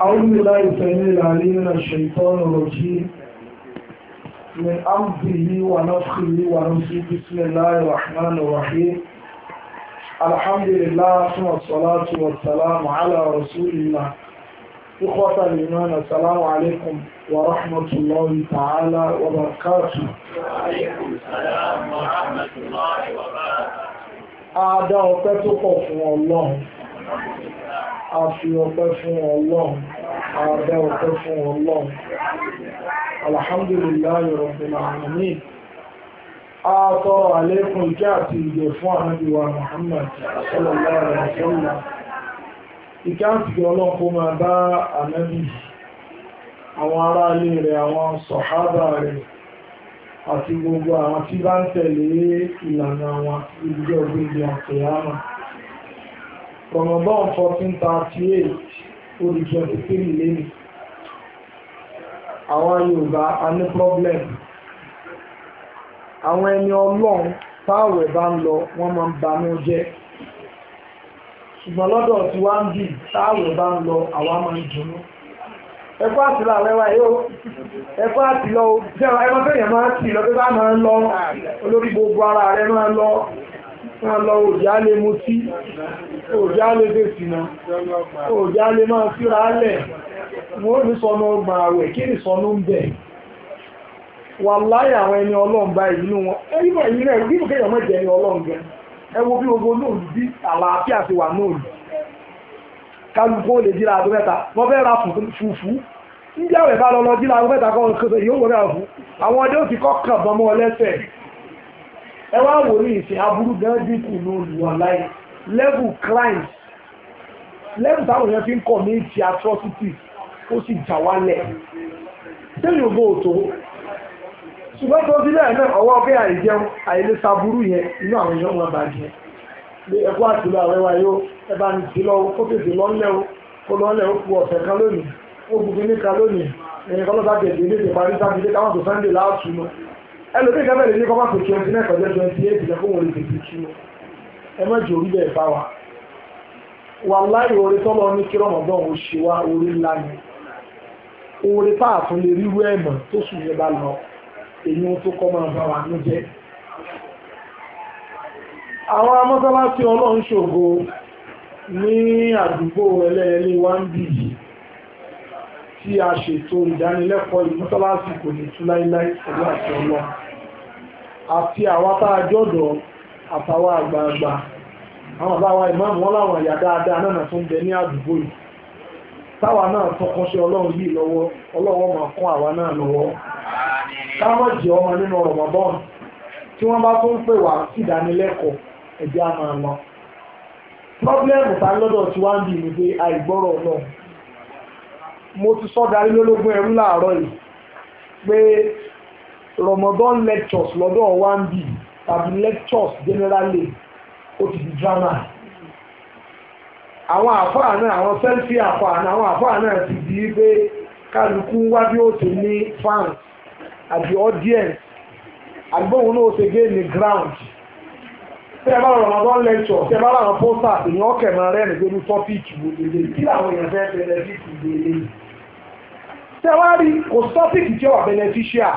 أعوذ بالله السميع العليم من الشيطان الرجيم من أمره ونفخه ونفسه بسم الله الرحمن الرحيم الحمد لله ثم الصلاة والسلام على رسول الله إخوة الإيمان السلام عليكم ورحمة الله تعالى وبركاته وعليكم السلام ورحمة الله وبركاته أعداء تتقف والله a fi ọpẹ́ fún ọlọ́run a dá ọpẹ́ fún ọlọ́run alhamdulillahi rabbil alamin a tọrọ àlékún ìkẹ́ àti ìgẹ̀ fún ànábì wa Muhammad sallallahu alaihi wasallam ìkẹ́ àti ìgẹ̀ ọlọ́run kó máa bá ànábì gbogbo àwọn tí bá ń tẹ̀lé ìlànà àwọn ìjọ gbogbo àtẹ̀yàmà Ramadan 1438 orí 23 lẹ́nu àwọn Yorùbá a ní problem àwọn ẹni ọlọ́run táwẹ̀ bá ń lọ wọ́n máa ń banú jẹ́ ṣùgbọ́n lọ́dọ̀ tí wá ń bì táwẹ̀ bá ń lọ àwa máa ń dùnnú ẹ̀kọ́ àtìlọ àwẹ́wà yóò ẹ̀kọ́ àtìlọ ẹ̀kọ́ àtìlọ wọ́n lọ òjá lè mutí òjá lè dèsìnà òjá lè máa fíra lẹ̀ wọ́n ní sọnù ọgbà àwẹ̀ kí ni sọnù ń bẹ̀ wà láyé àwọn ẹni ọlọ́run bá ìlú wọn ẹni bá ìlú náà bí kéèyàn mọ̀ jẹ́ ẹni ọlọ́run gan ẹ wo bí gbogbo náà bí àlàáfíà ti wà náà lù kálukú ó lè jíra àdó mẹ́ta wọ́n fẹ́ ra fùfú níbi àwẹ̀ bá lọ lọ jíra àdó mẹ́ta kọ́ ọ̀rọ̀ kọ́sọ̀ yóò wọ́n rà fún àwọn ọdẹ ó kọ́ kàn bọ́mọ́ ọlẹ́sẹ̀ ẹ wá wò ní ìsìn aburú gan dínkù ní olùwàláyé level crimes level táwọn èèyàn fi ń kọ̀ ní ti atrocities ó sì jà wálẹ̀ sẹ́yìn ògbó òtó ṣùgbọ́n tó bí lẹ́yìn náà ọwọ́ pé àìjẹun àìlèsà burú yẹn inú àwọn èèyàn wọn bàjẹ́ yóò ní ti lọ kó tètè o kó o kú ọ̀sẹ̀ kan ẹlòmí ìgbà bẹ̀rẹ̀ ní kọ́ máa pè twenty nine kọjá twenty eight ìjọ fún wọn lè tètè tú lọ ẹ má jẹ orí bẹ́ẹ̀ bá wa wà láì orí tọ́lọ́ ní kí rọmọdán ò ṣe wá orí ńlá ni orí tá a tún lè ríru ẹ̀mọ̀ tó sùn yẹn bá lọ èyí tó kọ́ máa bá wa ló jẹ́ àwọn amọ́sálásí ọlọ́run ṣògo ní àdúgbò ẹlẹ́yẹlé wa ń tí a ṣètò ìdánilẹ́kọ̀ọ́ ìmọ́sálásí kò ní tú láíláí pẹ̀lú àti ọlọ́run àti àwọn atájọ́dọ̀ àtàwọn àgbààgbà àwọn bàbá wa ìmáàmù wọn láwọn ẹ̀yà dáadáa náà tó bẹ ní àdúgbò yìí táwa náà tọkànṣe ọlọ́run yìí lọ́wọ́ ọlọ́wọ́ máa kún àwa náà lọ́wọ́ káwọn jẹ ọmọ nínú Ramadan tí wọ́n bá tún pè wá sí ìdánilẹ́kọ̀ọ́ ẹ̀jẹ̀ á máa lọ. pọ́blẹ́mù ta lọ́dọ̀ tí ń bì mo ti lólógún ẹrú láàárọ̀ Ramadan lectures lọ́dọ̀ one ń bì tàbí lectures generally ó ti di drama àwọn àfáà náà àwọn sẹ́lfì àfáà náà àwọn àfáà náà ti di pé kálukú wá bí ó ti ní fans àti audience àgbóhun náà ó ṣe gé ní ground tí ẹ bá lọ Ramadan lectures. tí ẹ bá lọ àwọn posters èèyàn ọkẹ̀mọ̀ rẹ̀ nígbèrú tọ́pìkì wo lélẹ̀ kí làwọn èèyàn fẹ́ benefit lélẹ̀ tí ẹ wá rí kò tọ́pìkì tí ó wà beneficial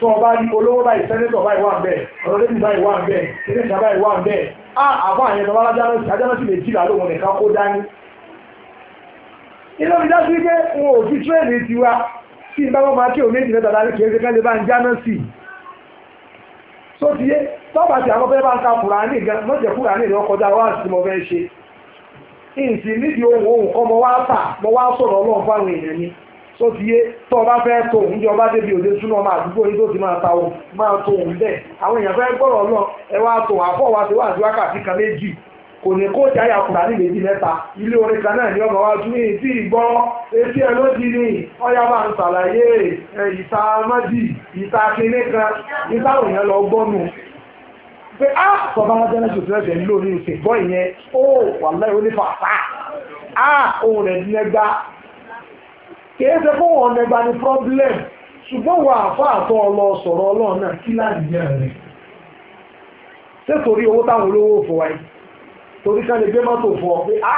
tó ọba ní olówó báyìí sẹ́nẹ́tọ̀ báyìí wà ń bẹ̀ ọ̀rọ̀lẹ́bí báyìí wà ń bẹ̀ sẹ́nẹ́tà báyìí wà ń bẹ̀ á àbá àyẹn lọ́wọ́ ajánásì lè jìlá lóhun nìkan kó dání. ilé omi dájú pé wọn ò fi tírẹ́ẹ̀nì ti wa tí n bá wọn máa kí omi ìdílé dàda ní kéré kẹ́lẹ́ bá ń jánásì. sótìyé tọ́ba ti àwọn fẹ́ bá ń ka kùránì gan mọ́jẹ̀ kùránì rẹ̀ kọjá wá sí mo fẹ́ ṣe. ìsìn nídìí ohun ohun kọ́ mo wá fà mo wá sọ̀rọ̀ ọlọ́run fáwọn èèyàn ni tó ti yé tó o bá fẹ́ tó òun jọba débi òde súná ọmọ àdúgbò yìí tó ti máa ta òun máa tó òun bẹ́ẹ̀ àwọn èèyàn fẹ́ gbọ́rọ̀ náà ẹ wá tó àfọ̀ wá sí wàásù wákàtí kan méjì kò ní kó jáyà kùrà ní méjì mẹ́ta ilé orin kan náà wa tún tí ìgbọ́ etí ẹ ló di ni ọyá bá ń ṣàlàyé ìta mọ́dì ìta kan ìta òyìn lọ kìí ṣe fún wọn nẹgba ni problem ṣùgbọ́n wà àfa àtọ́ ọlọ sọ̀rọ̀ ọlọ́run náà kí láàdìyà rẹ̀ ṣé torí owó táwọn olówó fọ wáyé torí ká lè gbé mọ́tò fọ pé á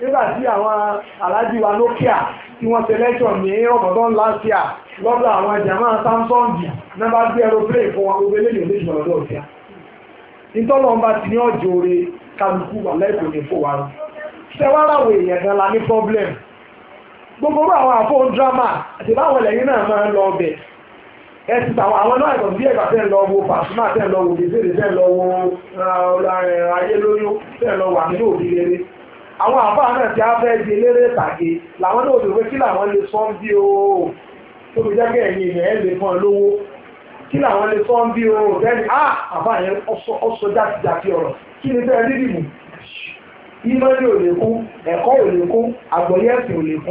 nígbà tí àwọn aláàjì wa Nokia tí wọ́n selection ní ọ̀gọ̀dọ̀ last year lọ́dọ̀ àwọn jàmáà Samsung náà bá gbé aeroplane fún wọn gbogbo eléyìí lóṣù lọ́dọ̀ ọ̀sẹ̀ ìtọ́lọ́mbà ti ní ọjọ́ orí kálukú wà lẹ́kọ̀ọ́ ní fòwárọ̀ ṣẹ́wárà wèèyàn gan la ní problem gbogbo àwọn àfọ́ drama àti báwọn lẹ́yìn náà máa ń lọ ọbẹ̀ ẹ ti tàwọn àwọn náà ẹ̀kọ́ bí ẹ̀kọ́ tẹ́ ń lọ wo Pasuma tẹ́ ń lọ wo bèbèrè tẹ́ ń lọ wo uh, ayé lóyún tẹ́ ń lọ wà nínú òbí rere àwọn àfọ́ náà ti á fẹ́ di eléré ìtàgé làwọn náà ti wé kí làwọn lè sọ ń bí o tó fi jẹ́kẹ́ ẹ̀yìn ìyẹn ẹ̀ lè fún ọ lówó kí làwọn lè sọ ń bí o bẹ́ẹ̀ni á àfọ́ yẹn ọ̀sọ́ jákèjákè ọ̀rọ̀ kí ni bẹ́ẹ̀ nídìí mù ìmọ̀lẹ́ ò lè kú ẹ̀kọ́ ò lè kú àgbọ̀yẹ̀sìn ò lè kú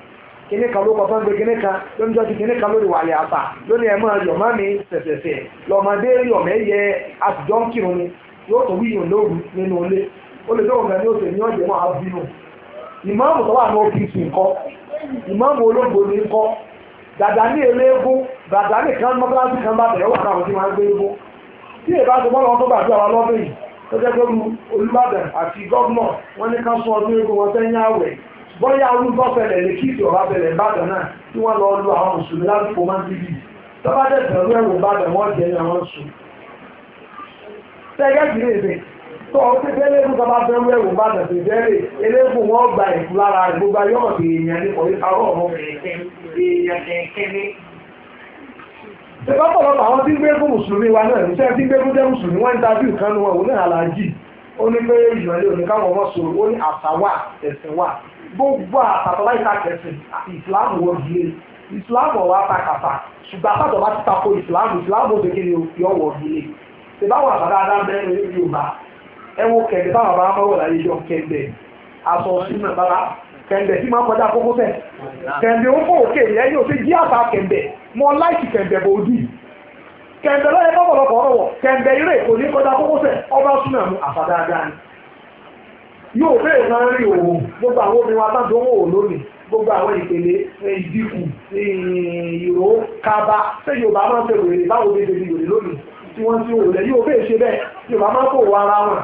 kíní kan ló kọfẹ́ gbé kíní kan lóní jọ́jú kíní kan lórí wàlẹ̀ àbà lóní ẹ̀mọ́ yọ̀mọ́ mi sẹ̀sẹ̀sẹ̀ lọ́mọdé yọ̀mẹ́ yẹ àtijọ́ ń kírun ni yóò tó wíyàn lóru nínú ilé ó lè lóògùn ní oṣù ní ọ̀jẹ̀ máa bínú ìmáàmù tó wà ní ọ́fíìsì ńkọ́ ìmáàmù olóògbò ní ńkọ́ dàdà ní eléégún dàdà ní kan mọ́tíláṣí kan bá bẹ̀rẹ̀ wà káwọn tí máa ń gbé égún àti gọ́vnọ̀ wọ́n ní ká sọ ọdún égún wọn sẹ́yìn àwẹ̀ bóyá arúgbó fẹlẹ̀ lè kí ìṣòro abẹlẹ̀ ìbàdàn náà tí wọ́n lọ lu àwọn mùsùlùmí ládùúgbò máa ń bíbí tọ́ba dẹ̀sẹ̀ lọ́wọ́ ẹ̀wò ìbàdàn wọ́n jẹ́ ní àwọn sùn. sẹ́gẹ́ ti lè tó o ti fẹ́ lẹ́gùn tọ́ba fẹ́ lọ́wọ́ ẹ̀wò ìbàdàn ti bẹ́ẹ̀rẹ̀ eléégún wọn gba ìfú lára rẹ̀ gbogbo ayé ọ̀dọ̀ èèyàn ní kò tẹ̀gbọ́pọ̀lọpọ̀ àwọn tí ń gbégún mùsùlùmí wa náà níṣẹ́ tí ń gbégún jẹ́ mùsùlùmí wọ́n ń tajú ìkànnì wọn òun náà aláàjì ó ní pé ìyọ̀lẹ́ òní káwọn ọmọ sọ̀rọ̀ ó ní àṣà wà ẹ̀sìn wà gbogbo àtàtọ̀lá ìtàkẹ̀sìn àti ìsìláàmù wọ́n di lé ìsìláàmù ọ̀wọ́ àtàkàtà ṣùgbọ́n àtàtọ̀lá ti tako ìsìláàmù ìsìláàmù òde kí ni yọ di lé ìbáwọ̀ àbádá adámbẹ́ ní Yorùbá ẹ wo kẹ̀kẹ́ bá jọ aṣọ sínú bàbá kẹ̀ǹdẹ̀ tí máa kọjá kókó fẹ̀ ó òkè kẹ̀ǹdẹ̀ bọ́bọ̀lọpọ̀ ọ̀rọ̀ wọ̀ kẹ̀ǹdẹ̀ eré kò ní kọjá yóò fẹ́ máa ń rí òun gbogbo àwọn obìnrin wa tábí wọn ò lónìí gbogbo àwọn ìpele eh, ìdínkù eh, ìró kaba ṣé yorùbá máa ń fẹ́ wèrè báwo bí ebi wèrè lónìí tí wọ́n ti wòlẹ̀ yóò fẹ́ ṣe bẹ́ẹ̀ yorùbá máa ń kó wọ ara wọn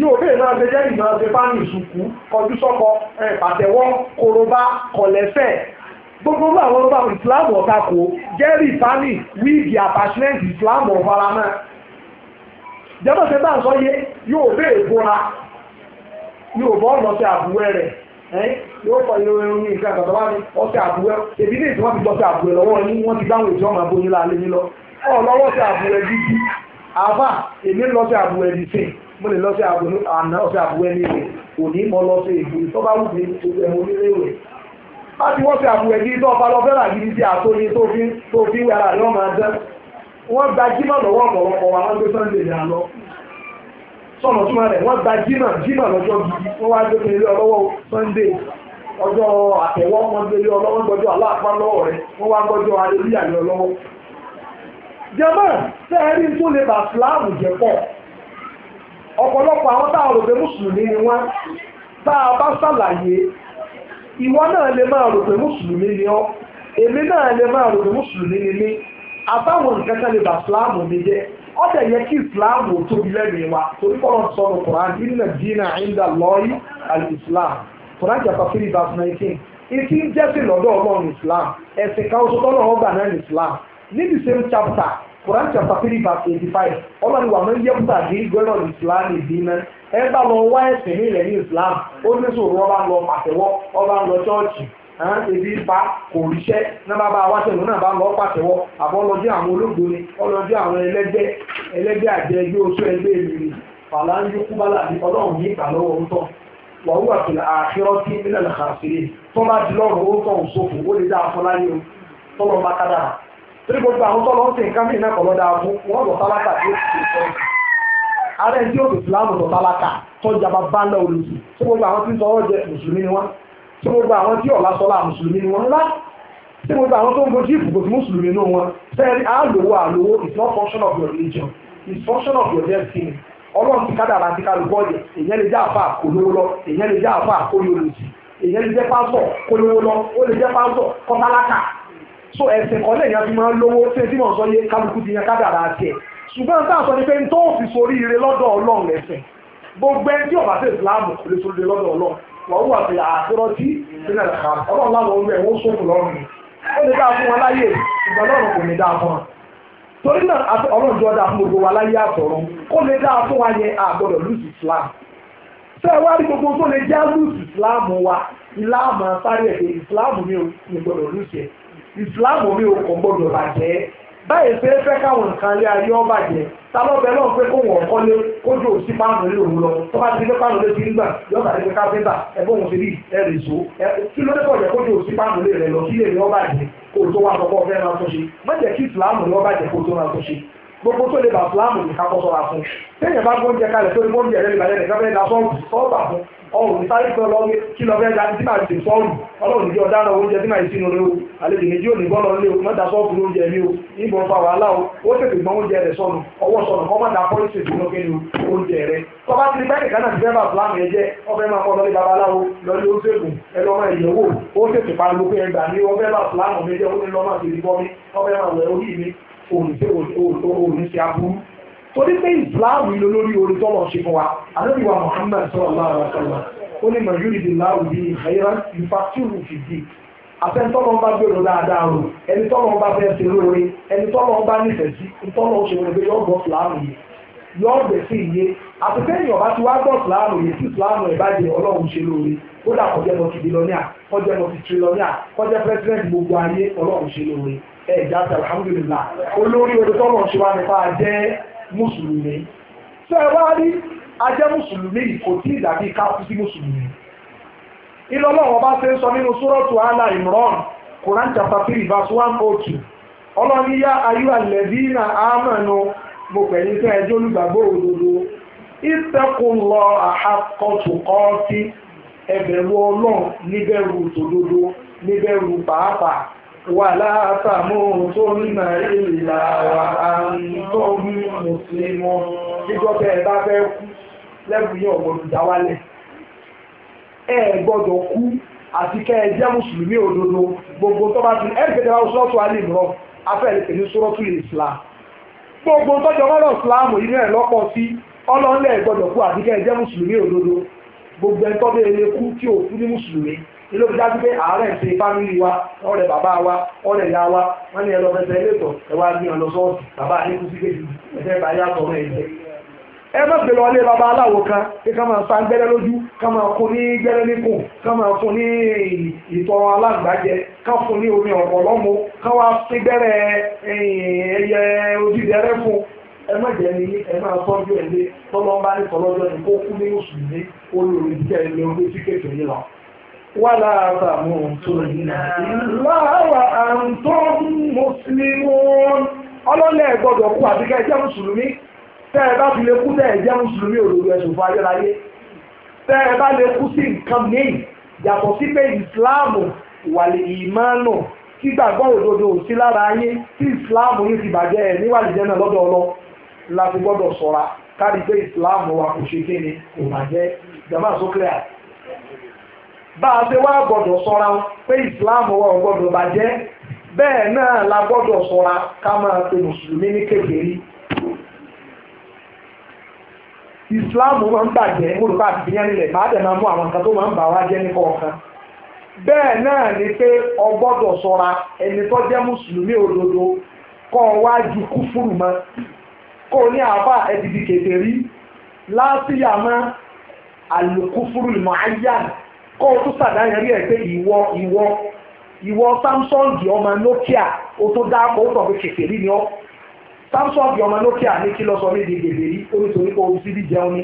yóò fẹ́ máa ṣe jẹ́ ìmọ̀ ṣe fáàmì ìsùnkú kọjú sọ́kọ eh, pàtẹ́wọ́ korobá kọ̀lẹ́fẹ̀ gbogbo àwọn ọba ìsìláàmù ọ̀tàkó jẹ́rìí fáàmì wíìgì àpàṣẹ́ǹtì ìsìláàmù ọ̀faramẹ́ jẹ́mọ̀ṣẹ́ bá ń sọ yé yóò fẹ́ ìbora yóò bọ́ ọ̀nà ọ̀sẹ̀ àbúwẹ́ rẹ̀ yóò kọ ilé orin ní nǹkan àgbàdo wá ní ọ̀sẹ̀ àbúwẹ́ èbí ní ìtìwọ́n ti tọ́sẹ̀ àbúwẹ́ lọ́wọ́ ní wọ́n ti gbáwọn ètò ọmọ abóyún láàlẹ́ yín lọ ọlọ́wọ́sẹ̀ àbúwẹ́ dídí àbá èmi lọ́sẹ̀ àbúwẹ́ di sè mo lè lọ́sẹ̀ àbúwẹ́ àná ọ̀sẹ̀ àbúwẹ́ ní ìwé òní mọ lọ́sẹ̀ ìbò ìtọ́ba wù mí ẹ̀wọ̀n onílé ìwé láti wọ́sẹ̀ àbúwẹ́ di tó ọba lọ́fẹ́ làgídí sí àtòyí tó fi tó fi wẹ́ra yọ̀ máa dán wọ́n gbajú mọ́ lọ́wọ́ ọ̀pọ̀lọpọ̀ àwọn gbé Sunday yà lọ sọ̀rọ̀ tí rẹ̀ wọ́n gba jimá jimá lọ́jọ́ gidi wọ́n wá gbé pẹ̀lú ọlọ́wọ́ sunday ọjọ́ àtẹ̀wọ́ wọn gbélé ọlọ́wọ́ gbọ́jọ́ aláàpá lọ́wọ́ rẹ̀ wọ́n wá gbọ́jọ́ alẹ́lúyà ní ọlọ́wọ́. jẹ́mọ́ sẹ́ẹ̀rí tó lè fúláàmù jẹ́ pọ̀ ọ̀pọ̀lọpọ̀ àwọn táwọn mùsùlùmí ni wọ́n tá a bá ìwọ náà lè máa mùsùlùmí ni èmi náà lè ọ̀dẹ̀ yẹ kí islam ò tóbi lẹ́nu wa torí kọ́ lọ́n sọ̀rọ̀ quran inna dina inda Allahi al-islam quran chapter three verse nineteen ìsìn jẹ́sìn lọ́dọ̀ ọlọ́run islam ẹ̀sìn kan oṣù tọ́lọ́ ọgbà náà ní islam níbi same chapter quran chapter three verse eighty-five ọlọ́run wà máa ń yẹ́pútà dín gbọ́dọ̀ ní islam ìdínà ẹ bá lọ wá ẹ̀sìn ní ilẹ̀ ní islam ó ní sòrò ọba ń lọ pàtẹ́wọ́ ọba ń lọ chọ́ọ̀chì ebi pa kò ríṣẹ́ náà bá bá wáṣẹ́ ìlú náà bá lọ pàtẹ́wọ́ àbọ̀ lọ́jọ́ àwọn olóògbé ni ọlọ́jọ́ àwọn ẹlẹ́gbẹ́ ẹlẹ́gbẹ́ àjẹ ẹgbẹ́ oṣù ẹgbẹ́ ìrìn fàlàńjú kúbálà ní ọlọ́run ní ìgbàlọ́wọ́ òótọ́ wàhùn àtìlà àfihàn tí nílẹ̀ làkàṣìlẹ̀ tó bá di lọ́rùn òótọ́ òṣòfò ó lè dá afọláyé o tọ́lọ́ bá kádàrà torí gbogbo àwọn tọ́lọ́ ń sìn kámi iná kọ̀lọ́ dáa fún wọn lọ tálákà tí ó ti sọ ààrẹ tí ó ti fìlà mọ̀tọ̀ tálákà tọ́jà bá bá ń lọ olùsìn tí gbogbo àwọn tí ń sọ ọ́ jẹ mùsùlùmí ni wọ́n tí mo gba àwọn tí ọ̀la sọ́lá mùsùlùmí ni wọ́n ńlá tí mo gba àwọn tó ń gojú ìbùkún tí mùsùlùmí ní wọn sẹ́ẹ̀rí àlòwò àlòwò it's not function of your religion it's function of your destiny ọlọ́run ti kádàrà ti kálù bọ́ọ̀dì èèyàn lè jẹ́ àfa àkólówó lọ èèyàn lè jẹ́ àfa àkólówósì èèyàn lè jẹ́ pásọ̀ kólówó lọ ó lè jẹ́ pásọ̀ kọ́tálákà so ẹ̀sìn kan lẹ́yìn àti máa ń lówó tí èsì mọ̀ ń sọ yé kálukú ti yan kádàrà tiẹ̀ ṣùgbọ́n tá à sọ ni pé n tó fi sórí ire lọ́dọ̀ ọlọ́run ẹ̀sìn gbogbo ẹni tí ọ̀bà sí ìsìláàmù kò lè sórí ire lọ́dọ̀ ọlọ́run wọ́n wà bí àkúrọ́ tí nínú ẹ̀ka ọlọ́run orí ẹ̀ wọ́n lọ́rùn ni ó lè dáa fún wọn láyè ìgbà kò ní dáa fún wọn torí náà ọlọ́run jọ fún gbogbo wa láyé àtọ̀run ó lè dáa fún wa yẹn àgbọ̀dọ̀ lùsì Islam ṣé ẹ wá rí gbogbo tó lè já lùsì Islam wa ìlànà sáré ẹ̀ Islam mi ò gbọ́dọ̀ lùsì ẹ̀ Islam mi ò kò gbọ́dọ̀ bàjẹ́ báyìí ṣe é fẹ́ káwọn nǹkan lé ayé ọba jẹ ta ló bẹ lọ́n pé kó wọ́n kọ́lé kójú òsì páànù lé òun lọ tó bá ti dé páànù lé ti ń gbà yóò bá ti pé káfíńtà ẹgbẹ́ òun ti rí ẹrì ìṣó kí ló dé pọ̀ jẹ́ kójú òsì páànù lé rẹ lọ kí lè ní ọba jẹ kó tó wá sọ́kọ́ fẹ́ máa tó ṣe má jẹ́ kí ìsìláàmù ní ọba jẹ kó tó máa tó ṣe gbogbo tó lè bá ìsìláàmù ní kákọ́ sọ́ra fún téèyàn bá gbóúnjẹ kalẹ̀ tó ní gbóúnjẹ rẹ lè bàjẹ́ nìkan fẹ́ da sọ́ọ̀bù sọ́ọ̀bà fún ọrùn sáré pé ọlọ́run kí lọ fẹ́ jáde tí màá ti sọ́ọ̀rù ọlọ́run jẹ́ ọ̀daràn oúnjẹ tí màá ti sinú rẹ o àlejò méjì òní bọ́ lọ́lé o mọ́ta sọ́ọ̀fù oúnjẹ mi o ìbọn fa wàhálà o ó tètè gbọ́n oúnjẹ rẹ̀ sọnù ọwọ́ sọnù kọ́ mọ́ta pọ́lísì ìdúná kí ni oúnjẹ rẹ̀ tọ́ba ti rí bẹ́ẹ̀ kánà ti fẹ́ bá fúlàmù yẹn jẹ́ ọbẹ̀ máa kọ́ lọ́lé babaláwo lọ́lé oṣègùn ẹlọ́ máa yẹ̀wò ó tètè pariwo pé ẹgbà ní ọbẹ̀ bá fúlàmù mi jẹ́ ó ní lọ́ máa ti rí bọ́ mi ọbẹ̀ máa wẹ̀ orí mi òun ṣe aburú torí pé ìsìláàmù ìlú lórí orí tọ́lọ̀ ṣe fún wa àdébí wa Muhammad sallallahu alaihi wasallam ó ní màá yúrìdì láwù bí ìhàyẹ́rà ìfà tí ò fi di àtẹnitọ́lọ́ bá gbèrò dáadáa rò ẹni tọ́lọ́ bá fẹ́ ṣe lóore ẹni tọ́lọ́ bá nífẹ̀ẹ́ sí ìtọ́lọ́ ṣe wọn pé yọ gbọ́ fìlàmù yìí yọ gbẹ̀ sí iye àti kẹ́yìn ọ̀bá ti wá gbọ́ fìlàmù yìí tí fìlàmù ẹ̀ bá jẹ ọlọ́run ṣe lóore kódà kọjá lọ sí bilọ́níà kọjá lọ sí trilọ́níà kọjá pẹ́sidẹ́ntì gbogbo ayé ọlọ́run ṣe lóore ẹ̀ jáde alhamdulillah olórí odò tọ́lọ́ ṣe wá nípa mùsùlùmí ṣé ẹ wá rí ajẹ́ mùsùlùmí kò tí ì dàbí ká sí mùsùlùmí ọba ṣe ń sọ nínú súrọ́tù ala imran quran chapter three verse one oh two ọlọ́run yá ayú na àmọ́nù mo pẹ̀lú fún ẹjọ́ olùgbàgbọ́ òdodo ẹ̀bẹ̀rù pàápàá ولا تموتن إلا وأنتم مسلمون jíjọ́ tẹ́ ẹ bá fẹ́ kú lẹ́bùn yín ọ̀gbọ́dọ̀ dáwálẹ̀ ẹ gbọ́dọ̀ kú àti kẹ́ ẹ jẹ́ mùsùlùmí òdodo gbogbo tó bá ti ẹ̀ gbẹ̀dẹ̀ wá sọ́ọ̀tù alìmọ́ afẹ́lẹ́ pẹ̀lú sọ́ọ̀tù Islam gbogbo tọ́jọ́ ọlọ́rọ̀ Islam yìí náà lọ́pọ̀ sí ọlọ́ọ̀lẹ́ gbọ́dọ̀ kú àti kẹ́ ẹ jẹ́ mùsùlùmí òdodo gbogbo ẹ̀ tọ́ ilé òbí dájú pé àárẹ̀ ṣe fámìlì wa ọ̀rẹ́ bàbá wa ọ̀rẹ́ ìyá wa wọ́n ní ẹlọ fẹsẹ̀ ilé ìtọ̀ ẹ wá ní ọlọ sọ́ọ̀sì bàbá àlékún sí kejì ẹ̀fẹ́ bá yá sọ̀rọ̀ ẹ̀ jẹ́. ẹ má gbé lọ ilé bàbá aláwo kan pé ká máa sa gbẹ́rẹ́ lójú ká máa kún ní gbẹ́rẹ́ níkùn ká máa fún ní ìtọ̀ alágbàjẹ ká fún ní omi ọ̀pọ̀lọ́mọ ká wá sí gbẹ́rẹ́ eh, ẹyẹ ojúdẹrẹ́ fún ẹ má jẹ́ ní ẹ máa tọ́jú ẹ̀ tọ́lọ́ bá ní tọ́lọ́jọ́ ní kó kú ní oṣù ní olórí ìdíjẹ́ ilé orí tíkẹ́tì lọ wàlá àbàmù tó nà láwà àǹtọ́ mùsùlùmí ọlọ́lẹ̀ gbọ́dọ̀ kú àbíkẹ́ jẹ́ mùsùlùmí tẹ́ ẹ bá fi lè kú tẹ́ ẹ jẹ́ mùsùlùmí òdodo ẹ̀sùn fún ayérayé tẹ́ ẹ bá lè kú sí nǹkan míì yàtọ̀ sí pé ìsìláàmù wàlẹ̀ ìmánù kí gbàgbọ́ òdodo sí lára ayé tí ìsìláàmù yìí ti bàjẹ́ ẹ̀ níwàlẹ̀ jẹ́ náà lọ́dọ̀ ọlọ́ la fi gbọ́dọ̀ ṣọ́ra kárí pé ìsìláàmù wa kò ṣe kéne kò bàjẹ́ jàmbá sókè àti bá a ṣe wá gbọ́dọ̀ ṣọ́ra pé wa ò bàjẹ́ bẹ́ẹ̀ náà la gbọ́dọ̀ ṣọ́ra ká máa pe mùsùlùmí ní kékeré ìsìláàmù máa ń bàjẹ́ mo àti ìpínlẹ̀ nílẹ̀ bá dẹ̀ máa mú àwọn nǹkan tó máa ń bà wá jẹ́ bẹ́ẹ̀ náà ni pé o gbọ́dọ̀ ẹni tó jẹ́ mùsùlùmí òdodo kọ́ wá ju mọ́ kó ní àbá kékeré kó o tún sàdáyàn rí ẹ̀ pé ìwọ ìwọ ìwọ samsung ọmọ nokia o tó dá o tọ̀ pé kèfèrí ni ọ́ samsung ọmọ nokia ní kí lọ sọ ní ìdí gbèbèrè onítorí pé omi síbi jẹun ni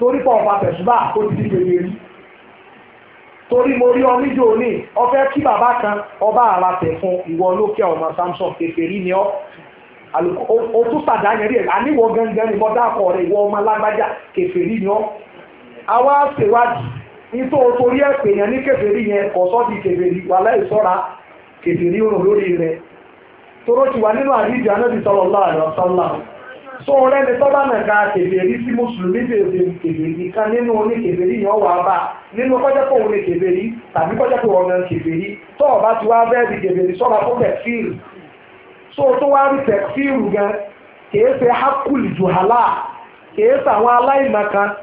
torí pé ọ̀pá tẹ̀sùbà ó ti di gbèbèrè torí mo rí ọ níjó ní ọfẹ́ kí bàbá kan ọba àrà tẹ̀ fún ìwọ nokia ọmọ samsung kèfèrí ni ọ́ o tún sàdáyàn rí ẹ̀ àníwọ̀ gangan ni mo dákọ̀ rẹ̀ ìwọ ọmọ alágbájá kèfèrí ni ọ́ àwa ṣèwádìí nítorí o torí ẹ̀ pè yẹn ní kèfèrí yẹn di kèfèrí wà láì sọ́ra kèfèrí òrùn lórí rẹ̀ ti wà nínú àdíjì anábì sallallahu so rẹ̀ ní sọ́dá nàka kèfèrí sí mùsùlùmí bèèrè kèfèrí kan nínú oní kèfèrí yẹn ya bá nínú kọjá pé òun ní tàbí kọjá pé òun ní kèfèrí tó ọba ti wá so tó wá rí tẹ̀fíìrù gan kèé ṣe hákùlì jùhálà kèé ṣàwọn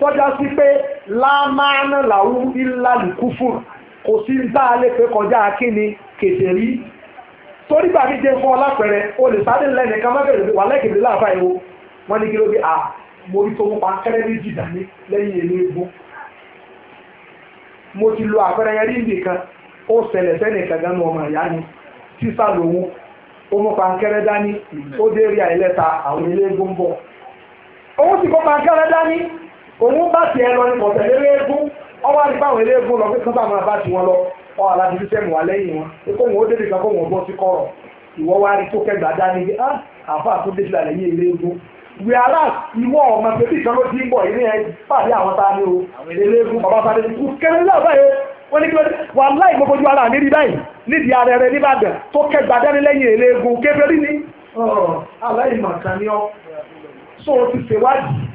tọ́já sí pé lámánà làwọn ilá nìkúfùr kò sí ń bá a lè pé kọjá akíni kèfèrí torí gbàgbé jẹ́ fún ọ lápẹ̀rẹ̀ o lè sáré lẹ́nu kan má bẹ̀rẹ̀ wà lẹ́kẹ̀dẹ̀ láàbá ìwo wọ́n ní kí ló dé à mo rí tó ń pa kẹ́rẹ́ méjì dání lẹ́yìn èlé egbò mo ti lo àpẹẹrẹ yẹn rí nìkan ó ṣẹlẹ̀ sẹ́nì kankan ọmọ ìyá ni sísá lòun ó mú pankẹ́rẹ́ dání ó dé rí àìlẹ́ta àwọn ilé egbò ń bọ̀ òun sì kó dání òun bá ti ẹlọ ní kọ̀ọ̀tẹ̀ léré eégún ọwọ́ àti báwọn eré lọ pé kán máa bá ti wọn lọ ọ aláàbí sísẹ́mù wà lẹ́yìn wọn pé kóhun ó débi kan kóhun ọgbọ́n sí kọ̀rọ̀ ìwọ wá rí tó kẹgbà dání pé ah tó débi là lẹ́yìn eré wí ará ìwọ ọmọ pépì kan ló ti ń bọ̀ ilé ẹ pàdé àwọn tá a ní o eré bàbá sáré ti kú kẹrin náà báyìí ní kí ló dé wà láì gbogbo ju ara mi rí báyìí nídìí ara rẹ nìbàdàn tó kẹgbà dání lẹ́yìn eré eégún kébérí ni aláìmọ̀kan ni ọ́ sọ ti ṣèwádìí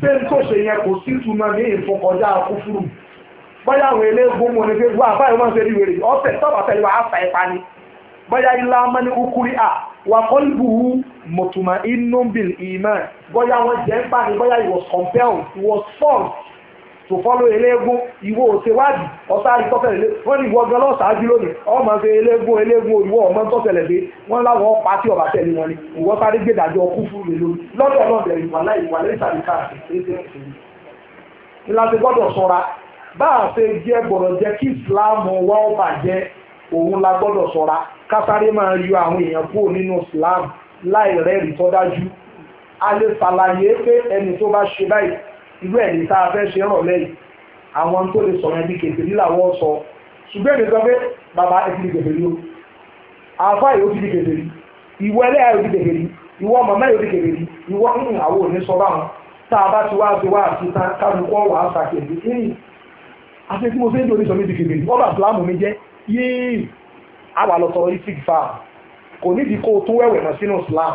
ṣé n tó ṣe yẹn kò sí ìtumọ̀ ní ìfọkọjá kúfúrú bóyá àwọn eléégún ní pé wọ́n àbáyọ̀ máa ń ṣe ìwèrè tọ́ba tẹ̀lé wa á fà ẹ̀ ni bóyá ilá mẹ́ni ukuri à wà kọ́lùbùhù mọ̀tùmá inú bìl ìmọ̀ bóyá wọ́n jẹ́ ń pa ni bóyá he was compelled he was forced to follow eléégún ìwọ òṣèwádìí ọ̀sá ìtọ́sẹ̀lẹ̀ wọ́n ní ìwọ gan lọ́sàájú lónìí ọwọ́ máa ń ṣe eléégún eléégún ìwọ ọmọ tọ́sẹ̀lẹ̀ dé wọ́n láwọn pa tí ọba tẹ̀lé wọn ni ìwọ sáré gbèdàjọ kú fún mi lórí lọ́dọ̀ náà bẹ̀rẹ̀ ìwà láì ìwà lẹ́yìn tàbí káàkiri ìlànà gbọ́dọ̀ sọ́ra bá a ṣe jẹ́ gbọ́dọ̀ jẹ́ kí ìsìláàmù wa ó bàjẹ́ òun la gbọ́dọ̀ sọ́ra kásáré máa yọ àwọn èèyàn kúrò nínú ìsìláàmù láì rẹ́rìí tọ́dájú a lè ṣàlàyé pé ẹni tó bá ṣe báyìí irú ẹ̀rí tá a fẹ́ ṣe rọ̀ lẹ́yìn àwọn tó lè sọ̀rọ̀ ẹbí kèfèrí làwọn sọ ṣùgbọ́n èmi sọ pé bàbá ẹ ti di kèfèrí o àáfà yóò ti di kèfèrí ìwọ ẹlẹ́yà yóò ti kèfèrí ìwọ màmá yóò ti kèfèrí ìwọ ń àwọn òní sọ báwọn tá a bá ti wá ti wá àti kálukọ́ wàá sàkèfèrí ẹ̀yìn àti tí mo fẹ́ ń dorí sọ mi di kèfèrí wọ́n bá fìlámù mi jẹ́ yéé àwa lọ sọ̀rọ̀ isik fa kò nídìí kó o tún wẹ̀wẹ̀ mọ́ sínú islam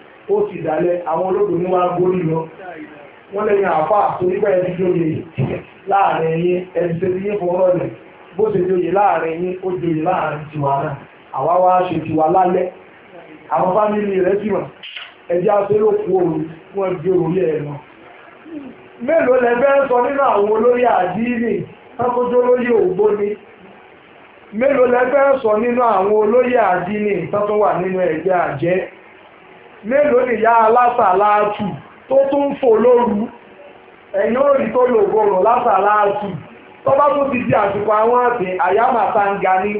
ó ti dálẹ̀ àwọn olóògùn ní wàá gbórí lọ wọ́n lẹ́yìn àfà torípa ẹni tó yẹ láàrin yín ẹni tó yẹ fún ọlọ́lẹ̀ bó ṣe joyè láàrin yín ó joyè láàrin tiwa náà àwa wá ṣe tiwa lálẹ́ àwọn fámìlì rẹ̀ sì mọ̀ ẹjẹ́ aṣọ́lọ́kù oòrùn wọ́n gbé orí ẹ̀ lọ. mélòó lẹ́fẹ́ sọ nínú àwọn olórí àdínì tákójó lóyè ògbóni mélòó lẹ́fẹ́ sọ nínú àwọn olóyè àdínì tọ́tún wà nínú ẹ̀jẹ̀ àjẹ́ mélòó nìyá alásàláàtù tó tún fò lóru ẹ̀yìn òròyìn tó lò gbòòrò lásàláàtù tó bá tún ti di àsìkò àwọn àti àyàmà tanga ní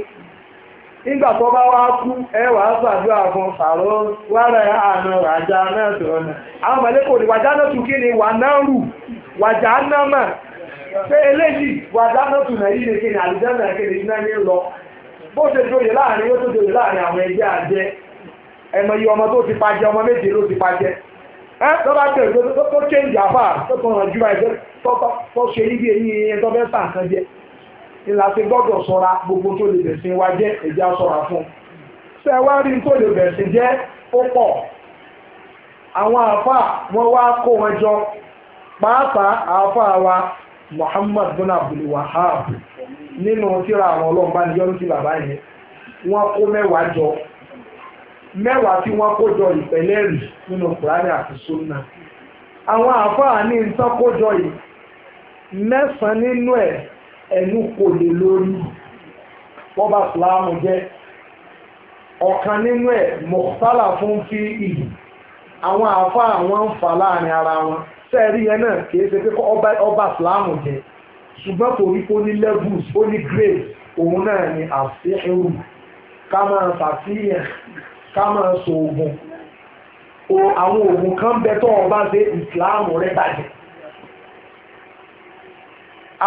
nígbà tó bá wá kú ẹwà ṣàdúrà fún fàró wàrà àna wàjà náà tó ọ̀nà àwọn mọ̀lẹ́kọ̀ọ́ ni wàjà náà tún kí ni wà náà rù wàjà náà mà pé eléyìí wàjà náà tún náà ni kí ni àlùjá náà kí ni iná ní lọ ẹ̀mọ iye ọmọ tó ti pàjẹ́ ọmọ méje ló ti pàjẹ́ ẹ́ tó bá tẹ̀ tó tó change àfà tó tó hàn jù báyìí tó tó ṣe níbi èyí ẹni tó fẹ́ sàn kan jẹ́ ìlà ti gbọ́dọ̀ sọ́ra gbogbo tó lè bẹ̀sìn wa jẹ́ ẹ̀já sọ́ra fún ṣe wá rí tó lè bẹ̀sìn jẹ́ ó pọ̀ àwọn àfà wọn wá kó wọn jọ pàápàá àfà wa Muhammad bin Abdul Wahab nínú tíra àwọn ọlọ́mbánijọ́ ní ti bàbá yẹn wọ́n kó mẹ́wàá jọ mẹ́wàá tí wọ́n kó jọ ìpẹ̀lẹ́ rì nínú kùránì àti sunna àwọn àfáà ní nǹkan kó jọ yìí mẹ́sàn-án nínú ẹ̀ ẹnu kò lè lórí bọ́bá sùlámù jẹ́ ọ̀kan nínú ẹ̀ mọ̀tálà fún fi ìlú àwọn àfáà wọn ń fà láàrin ara wọn sẹ́ẹ̀rí yẹn náà kìí ṣe pé ọba sùlámù jẹ́ ṣùgbọ́n torí pé ó levels ó grades òun náà ni àṣírí ká máa fà sí yẹn ká máa so oògùn o àwọn oògùn kan bẹ tó ọba ṣe ìsìláàmù rẹ bàjẹ́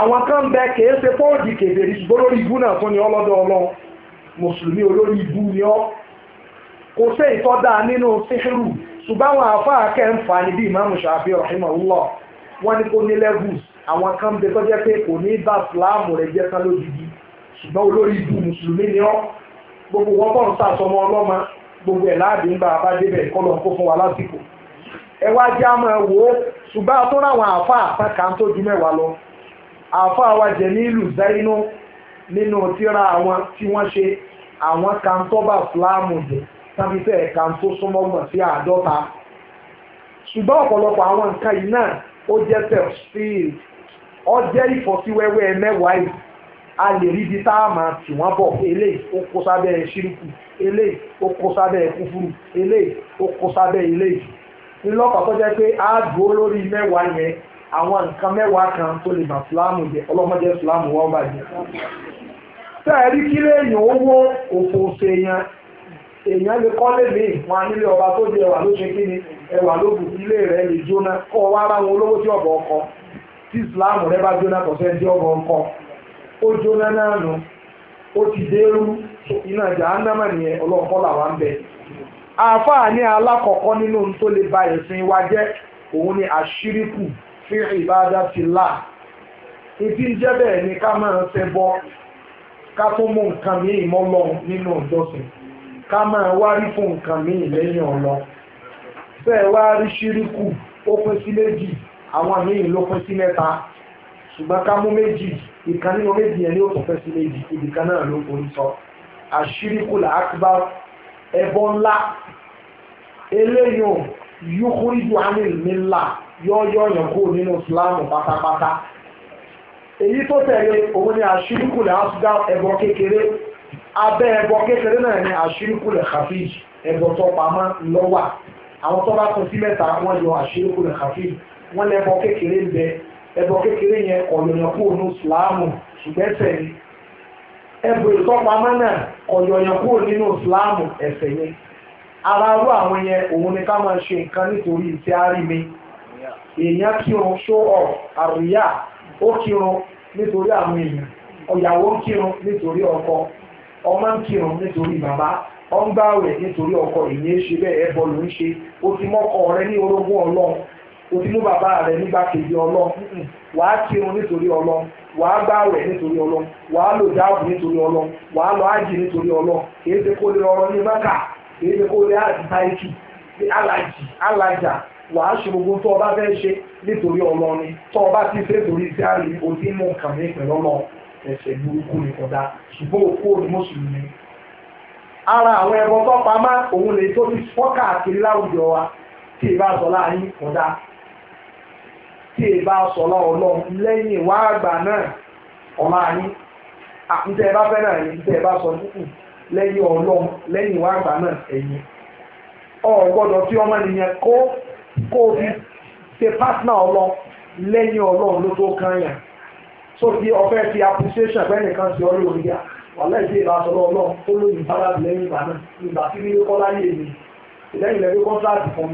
àwọn kan bẹ kèé ṣe fọ́ọ̀dì kèbèrè ṣùgbọ́n lórí ibú náà fún ni ọlọ́dọ̀ ọlọ́run mùsùlùmí olórí ibú ni ọ kò sí ìtọ́dá nínú síhìrù ṣùgbọ́n àwọn àfáà kẹfà ní bí ìmáàmù ṣàfi rahimahullah wọ́n ní kò ní levels àwọn kan bẹ tó jẹ́ pé kò ní bá ìsìláàmù rẹ jẹ́ tán lójijì ṣùgbọ́n olórí ibú mùsùlùmí ni ọ gbogbo wọn bọ̀ ń sàsọmọ ọlọ́mọ gbogbo ẹ̀ láàbí ń bá a bá débẹ̀ kọ́lọ̀ kó fún wa lásìkò ẹ wá jẹ́ àmọ́ ẹ wò ó ṣùgbọ́n a tó ráwọn àáfà àpá kan tó ju mẹ́wàá lọ àáfà wa jẹ́ ní ìlú zainu nínú tíra àwọn tí wọ́n ṣe àwọn kan fúlàmù jẹ tàbí fẹ́ẹ̀ kan tó súnmọ́ gbọ̀n sí àádọ́ta ṣùgbọ́n ọ̀pọ̀lọpọ̀ àwọn nǹkan yìí náà ó jẹ́ tẹ̀síìl ó jẹ́ ìfọ́síwẹ́wẹ́ mẹ́wàá yìí a lè rí ibi tá a máa tì wọ́n bọ̀ eléyìí ó kó sábẹ́ ṣírùkù eléyìí ó kó sábẹ́ kúfúrú eléyìí ó kó sábẹ́ eléyìí ńlọ́pàá tó jẹ́ pé a dúró lórí mẹ́wàá yẹn àwọn nǹkan mẹ́wàá kan tó lè bà fúlámù jẹ ọlọ́mọdé fúlámù wọ́n bàjẹ́ sẹ́ẹ̀rí kí léèyàn owó òfò ṣèèyàn èèyàn lè kọ́ lè mìí wọn nílé ọba tó di ẹwà ló ṣe kí ni ẹwà ló bù ilé rẹ lè jóná kọ́ wa ara wọn olówó tí ọ̀bọ̀ ọkọ tí ìsìláàmù rẹ bá jóná kọ̀ọ̀ṣẹ́ tí ọ̀bọ̀ ọkọ ó jóná náà ó ti dérú iná jahannama nìyẹn ọlọ́kọ́ làwọn ba ẹ̀sìn wa jẹ́ òun ni àṣírìkù fi ìdí jẹ́ bẹ́ẹ̀ ni ká máa ṣẹbọ ká tó mú nǹkan míì mọ́ lọ nínú ìjọsìn ká máa wárí fún nǹkan míì lẹ́yìn ọ̀lọ́ bẹ́ẹ̀ wá rí ó pín sí méjì àwọn míì ló pín sí mẹ́ta ìkan nínú méjì yẹn ní ó tún fẹ́ sí méjì ìdìkan náà ló forí sọ àṣírìkùlà àkùbá ẹbọ ńlá eléyìí yúkúrídù amíl mi ńlá yọ́yọ́yàn kó nínú ìsìláàmù pátápátá èyí tó tẹ̀lé òun ni àṣírìkùlẹ̀ asúgá ẹbọ kékeré abẹ́ ẹbọ kékeré náà ni àṣírìkùlẹ̀ khafij ẹbọ tó pamọ́ lọ́wà àwọn tó bá tún sí mẹ́ta wọ́n yọ àṣírìkùlẹ̀ khafij wọ́n lẹ́bọ kékeré ń bẹ ẹbọ kékeré yẹn ọ̀yọ̀yàn kúrò ní ìsìláàmù ṣùgbẹ́sẹ̀ ni ẹbọ ìtọ́pamọ́ náà nínú yẹn àwọn yẹn òun ni ṣe nǹkan nítorí ìtí mi èèyàn kírun show off àríyá ó kírun nítorí àwọn èèyàn ọ̀yàwó ń kírun ọkọ ọmọ ń kírun nítorí bàbá ń ọkọ ìyẹn ṣe bẹ́ẹ̀ ẹbọ ló ń ṣe ó ti mọ́kọ rẹ ní orogún kò ní mú bàbá rẹ̀ nígbà kejì ọlọ́run wàá kírun nítorí ọlọ́run wàá gbàwẹ̀ nítorí ọlọ́run wàá lò dáàbò nítorí ọlọ́run wàá lọ ájì nítorí ọlọ́run kìí ṣe kó lè ọrọ̀ ní mẹ́kà kìí ṣe kó lè ájì táìkì alájì alájà wàá ṣe gbogbo tó o bá fẹ́ ṣe nítorí ọlọ́run ni tó o bá ti ṣe torí sí àrí o ti mú nǹkan ní ìpínlẹ̀ ọlọ́run ẹ̀ṣẹ̀ burúkú ni kọ̀dá ṣùgbọ́n òkú òní mùsùlùmí ara àwọn ẹ̀rọ tó pamá òun lè tó ti fọ́kà kiri láwùjọ wa tí ì bá sọ láàrin kọ̀dá tí èyí bá sọ̀lọ́ ọlọ́run lẹ́yìn àgbà náà ọ̀la yín ntẹ́ bá fẹ́ náà ẹ bá sọ kúkú lẹ́yìn àgbà náà ẹ̀yìn ọ tí ọmọ nìyẹn kó kó fi ṣe pátánà ọlọ́run lẹ́yìn ọlọ́run ló tó kàn yàn so bí ọfẹ́ fi appreciation fẹ́ nìkan sí ọlọ́run yá ìdí ọlọ́run tó lóyún bá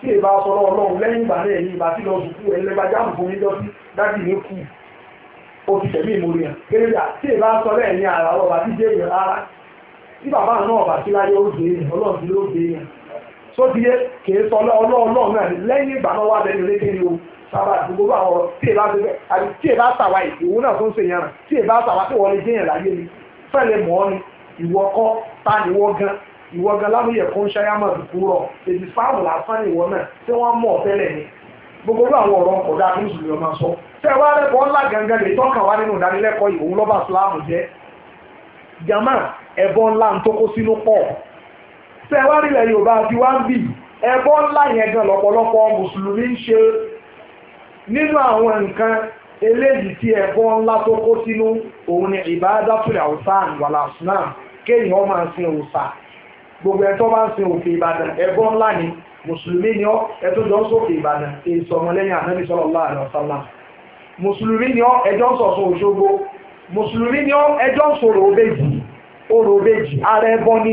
kí èbá sọ̀rọ̀ ọlọ́run lẹ́yìn ìgbà náà ẹ̀yìn ìgbà tí lọ sùkú ẹlẹ́gbà jáàmù fún yíjọ́ sí dájì ní kù ó ti tẹ̀lé ìmúlẹ̀ yẹn kéréjà tí èbá sọ̀rọ̀ ẹ̀yìn ara ọba tí jẹ́ èèyàn rárá tí bàbá náà ọba tí láyé ó dé èèyàn ọlọ́run ti ló dé èèyàn tó ti yé kì í sọ ọlọ́run náà lẹ́yìn ìgbà náà wà lẹ́nu lé kéde o sábà gbogbo àwọn ọ̀rọ̀ tí èbá ti bẹ́ àti tí èbá tàwa ìwò náà tó ń ṣe yẹn tí èbá tàwa tí wọ́n lè jẹ́yàn láyé ni fẹ́lẹ̀ mọ́ ni ìwọ kọ́ ta ni wọ́n ìwọ gan lámúyẹ fún ṣáyámà dùkúrọ̀ èdè fáàmù lásán ni ìwọ náà tí wọ́n mọ̀ tẹ́lẹ̀ ni gbogbo bí àwọn ọ̀rọ̀ ọ̀dà tó ń sùn lọ́mọ sọ tẹ́ ẹ wá rẹ́pọ̀ ńlá gangan lè tọ́ka wá nínú ìdánilẹ́kọ̀ọ́ yìí òun lọ́ba síláàmù jẹ́ jama ẹ̀bọ ńlá ń tó kó sínú pọ̀ tẹ́ ẹ wá rí ilẹ̀ Yorùbá àti wá ń bì ẹ̀bọ ńlá yẹn gan lọ́pọ̀lọpọ̀ mùsùlùmí ń ṣe nínú àwọn nǹkan eléyìí tí ẹ̀bọ ńlá tó kó sínú òun ni ìbáradàfúrẹ̀ àwùsá àǹgbàlà gbogbo ẹ̀tọ́ bá ń sin òkè ìbàdàn ẹ̀bọ ńlá ni mùsùlùmí ni ọ́ ẹ̀tọ́ jọ ń sókè ìbàdàn èso ọmọlẹ́yìn ànábì sallallahu àrẹ wasallam mùsùlùmí ni ọ́ ẹjọ́ ń òṣogbo mùsùlùmí ni ọ́ ara ẹbọ ni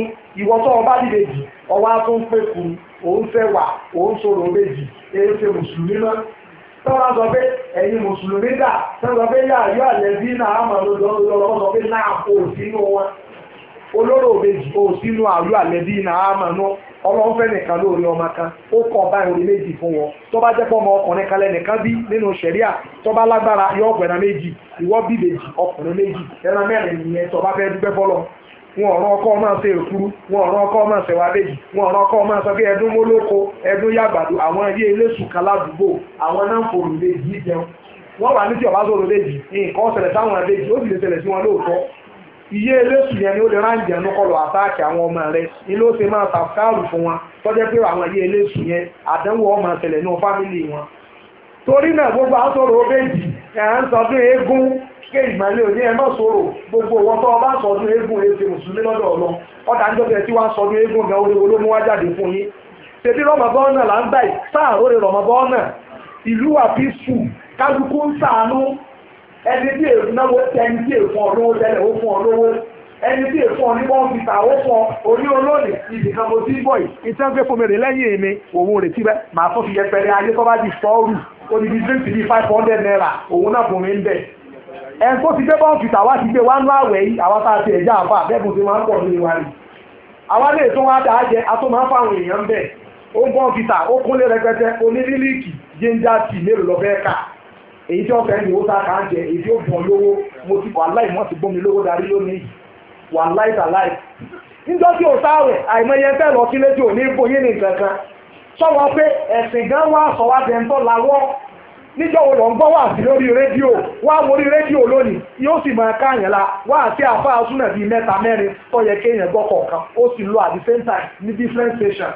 ọba dìbejì ọwa tó ń pè kú òun fẹ́ wà òun sọ̀rọ̀ òbejì sọ pé ẹ̀yin mùsùlùmí dà sọ pé náà sọ pé náà kò sínú olóró òbejì o sínú àlú àlẹ́bí iná àmànú ọlọ́run fẹ́ nìkan lórí ọmọ kan ó kọ bá orí méjì fún wọn tó bá jẹ́ ọmọ ọkùnrin kan nìkan bí nínú ṣẹ̀ríà tó bá lágbára yọ ọ̀pẹ̀rẹ̀ méjì bí ọkùnrin méjì ẹran mẹ́rin nìyẹn tó bá fẹ́ ọkọ máa ṣe wọn ọ̀rọ̀ ọkọ ọkọ máa sọ pé ẹdún ẹdún yàgbàdo àwọn ilé kan ládùúgbò àwọn náà ń forò jẹun wọn wà ní tí ọba iye eléṣù yẹn ni ó lè ráǹjẹ̀ ẹnu kọlù àtáàkì àwọn ọmọ rẹ ilé ó ṣe máa tàbùkárù fún wọn tọ́jẹ́ pé àwọn iye eléṣù yẹn àdánwò ọmọ ní wọn. torí náà gbogbo àsọ̀rọ̀ òbèjì ẹ̀ ń sọdún eégún ké ìmọ̀lẹ́ òní ẹ̀ má gbogbo wọn eégún mùsùlùmí ọlọ ń tí eégún gan wá jáde fún yín tètè náà ẹni tí èèfún náwó ẹni tí fún ẹni tí ọ ní fi tàwọ́ fún ọ olóòlì ibi kan mo ti ń bọ̀ yìí ìtàn pé lẹ́yìn èmi òun rè màá fi yẹpẹrẹ ayé tó bá di fọ́ọ̀rù naira òun náà fún mi ń bẹ̀ ẹn ti gbé bọ́ǹkì tàwa ti gbé wánú àwẹ̀ yìí àwa tá a ti ẹ̀já àbá bẹ́ẹ̀kùn ti máa ń pọ̀ àwa lè tún wá èyí tí wọ́n fẹ́ ní owó tá a kà ń jẹ èyí tí ó bùn lówó mo ti wà láì mọ́ ti gbọ́ mi lówó darí lónìí wà láì tà láì. níjọ́ tí o sáwẹ̀ àìmọye fẹ́ lọ sílé tí ò ní bóyé ní nǹkan kan sọ́wọ́ pé ẹ̀sìn gan wá sọ wá jẹ́ ń tọ́ lawọ́ níjọ́ wo lọ ń gbọ́ wà sí lórí rédíò wá mórí rédíò lónìí yóò sì máa káàyàn la wá àti àfáà súnà bíi mẹ́ta mẹ́rin tó yẹ kéèyàn gbọ́ kọ̀ọ̀kan ó sì lo at the same time ní different stations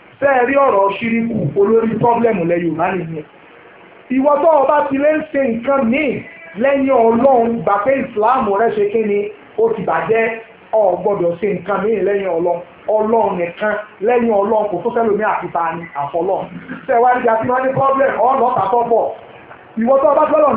sẹ́ẹ̀rí ọ̀rọ̀ ṣíríkù olórí pọ́blẹ́mù lẹ yorùbá nìyẹn ìwọ tó o bá ti lè ń ṣe nǹkan míì lẹ́yìn ọlọ́run gbà pé ìsìláàmù rẹ ṣe kíni ó ti bàjẹ́ o gbọ́dọ̀ ṣe nǹkan míì lẹ́yìn ọlọ́run ọlọ́run nìkan lẹ́yìn ọlọ́run kò tó sẹ́lómi àfipá ni àfọlọ́run sẹ́wá nígbà tí wọ́n ní pọ́blẹ́mù ọ̀nà ọ̀tà tọ́pọ̀ ìwọ tó o bá tọ́lọ̀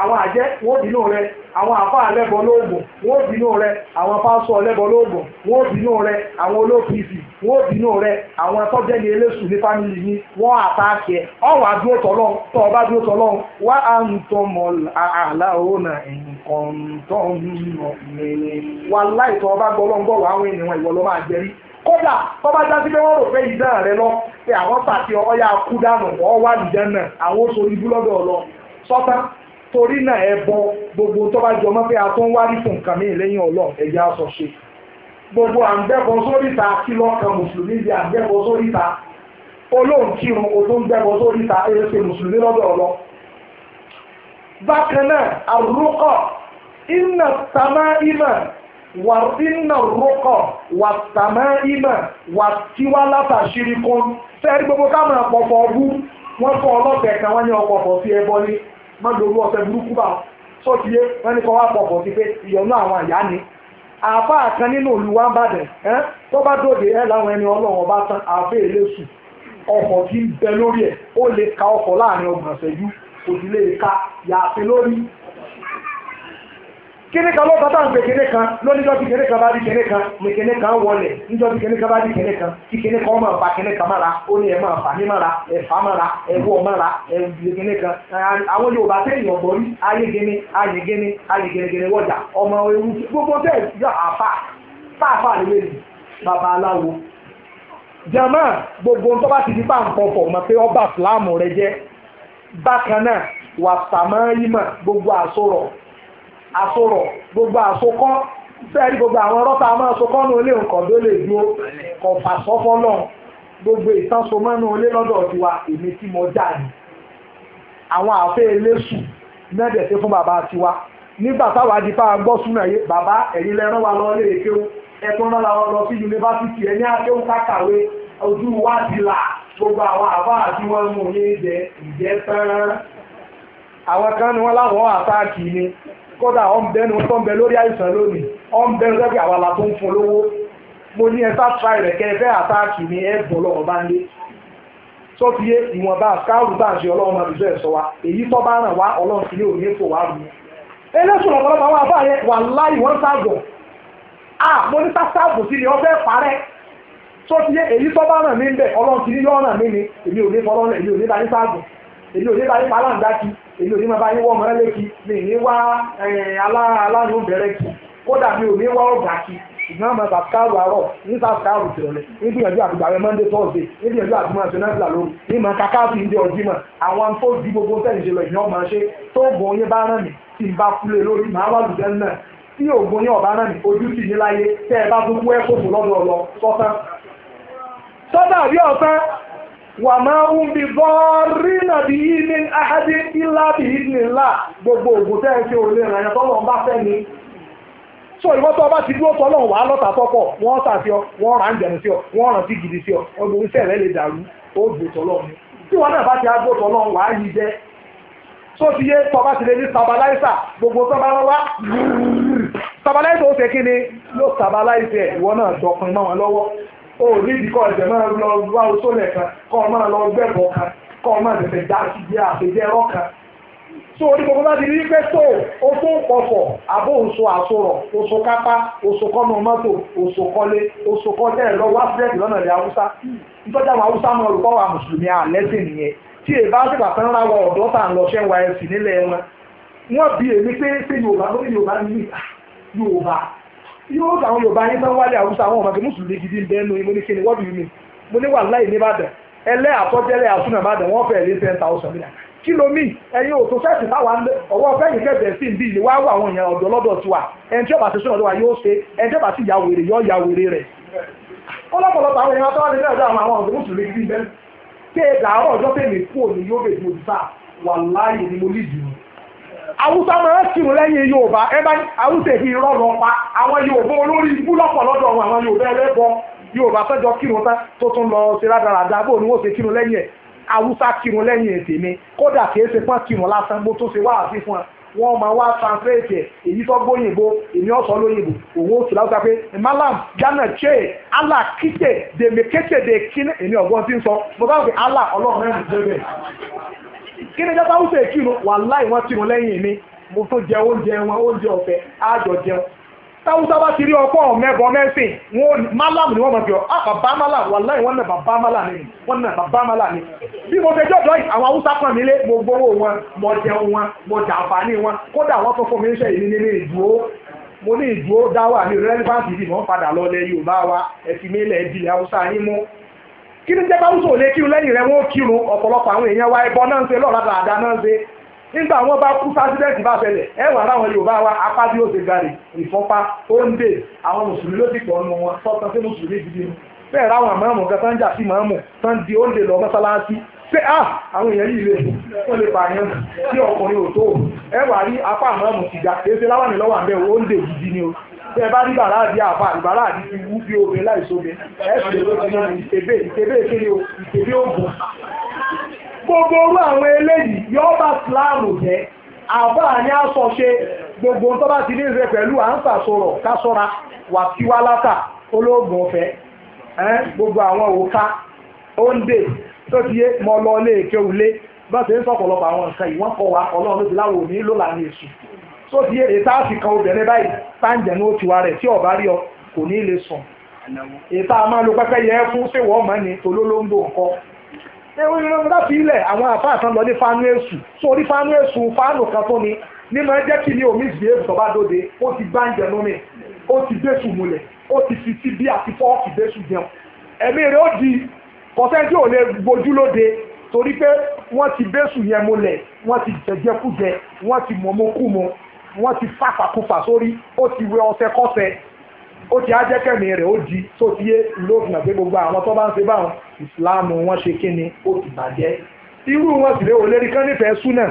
àwọn àjẹ́ wọ́n bínú rẹ àwọn àfa àlẹ́bọ lóògùn wọ́n bínú rẹ àwọn pásọ lẹ́bọ lóògùn wọ́n bínú rẹ àwọn olóòpìsì wọ́n bínú rẹ àwọn tọ́jẹ́ ní eléṣù ní fámìlì yín wọ́n àtàkì ẹ̀ ọ̀wà dúró tọ́lọ́ tọ́ ọba dúró tọ́lọ́ wá à ń tọ́ mọ́ àlà òun nǹkan tó ń nọ mẹ́rin wà láì tọ́ ọba gbọ́ lọ́ngbọ̀rọ̀ àwọn ènìyàn ìwọ ló máa jẹ́rí kódà tó bá já sí pé wọ́n rò pé ìdáná rẹ lọ pé àwọn pàṣẹ ọyá kú dànù ọ̀ wà lùdẹ́nà àwọn oṣù ibú lọ́dọ̀ ọ̀lọ́ sọ́tán torí náà ẹbọ gbogbo tó bá jọmọ́ pé a tó ń wárí fún nǹkan mí lẹ́yìn ọlọ́run ẹ̀jẹ̀ aṣọ ṣe gbogbo àǹgbẹ́bọ sóríta kí lọ́kàn mùsùlùmí di àǹgbẹ́bọ sóríta olóhùn kírun o tó ń gbẹ́bọ sóríta ẹ̀ẹ́sẹ̀ mùsùlùmí lọ́dọ̀ ọlọ́ bákan náà àrùkọ iná tàmá ìmọ̀ wà iná rúkọ wà tàmá ìmọ̀ wà tiwá látàṣírí kún fẹ́ẹ́ gbogbo ká máa pọ̀pọ̀ ọdún wọ́n fọ́ ọlọ́pẹ̀ má lórí ọ̀fẹ́ burúkú bá sọ́ọ̀tì yé wọ́n ní kọ́ wá pọ̀pọ̀ sí pé ìyọ̀nú àwọn àyà ni àfa kan nínú olùwà ń bàdàn ẹ́ tó bá dòde ẹ́ láwọn ẹni ọlọ́run ọba tán àfẹ́ èlésù ọkọ̀ tí ń bẹ lórí ẹ̀ ó lè ka ọkọ̀ láàrin ọgbọ̀n ṣẹ́jú òdìlé ìka yàtọ̀ lórí kíní kan ló bàtà ń pè kíní kan tí kíní kan bá di kíní kan mi kíní kan wọlé níjọ́ tí kíní kan bá di kíní kan tí kíní kan máa ba kíní kan mára ó ní máa mára mára mára kíní kan àwọn Yorùbá rí ayé ayé ọmọ ewu gbogbo yọ bàbá aláwo jama gbogbo ń tọ́ba ti di ọba rẹ jẹ bákan náà gbogbo àsorọ̀ gbogbo àsokọ́ sẹ́ẹ̀rí gbogbo àwọn ọlọ́ta máa sokọ́ ní olè nǹkan tó lè dúró kọ̀fà sọ́fọ́ náà gbogbo ìtànsomọ́ ní olè lọ́dọ̀ tiwa èmi tí mo já ni àwọn àfẹ́ eléṣù mẹ́ẹ̀dẹ̀ sí fún bàbá tiwa nígbà táwa di fáwọn gbọ́ súnà yé bàbá ẹ̀yin lẹ́rán wa lọ lè kéwú ẹ̀tún náà làwọn lọ sí yunifásitì ẹ̀ ní akéwú kákàwé ojú wa ti là gbogbo àwọn àbá àti wọn mú ní ìjẹ ìjẹ tán àwọn kan ni wọn láwọn àtáàkì ni kódà ọ̀nbẹ́nu tó ń bẹ lórí àìsàn lónìí ọ̀nbẹ́nu tó ń bẹ àwàlà tó ń fún lówó mo ní ẹ̀fà try rẹ̀ kẹ́ ẹ̀fẹ́ àtàkì ní ẹ̀bùn ọlọ́run bá ń lé tó yé ìwọ̀nba skáàrù bá ṣe ọlọ́run máa bìbẹ́ ẹ̀sọ́ wa èyí tó bá ràn wá ọlọ́run sí ní òní ètò wa rù ẹlẹ́sùn ọ̀pọ̀lọpọ̀ àwọn àbá yẹn wà láì wọ́n sáàgọ̀ à mo ní sáàgù sí ni ọfẹ́ parẹ́ tó fi yé èyí tó bá ràn mí ń èmi ò ní bá yín pa aláǹdá kí èmi ò ní bá yín wọ́ ọmọ rẹ lékì mi ní wá aláàánú bẹ̀rẹ̀ kí kódà mi ò ní wá ọ̀gá kí ìgbà máa sàkáàrù àárọ̀ ní sàkáàrù tìrọ̀lẹ́ ní gbìyànjú àtìgbà rẹ monday thursday ní gbìyànjú àtìgbà rẹ tìrọ̀lẹ́ lóru ní máa kàkà sí ilé ọjí mà àwọn tó di gbogbo sẹ́yìn ṣe lọ ìyẹn ọmọ ṣe tó gbọ́n yín bá rán mi tí n bá kúlé lórí màá wà lùdẹ́ náà tí ògùn yín ọ̀bá rán mi ojú sì ní láyé tẹ́ ẹ bá tún kú ẹ́ kófò lọ́dọ̀ lọ sọ́tán. sọ́tàn àbí ọ̀sán wà máa ń bí bọ́ọ̀rí nàbí ní ahadi ńlá bí ìdìnnìlá gbogbo ògùn tẹ́ ẹ ṣe òun lè ràn yẹn tọ́lọ̀ ń bá fẹ́ ni. so ìwọ tó o bá ti dúró tọ́lọ̀ wà á lọ́ta tọ́pọ̀ wọ́n sà sí ọ wọ́n rà ń jẹun sí ọ wọ́n ràn sí gidi sí ọ ọdún iṣẹ́ rẹ lè dàrú ó gbò tọ́lọ̀ ni. tí wọn náà bá ti agbó tọ́lọ̀ wà á yí jẹ́ so ti yé tọ́ bá ti lè ní stabilizer gbogbo tó bá wá stabilizer ó ṣe kí ni ló stabilizer ìwọ náà jọ o ò nídìí kọ́ ẹ̀jẹ̀ máa lọ wá oṣó lẹ̀kan kọ́ ọ máa lọ gbẹ̀bọ̀ kan kọ́ ọ máa tẹ̀tẹ̀ dá sí jẹ́ àfẹ́jẹ́ ẹ̀rọ so orí gbogbo bá rí pé tó o tó ń pọ̀fọ̀ àbó oṣù àsorọ̀ oṣù kápá oṣù mọ́tò oṣù kọ́lé oṣù kọ́tẹ́ lọ́nà ilẹ̀ haúsá nítorí àwọn haúsá yóò sọ àwọn yorùbá ní sàn wálé àwùsọ àwọn ọmọdé mùsùlùmí gidi ń bẹ́ẹ̀ nù mo ní kí ni wọ́n bí mi mo ní wà láì ní ìbàdàn ẹlẹ́ àtọ́jẹ́lẹ́ àtúnà ìbàdàn wọ́n fẹ́ẹ̀ lé ten thousand naira kí ló òtún sẹ́ẹ̀sì táwọn ọwọ́ fẹ́yìn sí ibi ìlú wáá àwọn èèyàn ọ̀dọ́ lọ́dọ̀ ẹni tí ó bá awúsá máa kírun lẹ́yìn yorùbá ẹ bá awúsá èyí rọrùn ọpa àwọn yorùbá olórí ikú lọ́pọ̀ lọ́dọ̀ wọn àwọn yorùbá ẹlẹ́bọ yorùbá fẹ́jọ kírun tán tó tún lọ ṣe rádaràdà bó ni wọ́n ṣe kírun lẹ́yìn ẹ̀ awúsá kírun lẹ́yìn ètè mi kódà kìí ṣe pọ́n kírun lásán bó tó ṣe wá àfi fún ẹ wọ́n máa wá translate ẹ̀ èyí tó gbóyìnbó èmi ọ̀sán lóyìnbó òun ó sì láwùjọ pé malam ghana che allah kíkè dèmí kéṣèdè kí èmi ọ̀gbọ́n ti ń sọ mo bá wù pé allah ọlọ́run ẹ̀ ń débẹ̀ kí ni jọba ń fẹ́ kírun wàláì wọ́n kírun lẹ́yìn mi mo tó jẹ oúnjẹ wọn oúnjẹ ọ̀fẹ́ àjọ jẹun táwùsá bá ti rí ọkọ mẹ́bọ mẹ́sìn wọn málàm ni wọ́n mọ̀ fi ọ́ ah bàbá málàm wàláì wọ́n náà bàbá málàm ni wọ́n náà bàbá ni bí mo fẹjọ́ dọ́ yìí àwọn haúsá kan mi lé mo gbowó wọn mo jẹun wọn mo jàǹfààní wọn kódà wọ́n tó fún mi ń ṣe ìní nínú ìdúró mo ní ìdúró dáwà ní rẹ́lífáǹsì yìí mọ́ padà lọ lẹ Yorùbá wa ẹ̀sìn mi lẹ̀ ẹ̀dìlẹ̀ haúsá kí ni jẹ́ báwùsọ̀ ò lè kírun lẹ́yìn rẹ̀ wọ́n kírun ọ̀pọ̀lọpọ̀ àwọn èèyàn wa ẹbọ náà ń ṣe lọ́ọ̀rọ̀ dáadáa náà ń ṣe nígbà wọn bá kú sásídẹ́ǹtì bá ṣẹlẹ̀ ẹwà láwọn yorùbá wa ó wọn sọ́tàn sí mùsùlùmí gidi nù bẹ́ẹ̀ ráwọn àmọ́ọ̀mù kan tán jà sí mọ́ọ̀mù tán di lọ tẹ bá rí bàrá àdí àbá ìbàrá àdí ti wú bí omi láìsómi ẹ̀sìn ló ti ní ìtẹ̀bẹ̀ ìtẹ̀bẹ̀ kiri o ìtẹ̀bẹ̀ ògùn. gbogbo orú àwọn eléyìí yóò bá síláàmù jẹ́ àbá ní àsọṣe gbogbo tó bá ti ní ìrẹ pẹ̀lú à ń sàsọ̀rọ̀ kásọ̀ra wà tiwá látà olóògùn ọ̀fẹ́ gbogbo àwọn òka òǹdè tó ti yé mọ́ lọ lé èké òlé bá ti ń sọ̀pọ̀lọpọ̀ àwọn nǹkan ìwọ́n kọ wa ọlọ́run ló ti láwọ̀ òní ló là ní èṣù tó di ètà àsìkan obìnrin báyìí táǹjẹ̀ ní ó ti wá rẹ̀ tí ọ̀bá rí ọ kò ní lè sùn ètà máa lo pẹ́pẹ́ yẹ fún ṣèwọ́ ọmọ ni tolólóńgbò nǹkan ewu ni wọ́n fi ilẹ̀ àwọn àfáà kan lọ ní fánú èṣù tó orí fánú èṣù fánù kan tó ni ní máa jẹ́ kí ni omi ìgbé èbùtò bá dóde ó ti bá ń jẹun mi ó ti bẹ́sù mulẹ̀ ó ti fi ti bí àti fọ́ọ̀kì bẹ́sù jẹun ẹ̀mí rẹ̀ ó di kọ́sẹ́ńtì ò lè gbojú lóde torí pé wọ́n ti bẹ́sù yẹn mulẹ̀ wọ́n ti jẹjẹkújẹ wọ́n ti mọ̀mọ́kú mọ́ wọ́n ti fàfàkúfà sórí ó ti wẹ ọṣẹ kọ́ṣẹ ó ti ajẹ́kẹ̀mí rẹ̀ ó di tó ti yé lóògùn àti gbogbo àwọn tó bá ń ṣe báwọn ìsìláàmù wọn ṣe kí ni ó ti bàjẹ́ irú wọn sì lé òlérí kan nífẹ̀ẹ́ súnà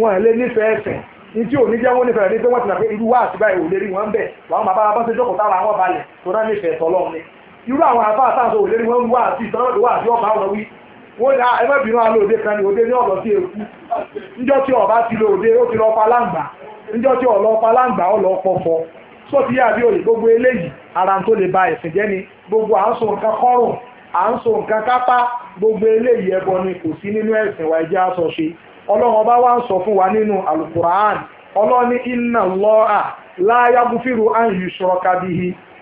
wọn lé nífẹ̀ẹ́ ẹ̀sìn ntí òní jẹ́ wọ́n nífẹ̀ẹ́ rẹ̀ ní pé wọ́n ti nà pé irú wa àti báyìí òlérí wọn bẹ̀ wọ́n máa bá wọn bá ṣe jókòó tára wọn balẹ̀ tó rán nífẹ̀ẹ́ tọ́lọ́ mi irú àwọn àbá àtàwọn òlérí wọn wá àti ìtọ́lọ́dọ̀ wá àti ọ̀bá ndị tí ọ̀lọ́pàá láǹgbà ọ̀lọ́pọ̀fọ́ tó ti yá òye gbogbo eléyìí ara tó lè ba ẹ̀sìn gbogbo à ń so nǹkan kọ́rùn gbogbo eléyìí ẹbọ ni kò sí nínú ẹ̀sìn wa ẹjẹ́ aṣọ ṣe ọba wa ń sọ fún wa nínú alukuraan inna Allaha la yaghfiru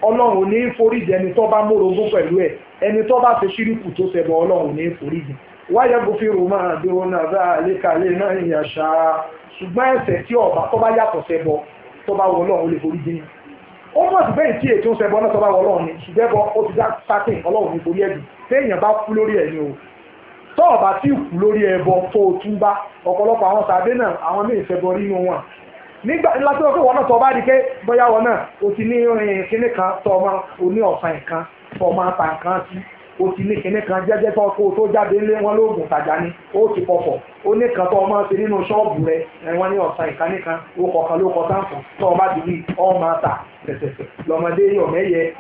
ọlọ́run ò ní foríjì ẹni tó bá pẹ̀lú ẹ̀ ẹni tó bá tó ọlọ́run ò ní foríjì ṣùgbọ́n ẹ̀ṣẹ̀ tí ọba tó bá yàtọ̀ sẹ́bọ tó bá wọ ọlọ́run ó lè forí jìn ó mọ̀ sí bẹ́ẹ̀ tí ètò sẹ́bọ náà tó bá ni ṣùgbọ́n ẹbọ ó ti dá sátìn ọlọ́run ní forí ẹ̀dùn téèyàn bá kú lórí ẹ̀ ni o tó ọba tí kú lórí ẹbọ tó o tún bá ọ̀pọ̀lọpọ̀ àwọn sàbẹ́ náà àwọn míì sẹ́bọ nínú wọn nígbà láti wọ́n pé náà tọ́ di pé bóyá wọn náà o ti ní irin kíní kan tọ́ ọmọ o ti ní kinní kan jẹ́jẹ́ tó kó tó jáde lé wọn lóògùn tàjà ni ó ti pọ̀pọ̀ ó ní kan tó ọmọ ṣe nínú ṣọ́ọ̀bù rẹ ẹ̀wọ̀n ní ọ̀sán ìkànnì kan ó kọ̀ọ̀kan ló kọ sáǹfù tó ọba ti ọmọ ta tẹ̀tẹ̀tẹ̀ lọ́mọdé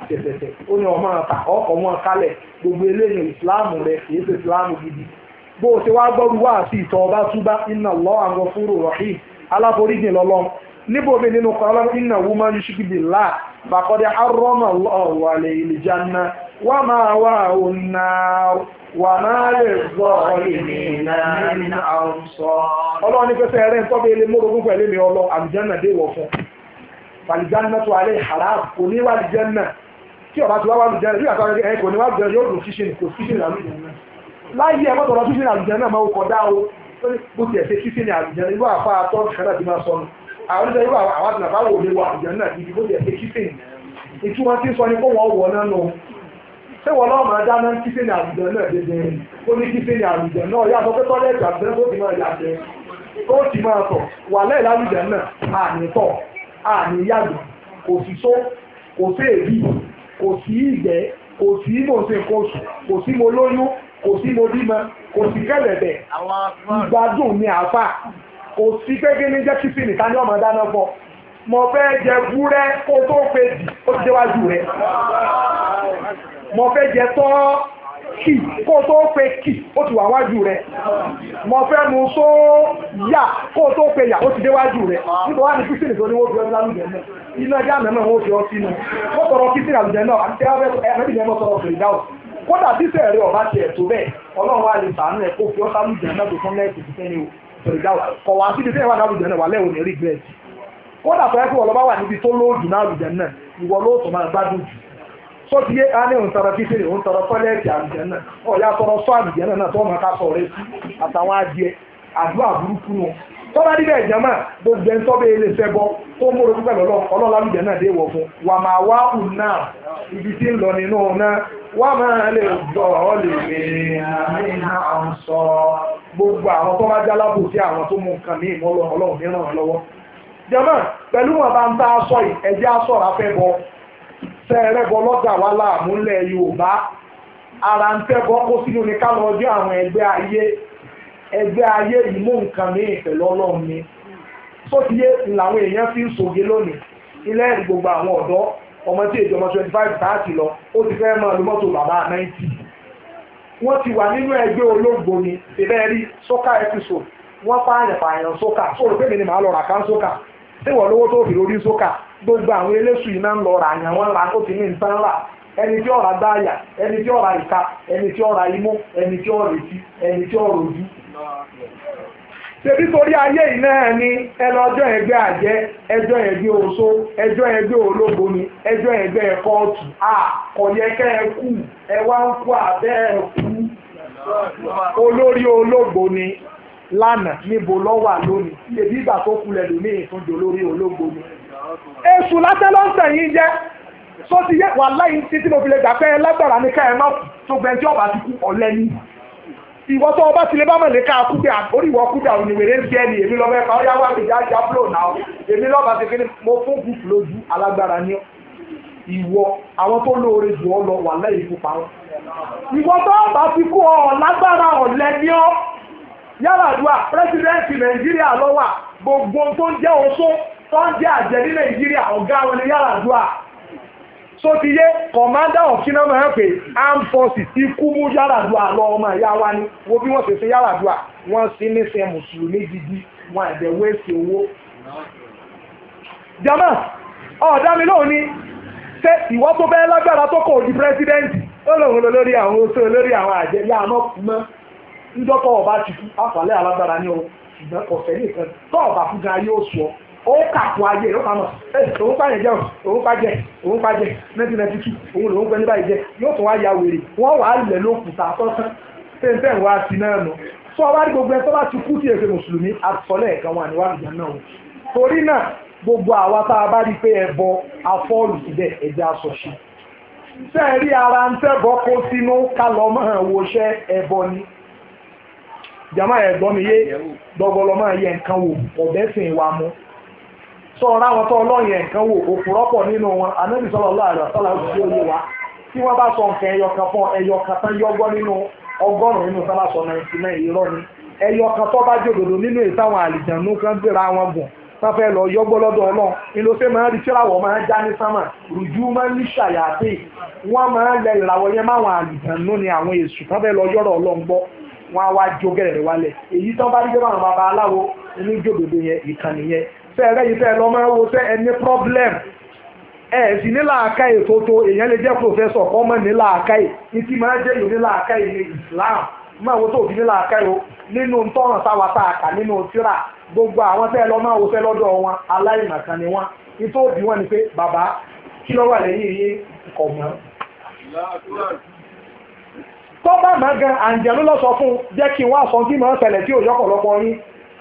tẹ̀tẹ̀tẹ̀ ó ní ọmọ ta ọkọ̀ wọn kalẹ̀ gbogbo ìsìláàmù rẹ kì í ṣe ìsìláàmù gidi bó o níbo mi nínú kan ọlọ́run iná wú máa ń ṣíkí bí là bàkọ́dé arọ́mà ọ̀wọ̀ àlè ìlìjánná wà máa wà ònà wà máa lè gbọ́ ìní nínú àwọn sọ. ọlọ́run ní pẹ́sẹ́ ẹ̀rẹ́ nǹkan bíi ilé mórogún pẹ̀lú mi ọlọ́ àlìjánná dé wọ̀ fún àlìjánná tó alẹ́ haram kò ní wà àlìjánná tí ọba ti wá wà àlìjánná tí àtàwọn ẹ̀ kò ní ṣíṣe kò ṣíṣe àlìjánná láyé àfa àtọ́ kẹ́rẹ́ ti máa sọnù àwọn ìṣẹ́ yóò àwọn àti nàfà wò lè wọ àwùjọ náà ibi tó jẹ́ pé kífìn ìtumọ̀ tí ń sọ ni kó wọ́n wọ̀ náà nù ṣé wọn náà máa dáná kífìn àwùjọ náà dédé ó ní kífìn àwùjọ náà yàtọ̀ pé tọ́lẹ̀tì àwùjọ náà tó ti máa yàgbẹ́ ó ti máa tọ̀ wà lẹ́yìn láwùjọ náà àní tọ̀ àní yàgbẹ́ kò sí só kò sí èbí kò sí ìgbẹ́ kò sí mo ṣe nǹkan oṣù kò sí mo lóyún kò sí mo bímọ kò sí kẹlẹ̀bẹ̀ ìgbádùn ni àáfà kò sí gẹ́gẹ́ ní jẹ́ kífìnì ká ní ti déwájú rẹ̀ mo fẹ́ jẹ ki kì ti wà wájú rẹ̀ mo fẹ́ mu ya yà ti déwájú rẹ̀ nígbà wà ní kífìnì tó ní wọ́n fi ọ́ lálùjẹ́ náà iná ẹja mẹ́mọ́ wọ́n fi ọ́ sínú wọ́n tọrọ kífìnì àlùjẹ́ náà àti ẹ kódà bí sẹ̀rí ọ̀bá tiẹ̀ tó bẹ́ẹ̀ ọlọ́run wa lè sàánú ẹ̀ kó fi ọ́ o. kọwaa wá síbi tẹ́yìn wà ní àlùjẹ́ náà wà lẹ́wọ̀n ní rìgírẹ́tì kódà tó yẹ kí wọ́n lọ́ bá wà níbi tó lóòjù ní náà ìwọ ló tó máa gbádùn jù tó ti yé ani òun tọrọ kíkiri òun tọ́lẹ́ẹ̀tì àlùjẹ́ náà ọ̀yà tọrọ sọ àlùjẹ́ náà tó ọmọ ká sọ rẹ àtàwọn tọ́lá nílẹ̀ ìjàmà gbogbo ẹni tọ́ bẹ́ẹ̀ lè fẹ́ bọ́ tó ń púpẹ̀ lọ́lọ́ ọlọ́lá lùjẹ́ náà dé wọ̀ fún wà máa wá kù náà ibi ń lọ nínú náà wà máa lè gbọ́ ọ lè rí nínú sọ gbogbo àwọn tó bá já lábò sí àwọn tó mú nǹkan ní ìmọ̀ ọlọ́run ní lọ́wọ́. pẹ̀lú wọn bá ń bá aṣọ aṣọ rà fẹ́ bọ sẹ́ẹ̀rẹ́ bọ lọ́jà wà láàmúlẹ̀ Yorùbá ara ń ẹgbẹ́ ayé ìmú nǹkan mìíràn pẹ̀lú ọlọ́run ni tó ti yé làwọn èèyàn fi ń sòge lónìí ilé ẹ̀rí gbogbo àwọn ọ̀dọ́ ọmọ tí èjì twenty five thirty lọ ó ti fẹ́ máa lo mọ́tò bàbá ninety wọ́n ti wà nínú ẹgbẹ́ olóògbò ni ìbẹ́ rí soccer episode wọ́n pààyàn pààyàn pé mi ni màá lọ rà tí wọ́n lówó tó fi lórí gbogbo àwọn eléṣù iná ń lọ rà ti ní nǹkan rà ẹni tí ọ̀rà dáàyà ẹni tí ọ̀rà ìka ẹni tí ọ̀rà imú ẹni tí ọ̀rà etí ẹni tí ọ̀rà ṣebí torí ayé yìí náà ni ẹnu ọjọ́ ẹgbẹ́ àjẹ́ ẹjọ́ ẹgbẹ́ oso ẹjọ́ ẹgbẹ́ ni ẹjọ́ ẹgbẹ́ kóòtù à kọ̀yẹ́kẹ́ ẹ kú ẹ wá ń kú àbẹ́ ẹ kú olórí ológo ni lánàá níbo lọ́wà lónìí ṣebí ìgbà tó kulẹ̀ ologboni. esu ìtúnjẹ olórí ológo ni. èṣù ló ń tẹ̀yìn jẹ́ ti yẹ wàhálà yìí títí mo fi lè gbà pé ẹ lágbára ká ìwọ tó ọba tilẹ̀ bá mọ̀lẹ́ ká kúdà orí ìwọ kúdà òní wèrè ń tiẹ̀ ní èmi lọ́ba ẹ̀ka ọ̀yá wà lè jáde àbúrò náà èmi lọ́ba ti kéde mo fún gùfù lójú alágbára ní ìwọ àwọn tó lóore jù ọ lọ wà lẹ́yìn fún pàrọ̀. ìwọ tó ọba ti kú ọ lágbára ọ̀lẹ́ ní ọ yàràdùà pírẹsidẹ́ǹtì nàìjíríà lọ́wà gbogbo tó ń jẹ́ oṣó tó ń jẹ́ àjẹ́ ní nàìjíríà ọ̀gá wọn ni yàràdùà sótiyé commander of kí náà máa forces ikú mú lọ ọmọ ìyá wa ni wo bí wọ́n ṣe ṣe yàràdùà wọ́n sì ní gidi wọn ẹ̀dẹ̀ wéṣẹ̀ owó. jama ọ̀dà mi lóhùn ni ṣé ìwọ tó bẹ́ẹ̀ lágbára tó kò pírẹ́sídẹ́ǹtì ó lòun àjẹ yá mọ́ ọba alágbára ní ṣùgbọ́n ó kàpọ̀ ayé ló kà mọ̀ ẹ òun pààyàn jẹ òun pàjẹ òun pàjẹ nineteen ninety two òun lòun pẹ́ nígbà yìí jẹ yóò tún wá ya wèrè wọ́n wà á lẹ̀ lókùtà tọ́sán tẹ́ǹtẹ́ ìwà sí náà nù sọ wá rí gbogbo ẹ tó bá ti kú sí èsè mùsùlùmí àtọ́lẹ̀ ẹ̀kan wà níwájú ìjà náà torí náà gbogbo àwa tá a bá rí pé ẹbọ afọ́ọ̀lù síbẹ̀ ẹ̀jẹ̀ aṣọ ṣe ṣe rí ara ń tẹ́bọ kó sínú kálọ̀ máa wọṣẹ́ ẹbọ ni jàmáà ẹ̀gbọ́n mi yé dọ́gbọ́lọ́ máa yẹ nǹkan wò ọ̀bẹ́sìn wa mú sọ ọ̀rọ̀ wọn tó ọlọ́yìn nǹkan wò òfurọ́ pọ̀ nínú wọn anábì sallallahu alaihi wasallam ti ó wa tí wọ́n bá sọ nǹkan ẹyọkan fún ẹyọkan tán yọgbọ́ nínú ọgọ́rùn-ún nínú sábà sọ náìtì náà irọ́ ni ẹyọkan tó bá jòdòdò nínú ìtàwọn àlìjànú kan gbéra wọn gùn lọ yọgbọ́ lọ́dọ̀ nílò máa ń ni àwọn èṣù lọ yọ̀rọ̀ gbọ́ á wá jó gẹ̀rẹ̀ wálẹ̀ èyí tán bá rí sẹ́ẹ̀rẹ́ yìí tẹ́ẹ̀ lọ máa wo sẹ́ ẹni problem ẹ̀ sì ní làákàyè tó tó èèyàn lè jẹ́ professor kọ́ mọ̀ ní làákàyè ní tí máa jẹ́ yìí ní làákàyè ní Islam máa wo tó òbí ní làákàyè o nínú tọ́ràn táwa tá a kà nínú tíra gbogbo àwọn tẹ́ẹ̀ lọ máa wo sẹ́ lọ́dọ̀ wọn aláìmọ̀kan ni wọn ní tó òbí wọn ni pé bàbá kí ló wà lẹ́yìn yìí ọ̀mọ́ tó bá máa gan àǹjẹ̀lú lọ́sọ fún jẹ́ kí wọ́n àsọ tí máa ń ṣẹlẹ̀ tí òjọ́pọ̀lọpọ̀ yín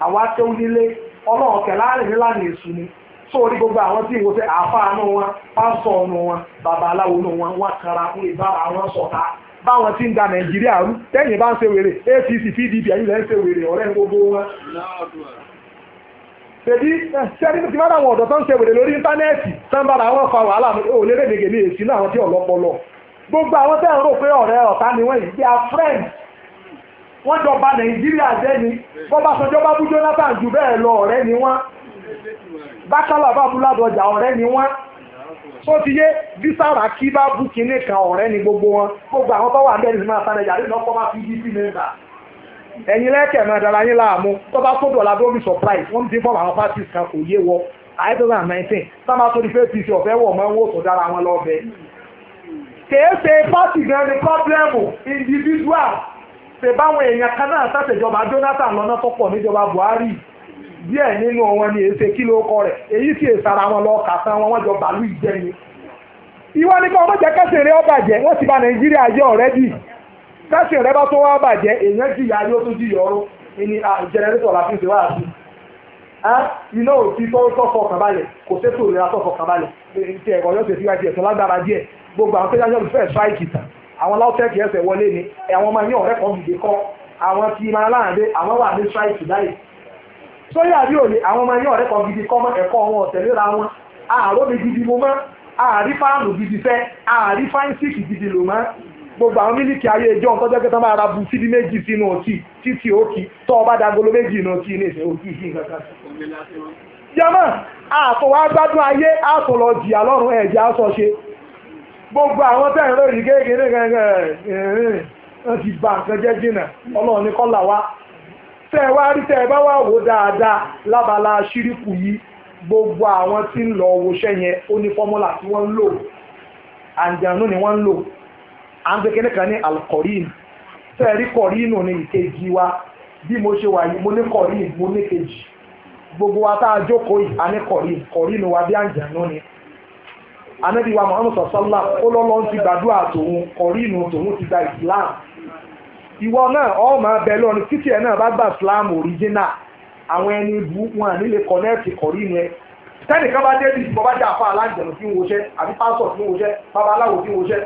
àwa tó nílé ọlọ́run kẹ̀ láàrin nílá ní èṣù ni tó orí gbogbo àwọn tí ìwòsàn àfáànú wọn pásọ̀ ọ̀nù wọn babaláwo nù wọn wọn kara wọn ìbára wọn sọ̀tà báwọn tí ń da nàìjíríà rú tẹ́yìn bá APC PDP ẹ̀yìn na ṣe wèrè ọ̀rẹ́ gbogbo wọn. sẹ́ni ọ̀dọ́ tó ń ṣe wèrè lórí íńtánẹ́ẹ̀tì wàhálà ò ní èsì náà gbogbo àwọn tẹ́ ń rò pé ọ̀rẹ́ ọ̀tá ni wọ́n friends wọ́n jọba nàìjíríà jẹ́ni bọ́bá sọjọ́ bá bú jonathan jù bẹ́ẹ̀ lọ ọ̀rẹ́ ni wọ́n bákàlà bá bú ládọjà ọ̀rẹ́ ni wọ́n tó ti yé bísàrà kí bá bú kinní kan ọ̀rẹ́ ni gbogbo wọn gbogbo àwọn tó wà bẹ́ẹ̀ ni máa sanẹjà lẹ́nu ọkọ̀ bá fi yí sí mẹ́ta ẹ̀yin lẹ́kẹ̀ẹ́ máa dára yín láàmú tó bá tó dọ̀la bí ó mi surprise wọ́n ti fọ́ọ̀mù àwọn parties kan kò yé wọ àyè tó sàn nineteen sábà tó di pé pc ọ̀fẹ́ wọ̀ mọ́ owó tó dára wọn lọ́bẹ̀ kèé ṣe party gan ni problem individual ṣèbáwọn èèyàn kan náà sàṣèjọba Jonathan lọ́nà tó pọ̀ níjọba Buhari díẹ̀ nínú wọn ni èsè kí ló kọ rẹ̀ èyí sì sara wọn lọ kà sán wọn wọ́n jọ bàálù ìjẹni. ìwọ ni kọ́ ọmọdé kẹsìn rẹ ọbàjẹ́ wọ́n ti bà Nàìjíríà jẹ́ ọ̀rẹ́dì kẹsìn rẹ bá tó wá bàjẹ́ èèyàn jìyà yóò tún jìyà ọrún ní jẹnẹrétọ̀ làfin ṣe wáyà sí. iná òtí tó tọ́fọ̀ kàbálẹ̀ kò sẹ́tò ìlera tọ́fọ̀ kàbálẹ̀ lágbára díẹ̀ gbogbo àwọn àwọn lautech ẹsẹ̀ wọlé ni àwọn ọmọ yín ọ̀rẹ́ kan dìde kọ́ àwọn tí máa láàrin àwọn wà ní strike báyìí sóyè àbí òní àwọn ọmọ yín ọ̀rẹ́ kan gidi kọ́ ẹ̀kọ́ wọn ọ̀tẹ̀léra wọn àárọ̀ mi gidi mo mọ́ àárí fáànù gidi fẹ́ àárí fáìnsìkì gidi lò mọ́ gbogbo àwọn mílíkì ayé ẹjọ́ nǹkan jẹ́ kẹta máa ra bu síbi méjì sínú ọtí títí òkì tó ọba dagolo méjì inú ọtí ilé ìṣẹ́ òkì ìṣe nǹkan kan. jama àtọwọ́ agbádùn ayé àtọ̀lọ́jì àlọ́run ẹ̀jẹ̀ àṣọ ṣe gbogbo àwọn tẹ́yìn lórí kéèkéèrè gẹ́gẹ́rẹ́ ti nǹkan jẹ́ jìnà ọlọ́run ní kọ́là wá rí tẹ́ wà dáadáa lábala ṣíríkù gbogbo àwọn tí ń lọ wo yẹn ó ní fọ́múlà tí wọ́n ń lò àǹjànú ni wọ́n ń lò à ń gbé kíní kan ní gbogbo wa tá a jókòó yìí a anabi wa muhammad sọ̀sọ́lá ó lọ́lọ́ ti gbàdúrà tòun kọ̀rínù tòun ti gba islam ìwọ náà ọ máa bẹ lọ́run títí ẹ̀ náà bá gba islam original àwọn ẹni ibú wọn à nílé kọ̀nẹ́ẹ̀tì kọ̀rínù ẹ tẹ́nìkan bá débi ìbọn bá jẹ́ àfa alájẹ̀nu tí ń woṣẹ́ àbí pásọ̀ tí ń woṣẹ́ babaláwo tí ń woṣẹ́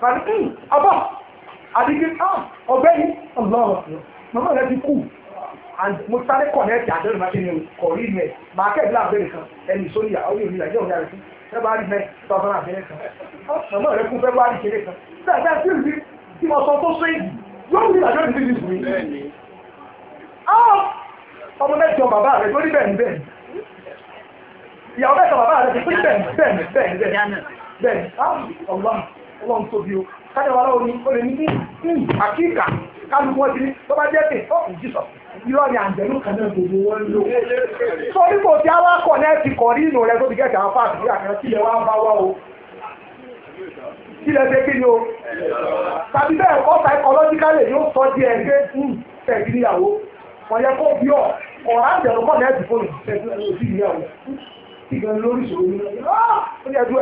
fani ọbọ̀ hmm, àdìgbì ah, ọgbẹ́ni ọlọ́run màmá rẹ ti kú and mo sáré kọ̀nẹ́ẹ̀tì àdéhùn máa ṣe ní kọ̀rí mẹ́ máa kẹ́ẹ̀dúrà abẹ́rẹ́ kan ẹni sóníyà ọ̀rẹ́ òní ìlàjẹ́ òní àrẹ́sí fẹ́bárì mẹ́ tọ́sán àbẹ́rẹ́ kan ọmọ rẹ fún fẹ́bárì kéré kan sẹ́ẹ̀fẹ́ sí ìlú tí mo sọ tó sọ èyí yóò ní ìlàjẹ́ òní bíbí ìsúrí. ọmọ mẹ́jọ bàbá rẹ tó ní bẹ́ẹ̀ bẹ́ẹ̀ ìyàwó mẹ́jọ bàbá rẹ tó ní bẹ́ẹ̀ bẹ́ẹ̀ bẹ́ẹ̀ ọlọ́run tóbi o kájọba aláwo ni o lè ní ní àkíkà kálukú wọn ti ní tó bá jẹ́ pé ó kù jísọ̀ irọ́ ni àǹjẹ̀lú kan náà gbogbo wọn lò. sórí kò tí a wá kọ̀ náà ti kọ̀ rí ìnù rẹ tó ti gẹ̀ẹ́sì àwọn fáàtì bí àkàrà tí ilẹ̀ wá bá wá o. kí lẹ ṣe kí ni o. tàbí bẹ́ẹ̀ kọ́ psychologically yóò sọ di ẹ̀ gbé fún tẹ̀sí níyàwó. wọ́n yẹ kó bí ọ̀ ọ̀rọ̀ àǹjẹ̀lú kọ̀ náà ti fóònù tẹ̀sí níyàwó. kí gan lórí ìṣòro ni. Ah! ó ní ẹdú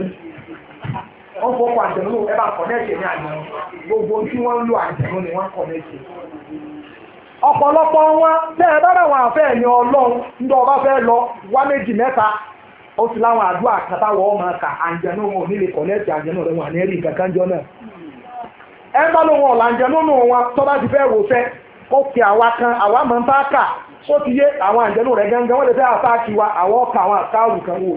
ẹdú wọ́n fọ́ ọkọ̀ àjẹ̀mú lò ẹ̀bá kọ̀nẹ́ẹ̀tì ní àná gbogbo tí wọ́n lo ni wọ́n kọ̀nẹ́ẹ̀tì. ọ̀pọ̀lọpọ̀ wọn tẹ́ ẹ bá ráwọn àfẹ́ ẹ̀yìn ọlọ́run ńdọ́ ọba fẹ́ lọ wá méjì mẹ́ta ó ti láwọn àdúrà kàtàwọ̀ ọmọ kà àjẹ̀nú wọn ò ní lè wọn àní ẹ̀rí náà. ẹ bá ọ̀la nù wọn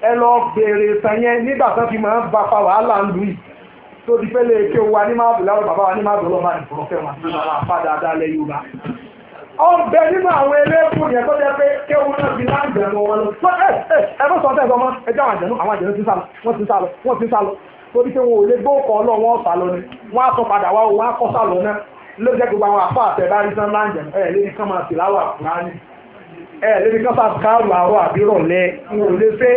ẹ lọ bèèrè ìtàn yẹn nígbà tó fi máa ń ba fa wàhálà ń lu yìí tó di wa ní máa bùlá bàbá wa ní máa bùlọ́ máa nìkan fẹ́ wọn àti àwọn Yorùbá. nínú àwọn yẹn tó pé náà fi wọn lọ sọ ẹ ẹ ẹ sọ sọ ẹ jẹ́ àwọn àwọn ti sálọ wọ́n ti sálọ wọ́n ti sálọ torí pé ni sọ padà wá á kọ́ náà bá rí sán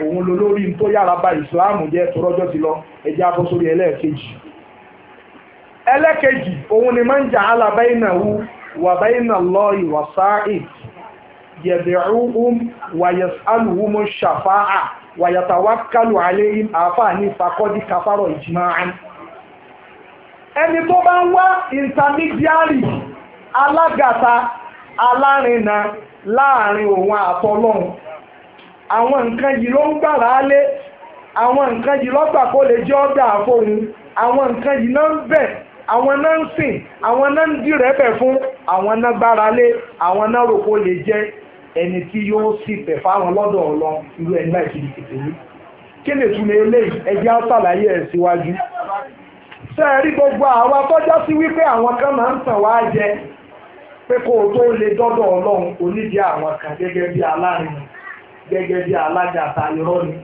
òun ló lórí tó yára ba ìsìláàmù jẹ́ tọrọjọ́ ti lọ ẹjẹ́ abọ́ sórí ẹlẹ́ẹ̀kejì ẹlẹ́ẹ̀kejì òun ni máa ń jà alábẹ́yìnà wú wà bẹ́yìnà lọ ìwà sáàì yẹ̀dẹ̀rúhùn wàyẹ̀sálùhùn ṣàfáà wàyàtàwákàlù àlẹ́yìn àáfàá ní fakọ́dí kafárọ̀ ìjìmáà ẹni tó bá ń wá intermediary alágàta alárinà láàrin òun àwọn nǹkan yìí ló ń gbàrà lé àwọn nǹkan yìí lọ́gbà kó lè jẹ́ ọ̀dà àfọ̀hún àwọn nǹkan yìí náà ń bẹ̀ àwọn náà ń sìn àwọn náà ń dìrẹ́bẹ̀ fún àwọn náà gbára lé àwọn náà rò kó lè jẹ́ ẹni tí yóò sì bẹ̀ fáwọn lọ́dọ̀ ọ̀lọ́ irú ẹni láì kiri kìtì yìí kí ni ìtumọ̀ eléyìí ẹjẹ́ á ṣàlàyé ẹ̀ síwájú ṣé ẹ rí gbogbo àwa tọ́já sí wípé àwọn kan máa ń tàn wá jẹ pé kó o tó lè dọ́dọ̀ ọlọ́run onídìí àwọn kan gẹ́gẹ́ bí alárinà gẹ́gẹ́ bí alágàtà irọ́ ni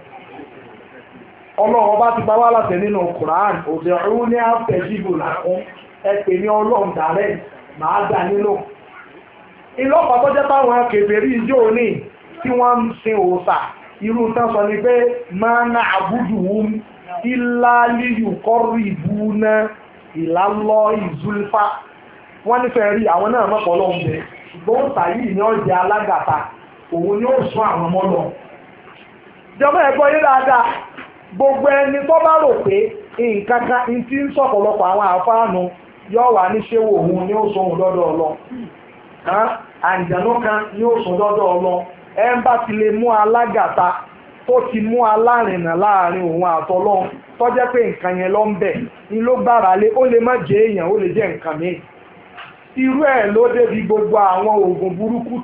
ọlọ́run bá ti bá wà láti nínú Quran òde ọ̀rún ní àfẹ́jìbò làkún ẹ ní ọlọ́run dàrẹ́ màá dà nílò ilé tó jẹ́ táwọn akèbèrè ìjọ òní tí wọ́n ń sin irú sọ ni pé máa ń àbújù ìlàlíyù kọ́rù ìbú náà ìlàlọ́ ìzúlfà wọ́n nífẹ̀ẹ́ rí àwọn náà lọ́wọ́ bẹ́ẹ̀ yìí ni òun ni ó sọ àwọn ọmọ lọ. ìjọba ẹ̀gbọ́n yín dáadáa gbogbo ẹni tó bá rò pé nǹkan kan ti ń sọ̀pọ̀lọpọ̀ àwọn àfáànù yóò wà ní òun kan ni ó sọ lọ́dọ̀ ọlọ ẹ ń bá ti lè mú alágàta tó ti mú alárìnà láàrin òun pé nǹkan yẹn ń bẹ̀ ni ló gbára lé ó lè má gbogbo àwọn oògùn burúkú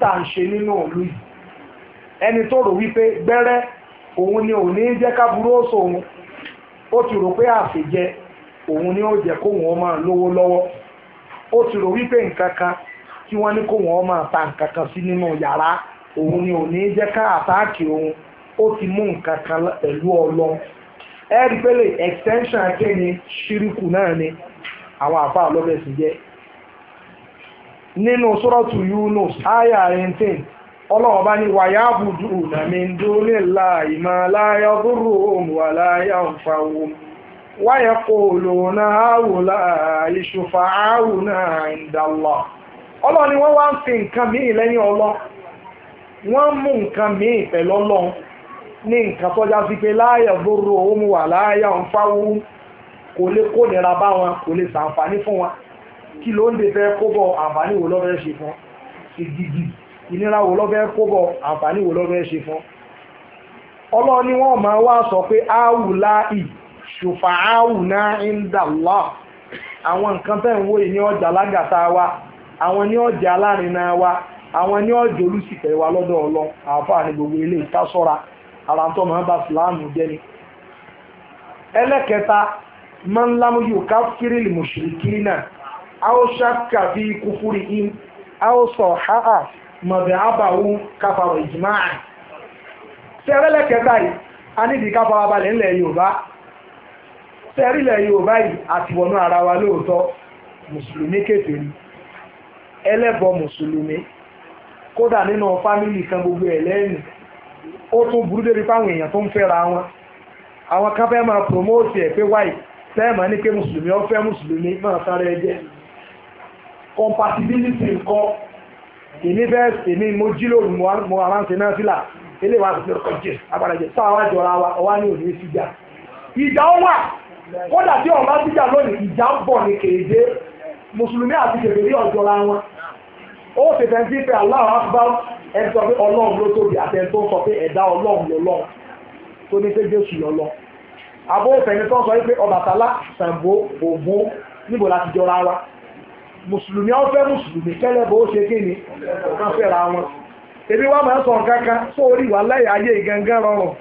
ẹni tó rò wípé gbẹ́rẹ́ òun ni òun ní jẹ́ oun ó sòun ó ti rò pé àṣejẹ òun ni ó jẹ́ kóun ó máa lówó lọ́wọ́ ó ti rò wípé nǹkan kan tí wọ́n ní ta nǹkan kan sí nínú yàrá ni òun ní jẹ́ ká àtáàkì òun ó ti mú nǹkan kan pẹ̀lú ọlọ ẹ extension akéni ṣíríkù náà ni àwọn àfa àlọ́bẹ̀sì jẹ́ nínú sọ́rọ́tù Yunus ọlọ́run bá ní wàyà àbùdù nàmí dúró nílà ìmọ̀ láyà dúró òmù àláyà òǹfà òmù wáyà kò lò náà àwòlá ìṣòfà àwò náà ìdàlọ́ ọlọ́run ni wọ́n wá ń fi nǹkan míì lẹ́yìn ọlọ́ wọ́n mú nǹkan míì pẹ̀lú ọlọ́run ní nǹkan tó já sí pé láyà dúró òmù àláyà òǹfà òmù kò lè kó nira bá wọn kò lè ṣàǹfààní fún wọn kí ló ń de fẹ́ kó bọ̀ àǹfààní wo lọ́fẹ́ ṣe fún ìdíjì ìnira wo lọ́fẹ́ kó bọ̀ àǹfààní wo ṣe fún ọlọ́run ni wọ́n máa wá sọ pé áwù láì ṣùfà áwù náà ń dà àwọn nǹkan tẹ́ ń wó ní ọjà lágàtà wa àwọn ní ọjà wa àwọn ní ọjà wa lọ́dọ̀ ọlọ́run àáfàá ilé ara tó máa bá Fìlànù ẹlẹ́kẹta máa ń mùsùlùmí náà a mọ̀bẹ̀ àbàwú káfàrọ̀ ìjìmáà tẹ́rẹ́lẹ̀ kẹta yìí a nídìí káfàwà balẹ̀ ńlẹ̀ Yorùbá tẹ́rìlẹ̀ Yorùbá yìí àti wọnú ara wa lóòótọ́ mùsùlùmí kèfèrí ẹlẹ́bọ mùsùlùmí kódà nínú fámìlì kan gbogbo ẹ̀ lẹ́yìn ó tún burú débi fáwọn èèyàn tó ń fẹ́ra wọn àwọn kan fẹ́ máa promote ẹ̀ pé wáyé sẹ́ẹ̀mà ní pé mùsùlùmí ó fẹ́ mùsùlùmí máa sáré ẹjẹ́ compatibility nǹkan èmi bẹ́ẹ̀ èmi mo jí lóru mo aránsẹ náà sílà àti ìrọ̀kọ̀ agbára jẹ sáà wa ọwá ní òní síjà ìjà ó wà kódà tí ọba síjà lónìí ìjà bọ̀ ní kéde mùsùlùmí àti kèfèrí ọ̀jọ̀ra wọn ó sì fẹ́ sí pé aláwọ̀ àbá ẹni sọ pé ọlọ́run ló tóbi àtẹni tó ń sọ wa Musulumi ọ fẹ́ mùsùlùmí tẹ́lẹ̀ bó ṣe kí ni wọ́n fẹ́ra wọn èmi wá máa sọ kankan sórí láyé ayé gangan rọrùn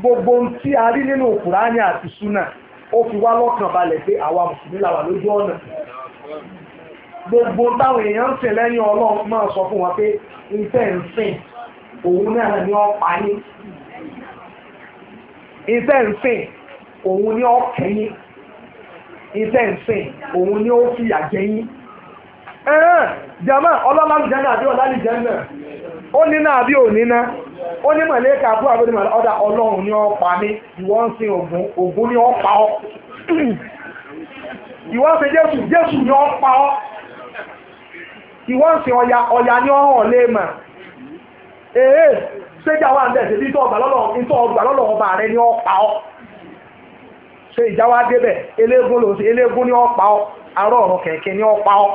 gbogbo ohun a rí nínú kùránì àti súnà ó fi wá lọ́kàn balẹ̀ pé àwa musulmi làwà lójú ọ̀nà gbogbo táwọn èèyàn ń sìn lẹ́yìn ọlọ́run máa fún wọn pé òun náà ni iṣẹ́ ìsìn òun ni ó fìyà jẹ yín ẹ̀hán jama ọlọ́lá àbí nina ó níná àbí òníná ó ní mọ̀lẹ́kà àbú àbúrò mọ̀lẹ́ ọ̀dà ọlọ́run ni ó pa nị ìwọ ń sin ni ó pa ọ́ iwọ ń ọya ọya ni ó hàn léèmà èé ṣéjà wà ń bẹ̀ ṣe bí ọgbà ṣe ìjáwá débẹ̀ eléégún ló ṣe eléégún ní ọ̀pá ọ arọ́ ọ̀run kẹ̀kẹ́ ní ọ̀pá ọ.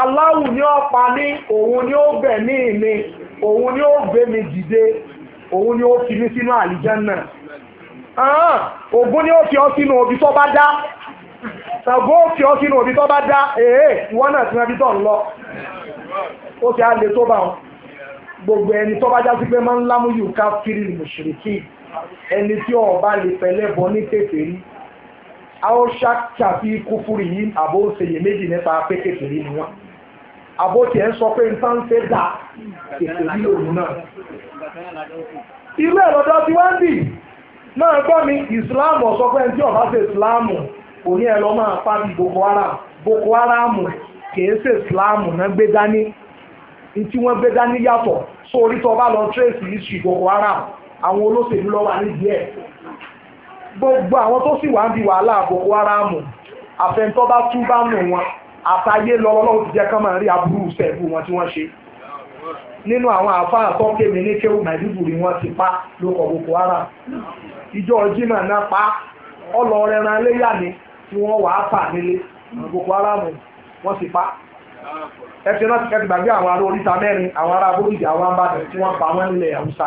aláwù ní ọ̀pá ní òun ni ó bẹ̀ ní ìní òun ni ó gbé mi dìde òun ni ó fi mí sínú àlìjánà ògún ni ó fi ọ sínú òbí tó bá dá ṣàgbó ó fi ọ sínú òbí tó bá dá èé ìwọ náà ti rán ibi tó ń lọ ó ti á le tó bá wọn gbogbo ẹni tó bá já sí pé máa ń lámúyù ká fírí mùṣírikí ẹni tí ọ̀hún bá lè pẹ̀lẹ́ bọ ní kékeré aosha tàbí kúfúrú yìí àbó ṣèyẹ méjì nípa pé kékeré ni wọn àbó tiẹ̀ ń sọ pé n tán ṣe dà kékeré òun náà. irú ẹ̀ lọ́dọ̀ tí wọ́n ń bì náà gbọ́ mi ìsìláàmù ọ̀sọ́ pé ẹni tí ọ̀bá ṣe ìsìláàmù kò ní ẹ lọ máa pàdé boko haram boko haram kìí ṣe ìsìláàmù náà gbé dání ní tí wọ́n gbé dání yàtọ̀ sórí tó bá lọ tírèsì ìṣù boko haram àwọn olóṣèlú lọ́wọ́ nídìí ẹ̀ gbogbo àwọn tó sì wá ń bi wàhálà Boko Haram àfẹntọ́ bá tú bá nù wọn àtàyé lọ́wọ́lọ́wọ́ ti jẹ́ ká máa rí aburú sẹ́ẹ̀bù wọn tí wọ́n ṣe nínú àwọn àfáà tó kémi ní kéwù Maiduguri wọn ti pa lóko Boko Haram ìjọ jimá náà pa ọlọ́ọ̀rẹ́ ran léyà ni tí wọ́n wàá fà nílé Boko Haram wọ́n ti pa ẹtì ti kẹ́tì gbàgbé àwọn ará oríta mẹ́rin àwọn ará abúlé àwọn abàdàn tí wọ́n pa wọ́n nílẹ̀ Haúsá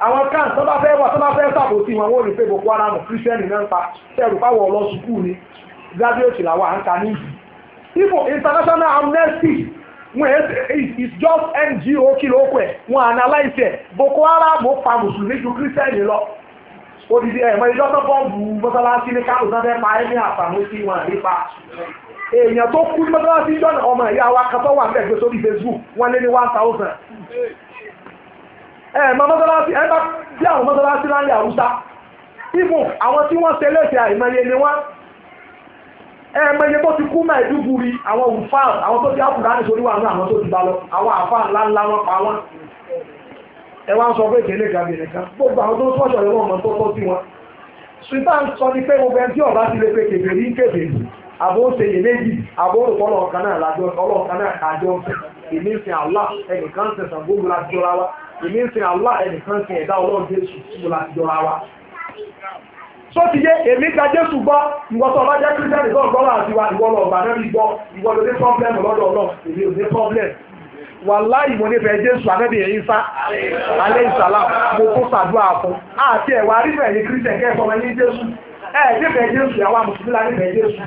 àwọn kan tó bá fẹ́ wà tó bá fẹ́ wọn boko haram kírísítẹ́nì na nta pa tẹ́rù ọlọ́ sùkúù ni graduate làwọn à ń ní international amnesty wọn is just ngo kìlọ̀ ọkọ̀ ẹ̀ wọn analyse boko haram pa mùsùlùmí ju lọ. odidi ẹ̀ mọ ìjọ tó bu ní pa ní sí wọn èèyàn tó kú Facebook lé one thousand. ẹ̀ẹ̀mọ mọ́sálásí ẹ̀ẹ́bá bí àwọn mọ́sálásí láńlẹ̀ àwùsá ibùn àwọn tí wọ́n ṣe léṣe àìmọye ni wọ́n ẹ̀ẹ̀mọye tó ti kú mẹ́ẹ̀dúgbùrì àwọn òfáà àwọn tó ti ní sórí wà ní àwọn tó ti bá lọ àwọn wọn pa wọn ẹ wá ń sọ pé ìkẹ́lẹ̀ gàbì nìkan gbogbo àwọn tó ń sọ́ṣọ̀ rẹ̀ wọ́n tó tọ́ sí wọn ṣùgbọ́n sọ ni pé gbogbo ẹni tí ti lè èmi ń sin àlá ẹnìkan sin ẹ̀dá ọlọ́run jésù tí mo láti jọra wa. sọ ti yé èmi gba jésù gbọ́ ìwọ tó ọba jẹ́ kírísítẹ́nì tó gbọ́ láti wa ìwọ lọ ọ̀gbà náà gbọ́ ìwọ ló ní pọ́blẹ́mù lọ́dọ̀ ọlọ́run èmi ò ní pọ́blẹ́mù wàláì mo nífẹ̀ẹ́ jésù ànábì ẹ̀yìn sá alẹ́ ìsàlá mo tó sàdúrà fún àti ẹ̀wà nífẹ̀ẹ́ ní kírísítẹ̀ kẹ́kọ̀ọ́ ẹni jésù ẹ̀ nífẹ̀ẹ́ jésù yàwá mùsùlùmí la nífẹ̀ẹ́ jésù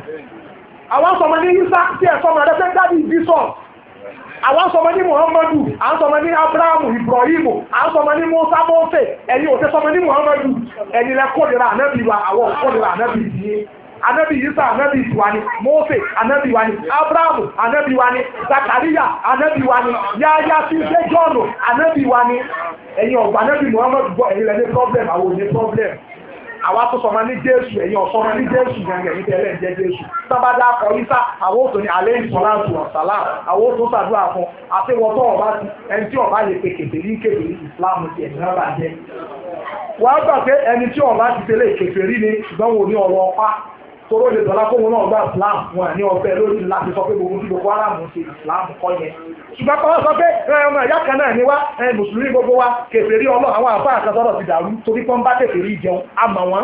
àwọn sọmọ ní yín sá tí ẹ̀ sọmọ rẹ fẹ́ dábì bísọ̀ọ̀ àwọn sọmọ ní muhammadu à ń sọmọ ní abrahamu ibrahimu à ń sọmọ ní musa mose ẹ̀yin òtẹ́ sọmọ ní muhammadu ẹ̀yin lẹ kórìíra ànábì wa àwọn kórìíra ànábì yìí ànábì yisa ànábì tiwani mose ànábì wani abrahamu ànábì wani zakariya ànábì wani yaya sinse jọnu ànábì wani ẹ̀yin ọgbà ànábì muhammadu bọ ẹ̀yin lẹ ní problem àwọn ò ní àwa tó sọmọ ní jésù ẹ̀yin ọ̀sọ́mọ ní jésù gẹ̀ǹgẹ̀ ní tẹ́lẹ̀ ń jẹ́ jésù sábàdà akọ isa àwọn òtò ní alẹ́ ìsọ̀láàtù ọ̀sálà àwọn òtò sàdúrà fún àti wọ́tọ̀ ọba ti ẹni tí ọba yẹ pé kèfèrí kèfèrí ìsìláàmù ti ẹ̀mí náà bàjẹ́ wàá gbà pé ẹni tí ọba ti tẹ́lẹ̀ kèfèrí ni ṣùgbọ́n wo ní ọ̀rọ̀ ọpá toró lè dọ̀lá fún wọn náà gba Islam wọn ní ọbẹ̀ lórí láti sọ pé gbogbo tí Boko Haram ṣe Islam kọ́ yẹn ṣùgbọ́n kọ́ sọ pé ọmọ ìyá kan náà ni wá mùsùlùmí gbogbo wa kèfèrí ọlọ́ àwọn àbá àkàtọ́rọ̀ ti dàrú torí pọ́ńbà kèfèrí jẹun àmọ́ wọn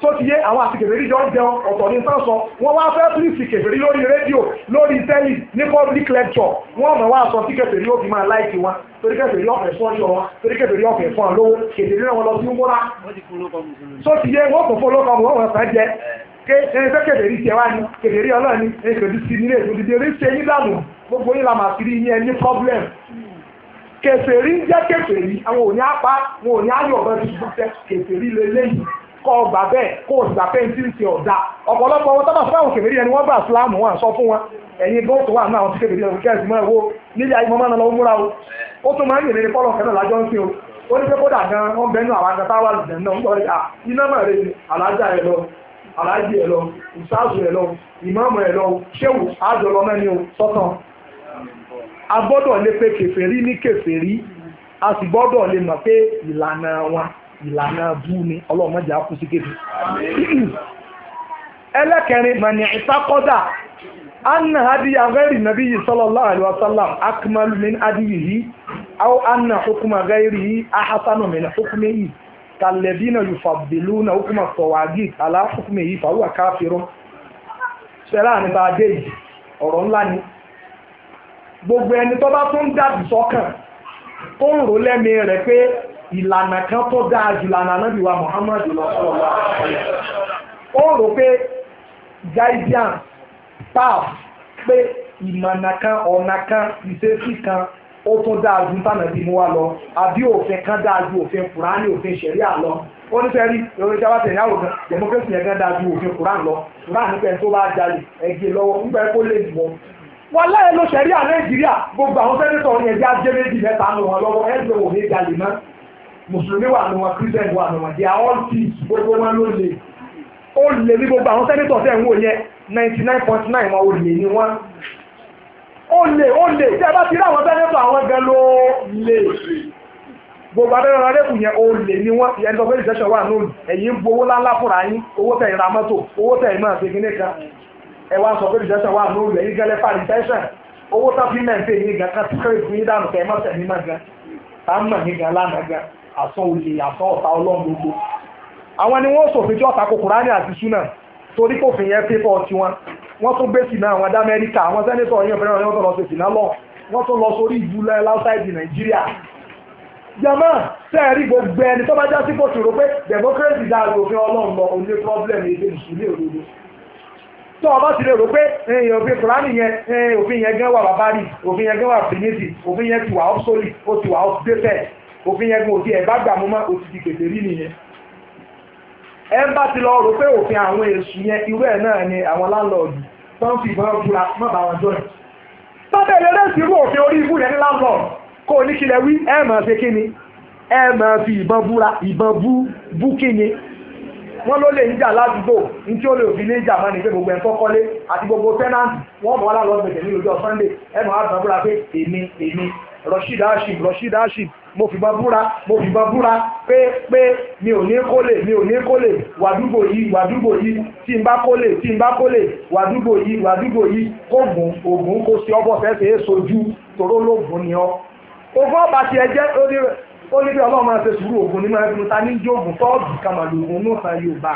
tó ti yé àwọn àti kèfèrí jọ ń jẹun ọ̀tọ̀ ní sánsọ wọ́n wá fẹ́ pílìsì kèfèrí lórí rédíò lórí tẹ́lì ní public lecture wọ́n mọ̀ wá sọ tí kèfèrí ó fi máa láìkì wọn torí kèfèrí ọ̀fẹ́ fún ọyọ wọn torí kèfèrí ọ̀fẹ́ fún ọ lówó kèfèrí náà wọn lọ sí múra tó ti yé wọ́n kò fún olókọ wọn wọn fẹ́ jẹ ẹnìfẹ́ kèfèrí tiẹ̀ wá ní kèfèrí ọlọ́ọ̀ni èkèdí sí nílé ìdíje rí ṣe yín dànù gbogbo yín la máa fi rí yín ẹni problem kèfèrí ń jẹ́ kèfèrí àwọn òní apá wọn òní ayọ̀ ọ̀bẹ tuntun tẹ kèfèrí lélẹ́yìn kọ́ ọgbà bẹ́ẹ̀ kó o gbà pẹ́ǹtì ń ti ọ̀dà ọ̀pọ̀lọpọ̀ wọn tábà fún àwọn kèmèrè ẹni wọ́n gbà síláàmù wọn sọ fún wọn ẹ̀yin gbọ́n tó wà ní àwọn tí kèmèrè ẹni kẹ́sì mọ́ ẹ̀wọ́ nílé ayé mọ́mọ́ náà lọ múra o ó tún máa ń yèrè pọ́lọ̀ kẹ́nà lájọ́ ń sin o ó ní pé kódà gan wọ́n bẹnu àwọn agbata wà lùdẹ̀ náà ń gbọ́dọ̀ iná mọ̀ rẹ ni alájà ẹ lọ alájì ẹ lọ ìsáàsù ẹ lọ ìmọ̀ọ́mọ̀ ẹ lọ ṣéwù àjọ lọ mẹ́ni o sọ́tàn a gbọ́dọ̀ lè pe kèfèrí ní kèfèrí a sì gbọ́dọ̀ lè mọ̀ pé ìlànà wọn ìlànà bú ni ọlọ́run mọ̀jà kú sí kéde. ẹlẹ́kẹrin mani ìtakọ́dà anna hadiya ghairi nabiyyi sallallahu alaihi wasallam akmalu min hadiyihi aw anna hukuma ghairihi ahsanu min hukmihi kàlẹ́bínà yufadiluna hukuma sọ̀wágì ala hukmihi fahuwa kafirun ṣẹlá ní bá dé yìí ọ̀rọ̀ ńlá ni gbogbo ẹni tó bá tún dàbí sọ́kàn tó ń rò lẹ́mi rẹ̀ pé ìlànà kan tó dáa jù lànà anábì wa Muhammad lọ́sọ̀rọ̀ ó rò pé guidance path pé ìmọ̀nà kan ọ̀nà kan ìṣesí kan ó tún dáa ju tànàbí mú lọ àbí òfin kan dáa jù òfin Kùránì òfin lọ ó ní ìròyìn democracy yẹn dáa òfin Kùránì lọ pẹ̀ tó bá jalè lọ́wọ́ kó lè mọ́ láyé ló gbogbo àwọn yẹn méjì mẹ́ta mùsùlùmí wà nù wọn christian wà nù they are all thieves gbogbo wọn ló o ó lè ní gbogbo àwọn sẹ́nitọ̀ tẹ̀ ń wò yẹn ninety nine point nine wọn ò lè ní wọn ó lè tí a bá ti rí àwọn sẹ́nitọ̀ àwọn gan ló lè gbogbo abẹ́rẹ́ ọ̀rọ̀ lẹ́kùn yẹn ó lè ní wọn wà lónìí ẹ̀yìn gbowó láńlá fúnra yín owó mọ́tò owó wá wà lónìí ẹ̀yìn gẹ́lẹ́ owó fún yín dànù àsọ olè àsọ ọ̀tá ọlọ́run gbogbo àwọn ni wọ́n ṣòfin tí ọ̀tá Kùránì àti súnà torí kò fi yẹn pépọ̀ tiwọn wọ́n tún gbé sínú àwọn adá Amẹ́ríkà àwọn sẹ́nẹ́tọ̀ yẹn fẹ́ràn yẹn tó lọ sí sínú lọ wọ́n tún lọ sórí ìlú láìsáìdì Nàìjíríà jama sẹ́ẹ̀rí gbogbo ẹni tó bá já sí kòtò rò pé democracy dá òfin ọlọ́run lọ òní problem èdè mùsùlùmí òdodo tó ọba ti lè rò pé òfin Kùránì yẹn òfin yẹn gan wà bàbá rí òfin yẹn gan wà pìnìtì òfin yẹn ti wà obsolete ó ti wà outdated òfin yẹn kò sí ẹ̀ bá gbà mú mọ́ òtítì kètè rí nìyẹn ẹ bá ti lọ rò pé òfin àwọn èsù yẹn irú ẹ̀ náà ni àwọn láńlọ́ọ̀dù tó ń fi ìbọn búra mọ́ bá wọn jọyìn tọ́tẹ̀ ìrẹ́lẹ̀ sí irú òfin orí ibú yẹn ní láńlọ́ọ̀dù kó o ní kílẹ̀ wí ẹ máa ṣe kíni ẹ máa fi ìbọn búra ìbọn bú bú kíni wọ́n ló lè ń jà ládùúgbò ní tí ó lè òfin ní ìjà máa ní pé gbogbo ẹ̀ fọ́kọ́lé àti gbogbo tẹ́nàntì wọ́n mọ̀ wá láńlọ́ọ̀dù gbẹ̀dẹ̀ ní ọjọ́ Sunday ẹ máa wá gbàgbọ́ra pé èmi èmi mo fi bá búra mo fi bá búra pé pé mi ò ní kólè mi ò ní kólè wàdúgbò yìí wàdúgbò yìí tí n bá kólè tí n bá kólè wàdúgbò yìí wàdúgbò yìí kó gùn ògùn kó sí ọbọ fẹsẹ é sojú toró lóògùn ni ọ. ògùn ọba tiẹ̀ jẹ́ ó ní bí ọlọ́run máa ṣe sùúrù ògùn ní máa ń ta ní jó ògùn tọ́ọ̀gì kàmàlùgùn ní ọ̀sán yorùbá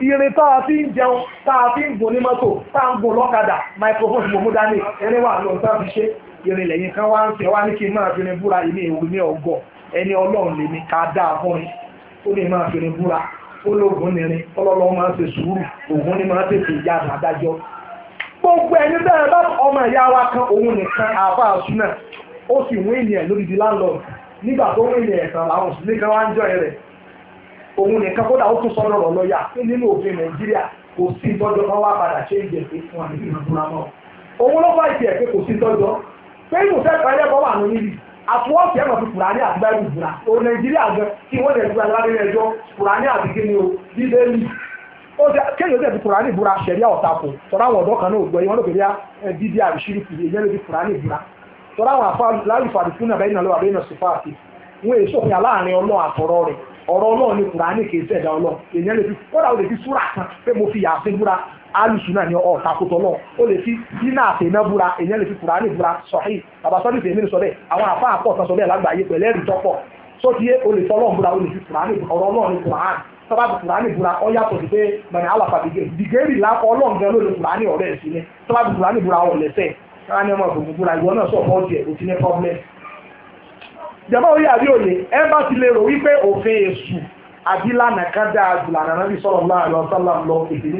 irin tá a fi ń jẹun tá a fi ń gùn ní mọ́tò tá a ń gùn lọ́kadà microphone mo dání ẹni wà lóun tá a fi ṣe irin lẹ́yìn kan wá ń fẹ́ wá ní kí n máa fi búra ilé ìwé ní ọgọ́ ẹni ọlọ́run lèmi ká dáa fúnrin ó ní máa fi rin búra ó lóògùn nìrin ọlọ́lọ́ máa ń ṣe sùúrù ògùn ni máa ń gbogbo ẹni bẹ́ẹ̀ bá ọmọ ìyá wa kan kan wá ń jọ ẹ̀rẹ̀ òun nìkan kódà ó tún sọ lọ́rọ̀ nínú òfin nàìjíríà kò sí ìtọ́jọ́ kan wá padà ṣe fún àmì òun ló sẹ́yìn òfẹ́ kan ẹlẹ́kọ̀ọ́ wà ní níbi àtúwọ́sì ẹ̀mọ̀ fi kùránì àti báyìí o nàìjíríà gan kí wọ́n lè lábẹ́ ẹjọ́ kùránì àti kíni o bíbélì ó ṣe kéèyàn tẹ̀ fi kùránì búra ṣẹ̀ríà ọ̀tàkù tọ́ra àwọn ọ̀dọ́ kan náà gbọ́ ìwọ́n lókè bíyà bíbí àbíṣírí alùsùnà ni ọ̀ takùtọ̀ lọ ó lè fi dínà àtẹ̀ná búra èèyàn lè fi kùránì búra sọ̀hìn àbásọ́lì tèmi ni sọ bẹ́ẹ̀ àwọn àfa àpọ̀ sọ bẹ́ẹ̀ lágbàáyé pẹ̀lẹ́ ẹ̀rí tọ́pọ̀ sóti yé olè tọ́lọ́ búra olè fi kùránì ọ̀rọ̀ ọlọ́run kùránì tọ́ba fi kùránì búra ọ yàtọ̀ sí pé mẹ̀rin dìgẹ́ dìgẹ́rì ló lè fi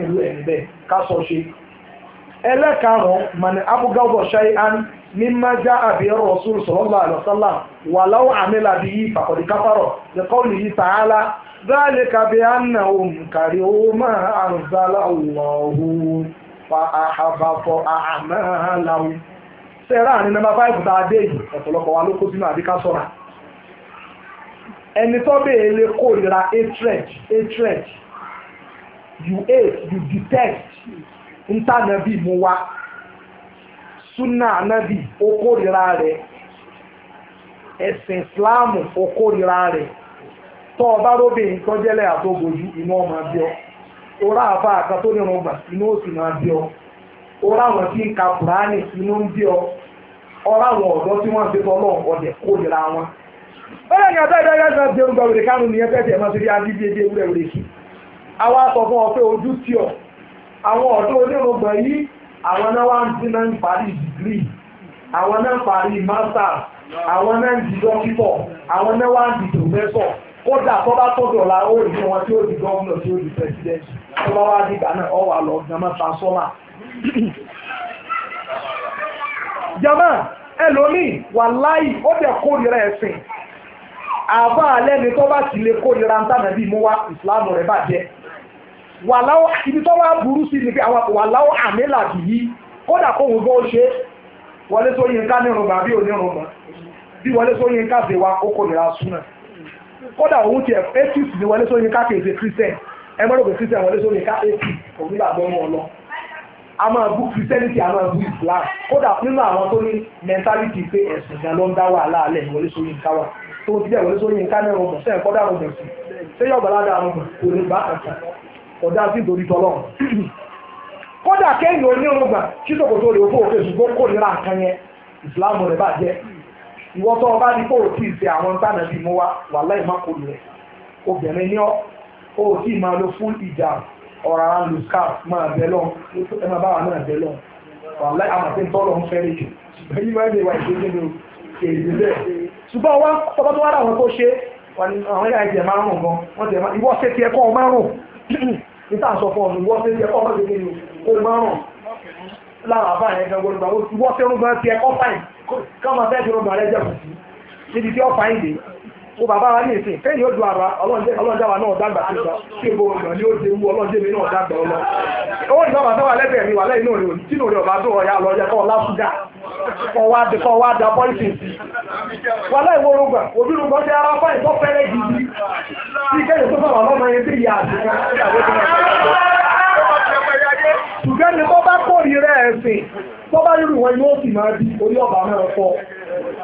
ní kásọ̀ ṣe ẹlẹ́karùn-ún mani abugalbọ̀ ṣáyán ní májá rasul sallallahu alaihi wasallam walau amila bihi faqad kafara ta'ala dhalika bi annahum karihu ma anzala Allahu fa ahabata a'malahum sẹ́rà ní nọ́mbà a dé yìí ọ̀pọ̀lọpọ̀ wa ló kó sínú àbíká sọ́ra ẹni tó bèèrè lè kórìíra nta ànábì mú suna nabi ànábì ó kórìíra rẹ̀ ẹ̀sìn ìsìláàmù ó kórìíra robin tọ́ atọ róbìn tọ́jẹ́lẹ̀ àtọ́gbòjú inú ọmọ abíọ́ orá àbá àká tó nírun gbà inú òsì máa bíọ́ orá àwọn tí ń ọ. kùránì inú ń bíọ́ wọn. ó lè yàn bẹ́ẹ̀ dájọ́ ìgbà àwọn ọ̀dọ́ onírògbọ̀n yìí àwọn náà wá ń tí náà ń parí degree àwọn náà ń parí master àwọn náà ń di dókítọ̀ àwọn náà wá ń di professor kódà tó bá tó dọ̀la ó rí wọn tí ó di gómìnà tí ó di president tó bá wá dìgbà náà ọ wà lọ gbọmọ transformer. jama ẹlòmíì wàláì ó bẹ̀ kórìíra ẹ̀sìn àbá alẹ́ ni tó bá ti lè kórìíra ń tànà mú wá ìsìlámù rẹ̀ bàjẹ́ wàláwọ́ ibi tó wá burú sí ni pé àwọn wàláwọ́ àmìlà bì yí kódà kóhun bó ṣe wọlé sórí nǹkan nírun bàbí onírun mọ́ bí wọlé sórí nǹkan ṣe wa ó kò nira súnà kódà òun ti atheist ni wọlé sórí nǹkan kì í ṣe christian ẹ mọ́ lóko christian kò ní mentality pé ẹ̀sìn gan ló ń dá wàhálà alẹ́ ìwọlé sórí nǹkan wa tó ti jẹ́ ìwọlé sórí nǹkan nírun mọ́ sẹ́yìn kọ́dà rọ̀bẹ̀ bá àkàtà ọ̀dá sí ìtòrí tọ́lọ́ kódà kéèyàn onírúgbà tí tòkòtò rẹ̀ òfò òfè ṣùgbọ́n kò nira nǹkan yẹn ìsìláàmù rẹ̀ bàjẹ́ ìwọ tó ọba ní kó o tí ì ṣe àwọn tánà bíi mo wá wàláì má kò lù rẹ̀ obìnrin ní ọ ó tí ì máa lo full ìjà ọ̀rọ̀ ara lu scarf máa bẹ̀ lọ ẹ máa bá wa náà bẹ̀ lọ wàláì àmàtí tọ́lọ̀ ń fẹ́rẹ̀ jù ṣùgbọ́n yìí máa ń lè wà ìṣe nínú èdè bẹ́ẹ̀ ṣùgbọ́n wá tọ́ba tó wá rà wọn tó ṣe àwọn ẹ̀yà ìjẹ̀ márùn-ún gan wọ́n ti ẹ̀ máa ìwọ́ ṣe ti ẹ̀kọ́ níta sọ fún ọ̀nà wọ́n tẹ́ ọmọ tẹ́kẹ́ ni ó máa ràn lára bá ẹ̀ẹ́dẹ̀ gbọ́dọ̀gbà ó ti tí ó mo bàbá wa ní ìsìn fẹ́ni du ara ọlọ́njẹ́ náà dàgbà tó gbà tí o bò wọ́n gbà ó ti wú ọlọ́njẹ́ mi náà dàgbà ọlọ́ owó ìjọba tó wà mi wà lẹ́yìn náà rèé tí lóore ọba tó ọ̀yà lọ lásùgà da wà òbí ara gidi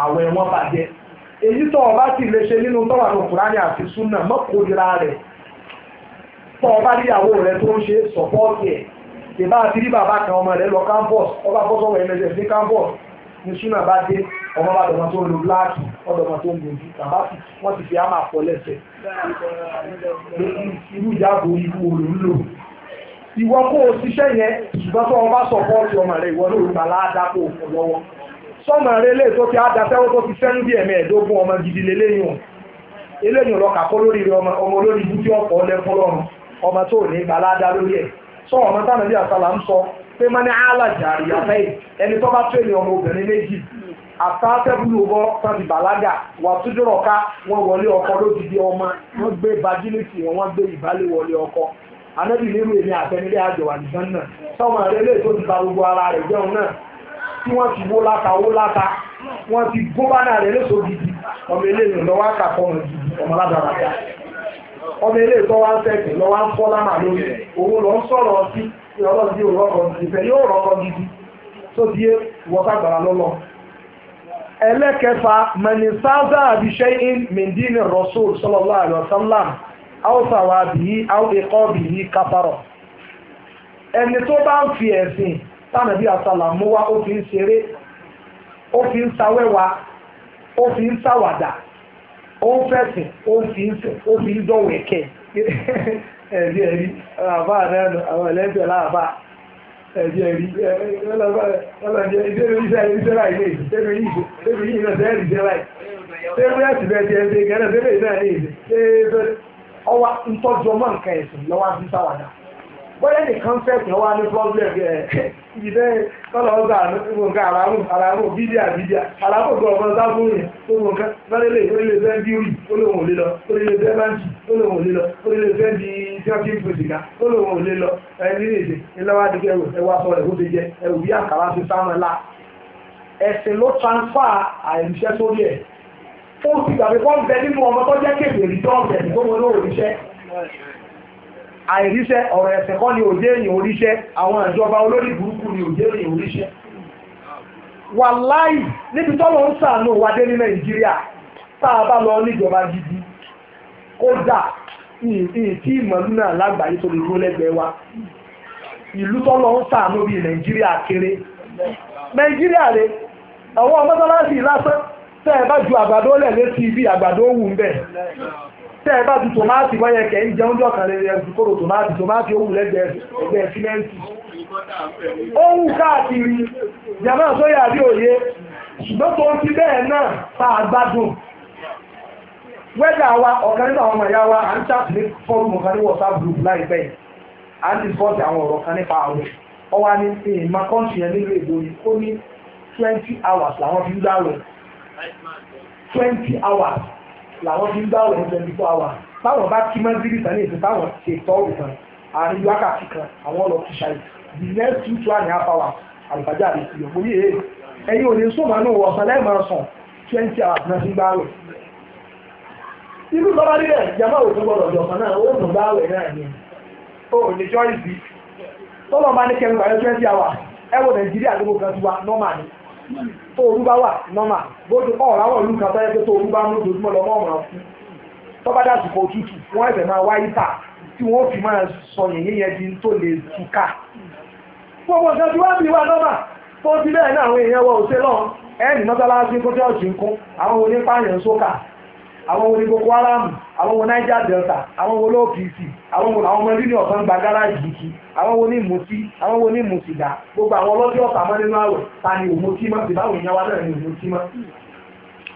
àwẹ̀ wọn bàjẹ́ èyí tó o bá ti lè ṣe nínú tọ́wà ní kùránì àti súnà mọ́kòdìrà rẹ̀ tó o bá níyàwó rẹ̀ tó ń ṣe sọ́pọ́ọ̀tì ẹ̀ ìbá àti rí bàbá kan ọmọ rẹ̀ lọ campus ọba bọ́sọ̀wọ̀ NSF ní campus ní súnà bá dé ọmọ bá dọ̀mọ́ tó ń lo bíláàkì ọdọ̀mọ́ tó ń gbòjú bàbá sì wọ́n ti fi àmà pọ̀ lẹ́sẹ̀ ìwọ kó o ṣiṣẹ́ yẹn ṣùgbọ́n tó o bá ọmọ rẹ̀ ìwọ sọ́nà relé tó ti àdàtẹ́wọ́ tó ti sẹ́ńdí ẹ̀mí ẹ̀dógún ọmọ gidi lélẹ́yìn o eléyìn lọ kàkọ́ lórí rẹ ọmọ ọmọ olórí ibú tí ọ̀pọ̀ lẹ́fún lọ́rùn ọmọ tó ní balada lórí ẹ̀ sọ ọmọ tánà bí àsálà ń sọ pé mọ́ ní alájàrí àtẹ́yìn ẹni tó bá tó ènìyàn ọmọ obìnrin méjì àtàtẹ́bùlù ọmọ tàbí balaga wà túndúrọ̀ ká wọ́n wọlé ọkọ lójijì ọmọ wọ́n gbé bajínítì wọn wọ́n gbé ìbálẹ̀ wọlé ọkọ anábì nínú èmi àtẹnilé àjọwà nìkan náà sọmọ rẹ lè tó ti ba gbogbo ara rẹ jẹun náà tí wọ́n ti wó láta wó láta wọ́n ti gbó bánà rẹ̀ léṣo gidi ọmọ eléyìí lọ́wọ́ àkàkọ́ ọmọ gidi ọmọ ládàradà ọmọ eléyìí tó wá ń tẹ̀sí lọ́wọ́ ń fọ́ lámà lórí òun lọ ń sọ̀rọ̀ sí ọlọ́run bí òun yóò rọ́kọ̀ ẹni tó bá ń fi ẹ̀sìn tánàbí àsàlà mú wá ó fi ń ṣeré ó fi ń sawẹ́wà ó fi ń sàwàdà ó ń fẹ̀sìn ó fi ń sìn ó fi ń dọ̀wọ̀ ẹ̀kẹ́ ẹ̀rí ẹ̀rí àbá rẹ̀ àwọn ẹlẹ́gbẹ̀ẹ́ láàbá ẹ̀rí ẹ̀rí ọlọ́dẹ ìdẹ́nu iṣẹ́ iṣẹ́ láì lè tẹ́nu yìí tẹ́nu yìí náà tẹ́nu iṣẹ́ láì tẹ́nu láti bẹ́ẹ̀ tiẹ̀ ṣe gánà tẹ́nu yìí náà lè ṣe ọwọ́ ntọ́jú ọmọ nǹkan ẹ̀sìn lọ́wọ́ àti sáwàdà bọ́lá nìkan fẹ́ kí wọ́n wá ní problem ẹ̀ ìdílé tọ́lọ̀ ọgbà gbogbo nǹkan àràmù àràmù bídíà bídíà àràmù gbọ́ ọmọ sáfún yẹn gbogbo nǹkan lọ́lẹ́lẹ̀ orílẹ̀-èdè bíúrì olóhùn òlé lọ orílẹ̀-èdè báńkì olóhùn òlé lọ orílẹ̀-èdè bí tíọ́kì pòsìkà olóhùn òlé lọ ẹni nìyẹn ńlọ́wọ́ adìgẹ́ ẹ̀rù ẹwà sọ rẹ̀ ó ti jẹ ẹ̀rù bí àkàrà ti sáwọn la ẹ̀sìn ló transfer àìríṣẹ́ sórí ẹ̀ ó sì gbàgbé kọ́ àìríṣẹ́ ọ̀rọ̀ ẹ̀sẹ̀ kọ́ ni òjé èyàn oríṣẹ́ àwọn ìjọba olóri burúkú ni òjé èyàn oríṣẹ́ wàláì níbi tọ́lọ̀ ń ṣàánú wa dé ní nàìjíríà taa a bá lọ níjọba gidi kódà ìtí ìmọ̀lú náà lágbàáyé tó lè dúró lẹ́gbẹ̀ẹ́ wa ìlú tọ́lọ̀ ń ṣàánú bíi nàìjíríà kéré nàìjíríà rẹ àwọn mọ́sálásí lásán tẹ́ ẹ bá ju àgbàdo lẹ̀ létí àgbàdo wù ń bẹ̀ tẹ́ ẹ bá ju tòmátì wáyẹ kẹ́ ń jẹun jọ kan lè rẹ̀ kóró tòmátì tòmátì òwú lẹ́gbẹ̀ẹ́ ẹgbẹ́ símẹ́ǹtì káàkiri jàmá sóyè àbí òye ṣùgbọ́n tó ń fi bẹ́ẹ̀ náà a wẹ́dà wa ọ̀kan nínú àwọn ọmọ ìyá wa à kan ní WhatsApp group láìpẹ́ yìí à ń discuss àwọn kan nípa àwọn ọwọ́ ní ìmọ̀ yẹn nílùú yìí ní twenty làwọn ti ń dáwọ̀ ní 24 hours táwọn bá kí mọ́sílì tán ní táwọn ṣe àárín wákàtí kan àwọn ti ṣàyè the next two two and a half hours àlùfájà àti ìyọ̀ mo yé ẹ̀yin ò ní sọ́mà náà wọ̀ ọ̀sán lẹ́ẹ̀mọ̀ sàn hours náà ti ń rí rẹ̀ gbọdọ̀ náà ó tún náà ni tó orú bá wà nọ́mà bójú ọ̀rá wọ̀ lù kàtà ẹgbẹ́ tó orú bá mú dojúmọ́ lọ mọ́ ọ̀ràn fún tọ́ba dàsìkò òtútù wọ́n ẹ̀fẹ̀ máa wáyé tà tí wọ́n fi máa sọ yìnyín yẹn di tó lè túká. gbogbo nǹkan tí wọ́n fi wá nọ́mà tó ti bẹ́ẹ̀ ní àwọn èèyàn wọ òṣèlọ́ ẹ̀ẹ́nì mọ́tálásí kó tẹ́ ọ̀sìn kún àwọn onípààyàn sókà àwọn wo ni Boko Haram àwọn wo Niger Delta àwọn wo lóòpc àwọn wo àwọn ọmọ lílì ọ̀sán gba àwọn wo ni ìmùtí àwọn wo ní gbogbo àwọn ọlọ́dẹ ọ̀sà nínú àwẹ̀ ta ni òmùtí mọ́ ti báwo ìyáwá náà ni òmùtí mọ́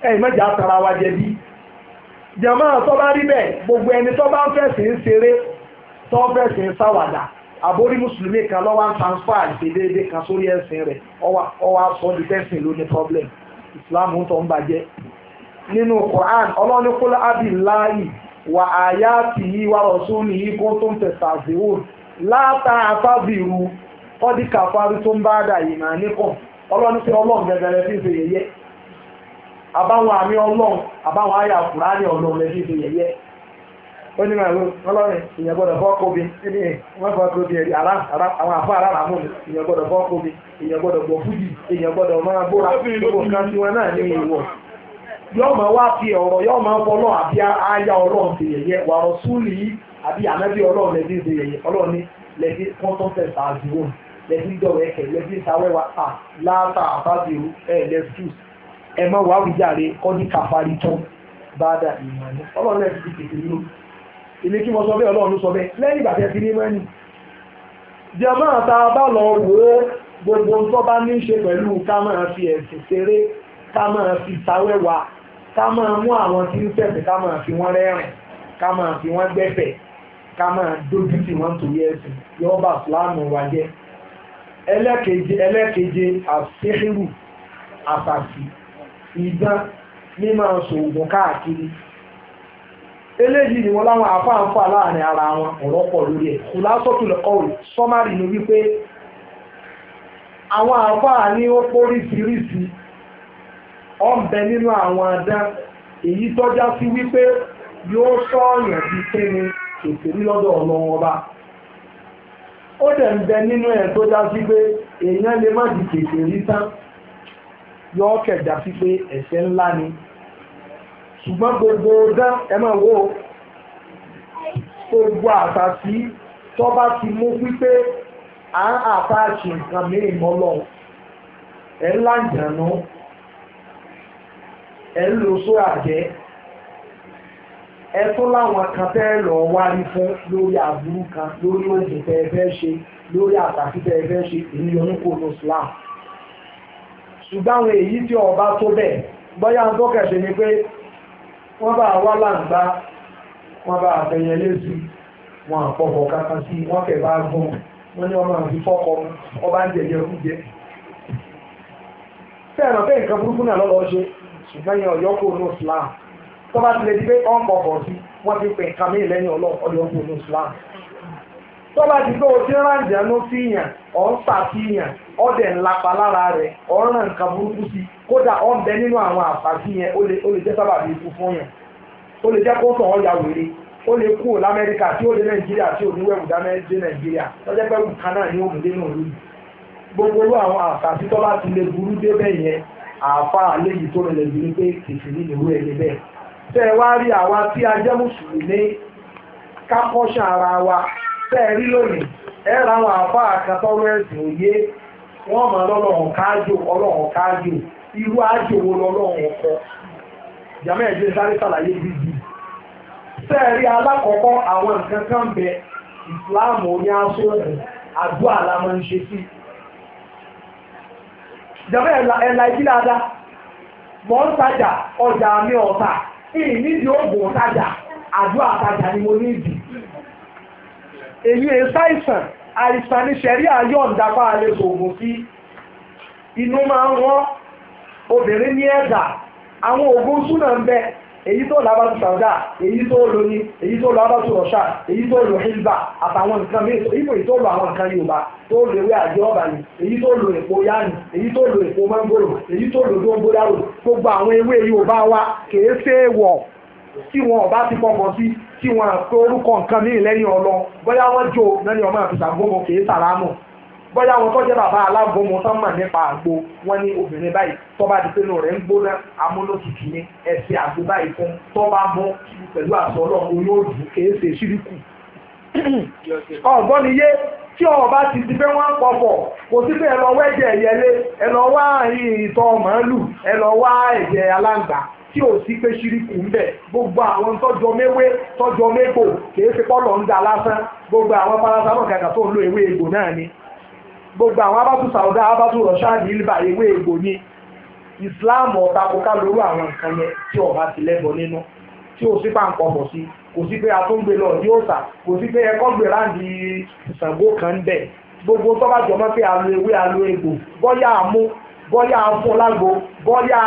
ẹ atara wa jẹ bi jàmáà gbogbo ẹni tó bá ń fẹ̀sìn ṣeré ń kan lọ́wọ́ ń transfer nínú Quran ọlọ́ni kúlẹ̀ abillahi wà ayatihi wà rasulihi kuntum tastahzi'un àfábìrú kàfárí tó ń bá dà yìí mà níkàn ọlọ́ni pé ọlọ́run gẹ̀gẹ̀rẹ̀ fi ṣe yẹyẹ àbáwọn àmì ọlọ́run àbáwọn àyà Quran fi ṣe yẹyẹ ó ní ìyẹn gbọ́dọ̀ ní wọ́n ẹ̀rí àwọn àfọ́ ìyẹn gbọ́dọ̀ ìyẹn gbọ́dọ̀ gbọ́ yóò máa wá fi ọ̀rọ̀ yóò máa fọ ọlọ́run àbí aya ọlọ́run ṣe yẹ̀yẹ́ wà rọ̀ súlì yìí àbí ànábì ọlọ́run lẹ́bí ṣe yẹ̀yẹ́ ọlọ́run ní lẹ́bí kọ́ńtọ́ńtẹ̀ ṣáàjú wọn lẹ́bí dọ̀wọ́ ẹ̀kẹ́ lẹ́bí ṣàwẹ́wà à láàtà àbábíru ẹ̀ lẹ́sù ẹ mọ̀ wá wíjàre kọ́dí kàfárí tán bàdà ìmọ̀ni ọlọ́run lẹ́bí ti tètè nínú ilé kí mo sọ bẹ́ẹ̀ ọlọ́run sọ bẹ́ẹ̀ lẹ́yìn ìgbà tẹ́ ti ní mẹ́ni jẹ́mọ́ ta bá lọ wò ó gbogbo tó bá ní ṣe pẹ̀lú ká máa fi ẹ̀sìn ṣeré ká máa fi tawẹ́wàá ká máa mú àwọn tí ń ṣẹ̀ṣẹ̀ ká máa fi wọ́n rẹ́rìn ká máa fi wọ́n gbẹ́fẹ̀ ká máa dójú tì wọ́n torí ẹ̀sìn yóò bá fúlàmù wa jẹ́ ẹlẹ́keje ẹlẹ́keje àṣíhìrù àṣàṣì ìdán mímọ̀ ṣòògùn káàkiri eléyìí ni wọ́n láwọn àfáàfà láàrin ara wọn ọ̀rọ̀ pọ̀ lórí ẹ̀ kò lásọ̀tún ọ̀rọ̀ sọ́márì ni wípé àwọn àfáà ní ó póríṣiríṣi ó ń bẹ nínú àwọn adán èyí tọ́já sí wípé yóò sọ̀yàn bíi kéne kèfèrí lọ́dọ̀ ọlọ́wọ́n ọba ó dẹ̀ ń bẹ nínú ẹ̀ tó já sí pé èèyàn lè má di kèfèrí tán yọ kẹ̀dá sí pé ẹ̀ṣẹ̀ ńlá ni ṣùgbọ́n gbogbo dán ẹ máa wò ó gbogbo àtàtì tó bá ti mú wípé à ń àtàṣì nǹkan mìíràn lọ́wọ́ ẹ̀ ńlá ìjànú ẹ̀ ń lo jẹ́ ẹ tún láwọn kan tẹ́ lọ wárí fún lórí àbúrú kan lórí oògùn tẹ́ ẹ fẹ́ ṣe lórí àtàkì tẹ́ ẹ fẹ́ ṣe èyí ní Islam ṣùgbọ́n àwọn èyí tí ọba tó bẹ̀ gbọ́yà ń tọ́kẹ̀ ṣe ni pé wọ́n bá wá láǹgbá wọ́n bá lẹ́sí wọn àpọ̀pọ̀ kankan ṣùgbọ́n yẹn ọ̀yọ́ kò ní islam tó bá tilẹ̀ di pé ọ̀n pọ̀ pọ̀ sí wọ́n ti pè nǹkan mí lẹ́yìn ọlọ́ọ̀ kò ní islam ti pé o ti rán ìdáná sí yàn ọ̀ ń ṣàfihàn lára rẹ̀ ọ̀ ń ràn nǹkan burúkú sí kódà ọ̀ ń bẹ nínú àwọn àfàsí yẹn ya wèrè ó lè kú lamẹ́ríkà tí ó nàìjíríà tí nàìjíríà lọ́jọ́ pẹ́ wù ti lè burú àfa àlejò tó rẹlẹ̀ jù ní pé kìsì ní ìwé bẹ́ẹ̀ tẹ́ ẹ wá rí àwa tí a jẹ́ mùsùlùmí ara wa tẹ́ ẹ rí lónìí ẹ ra àwọn àfa àkàtọ́rọ́ ẹ̀sìn òye wọ́n mọ̀ lọ́lọ́run káájò ọlọ́run káájò irú wo lọ́lọ́run ọkọ ìjàmọ́ ẹ̀jẹ̀ sáré sàlàyé bíbí tẹ́ ẹ rí alákọ̀ọ́kọ́ àwọn nǹkan kan bẹ ìsìláàmù oní jọba ẹ̀la ìdí dáadáa mọ̀ ń tajà ọjà mi ọ̀tà ìnídìí oògùn tajà àdúrà tajà ni mo ní ìdí. èyí ẹ ṣàìsàn àìsàn ní sẹ̀rí àyọ̀ǹda bá a lè sògùn sí inú máa ń wọ́n obìnrin ní ẹ̀dà àwọn oògùn súnà ń bẹ́ẹ̀ èyí tó lọ abájú sàúdà èyí tó lọ ní èyí tó lọ abájú rọṣà èyí tó lọ hilba àtàwọn nǹkan mìíràn èyí tó lọ àwọn nǹkan yorùbá tó lọ ewé àjẹ ọba ni èyí tó lọ èpo yáàni èyí tó lọ èpo mángòrò èyí tó lọ dóńgbóláwò gbogbo àwọn ewé yorùbá wa kèé fẹ́ wọ̀ tí wọn ọba ti pọkàn sí tí wọn àpé orúkọ nǹkan mìíràn lẹ́yìn ọlọ bóyá wọ́n jó lẹ́yìn ọmọ àfisàgbọ́n kèé sàrámù bóyá wọn tó jẹ́ bàbá alábomu tó mọ̀ nípa àgbo wọn ní obìnrin báyìí tó bá di pé inú rẹ̀ ń gbóná amúnótutù ni ẹ̀sìn àgbo báyìí fún tó bá mú pẹ̀lú àṣọ ọlọ́run oyún òdù kìí ṣe ṣíríkù. ọ̀gbọ́n ni yé tí ọba ti di pé wọ́n ń pọ̀pọ̀ kò sí pé ẹ lọ wẹ́jẹ̀ ẹ̀yẹlé ẹ lọ wá ìtọ̀ màálù ẹ lọ wá ẹ̀jẹ̀ aláǹgbá tí ò sí pé ṣíríkù ń bẹ̀ gbogbo àwọn tọ́jọ méwé tọ́jọ mégbò kìí ṣe pọ́lọ̀ ń da lásán gbogbo àwọn paracetamol kàkà tó ń lo ewé egbò náà ni gbogbo àwọn abátú sàwọ́dá abátú rọ̀ṣáàdì ilbà ewé egbò ní islam ọ̀tako ká lóru àwọn nǹkan yẹn tí ọba ti lẹ́bọ̀ nínú tí ó sí pàǹpọ̀ bọ̀ sí kò sí pé atúngbè lọ ní òòsà kò sí pé ẹkọ́ gbè láǹdì ìsàngó kan ń bẹ̀ gbogbo tó bá jọmọ́ pé alo ewé alo egbò bọ́yá àmú bọ́yá afúnlágbo bọ́yá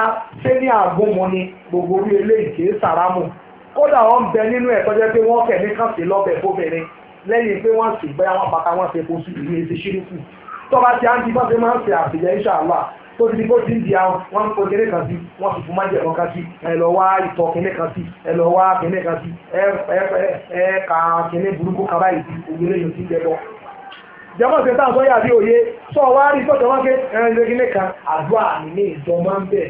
sẹ́ni àgbọ̀mọ ni gbogbo orí eléyìí kì í sàrámù kódà wọn bẹ nínú ẹ̀ tọ́jọ́ pé wọ́n kẹ̀ ní kàn sí lọ́bẹ̀ fóbìnrin lẹ́yìn pé wọ́n sì gbẹ́yà wọn bàtà wọn fi epo sí ìlú èsì ṣírífù tọ́ba ti á ń di bá ṣe máa ń ṣe àṣeyẹ ìṣàlá tó ti di kó ti ń di àwọn wọ́n ń po kíní kan sí wọ́n fi fún májẹ̀ ọ̀kan sí ẹ lọ wá ìtọ̀ kíní kan sí ẹ lọ wá kíní kan sí ẹ ẹ ka burúkú kaba ìdí ògbélé yòó ti ń jẹ bọ́ jẹmọ́ ṣe tá à ń sọ yàrá òye sọ wá rí sọ́jọ́ wọn ké ẹran ilé kíní kan àdúrà ní ní ìjọ máa ń bẹ̀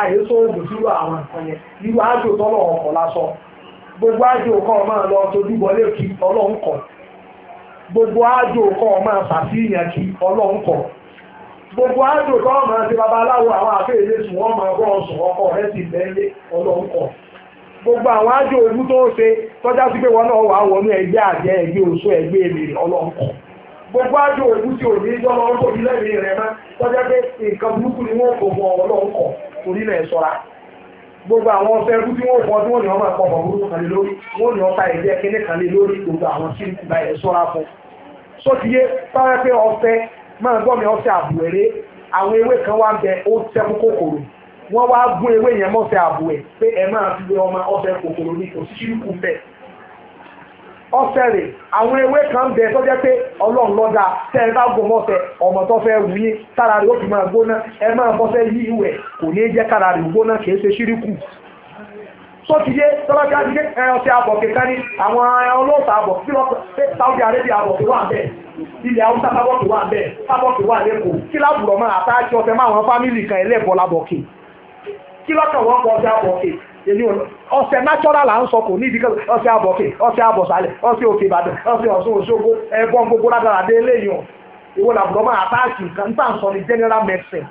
àyèsó oògùn sílùú àwọn nǹkan yẹn irú àjò tọ́lọ̀ ọ̀kọ̀ lásọ gbogbo àjò kan máa lọ tójú bọ́lé kí gbogbo ajo ọkọ ọmọ àfàtì ìyàn kí ọlọ́run gbogbo ajo ọkọ ọmọ àti babalawo àwọn àfẹ́yẹlé sùn wọ́n máa bọ́ ọ̀sùn ọkọ̀ rẹ̀ sì bẹ́ẹ̀lé gbogbo àwọn ajo ojú tó ń ṣe tọ́já sí pé wọn náà wà wọnú ẹgbẹ́ àjẹ́ ẹgbẹ́ oṣù ẹgbẹ́ èmèrè gbogbo ajo ojú tí ò ní gbogbo àwọn tí sọ́tìyé táwọn ẹgbẹ́ ọ̀sẹ̀ máa gbọ́ mi ọ̀sẹ̀ àbùwẹ̀rẹ́ àwọn ewé kan wá bẹ ó sẹ́kù kòkòrò wọ́n wá gún ewé yẹn mọ́sẹ̀ àbùwẹ̀ pé ẹ máa fi wé ọmọ ọ̀sẹ̀ kòkòrò ní òṣìṣẹ́ kù bẹ́ẹ̀ ọ̀sẹ̀ rẹ̀ àwọn ewé kan bẹ tó jẹ́ pé ọlọ́run lọ́dà tẹ́ ẹ bá gbọmọ ọ̀sẹ̀ ọmọ tó fẹ́ wù yín tára rẹ̀ ó fi máa gbóná ẹ máa bọ́sẹ̀ yí ìwẹ̀ kò ní jẹ́ kára rẹ̀ gbóná kì í ṣe ṣíríkù tó ti yé tọ́lá bí adìyẹ ẹ ọ̀sẹ̀ àbọ̀kẹ́ kárí àwọn ọlọ́ọ̀sà àbọ̀ bí wọ́n pẹ́ Saudi Arabia àbọ̀kẹ́ wà bẹ́ẹ̀ ilẹ̀ Haúsá sábọ̀kẹ́ wà bẹ́ẹ̀ sábọ̀kẹ́ wà lẹ́kọ̀ọ́ kí lábùrọ̀ máa àtàkì ọ̀sẹ̀ máa wọn fámìlì kan ẹlẹ́bọ̀ labọ̀kẹ́ kí lọ́kàn wọ́n pọ̀ ọ̀sẹ̀ àbọ̀kẹ́ èmi ò ọ̀sẹ̀ natural à ń sọ kò nídìí kan ọ̀sẹ̀ àbọ̀kẹ́ ọ̀sẹ̀ àbọ̀sálẹ̀ ọ̀sẹ̀ òkè Ìbàdàn ọ̀sẹ̀ Ọ̀ṣun Òṣogbo ẹ̀bọ̀n gbogbo ládàradé eléyìí ìwọ làbùrọ̀ máa àtàkì nǹkan tá à ń sọ ní general medicine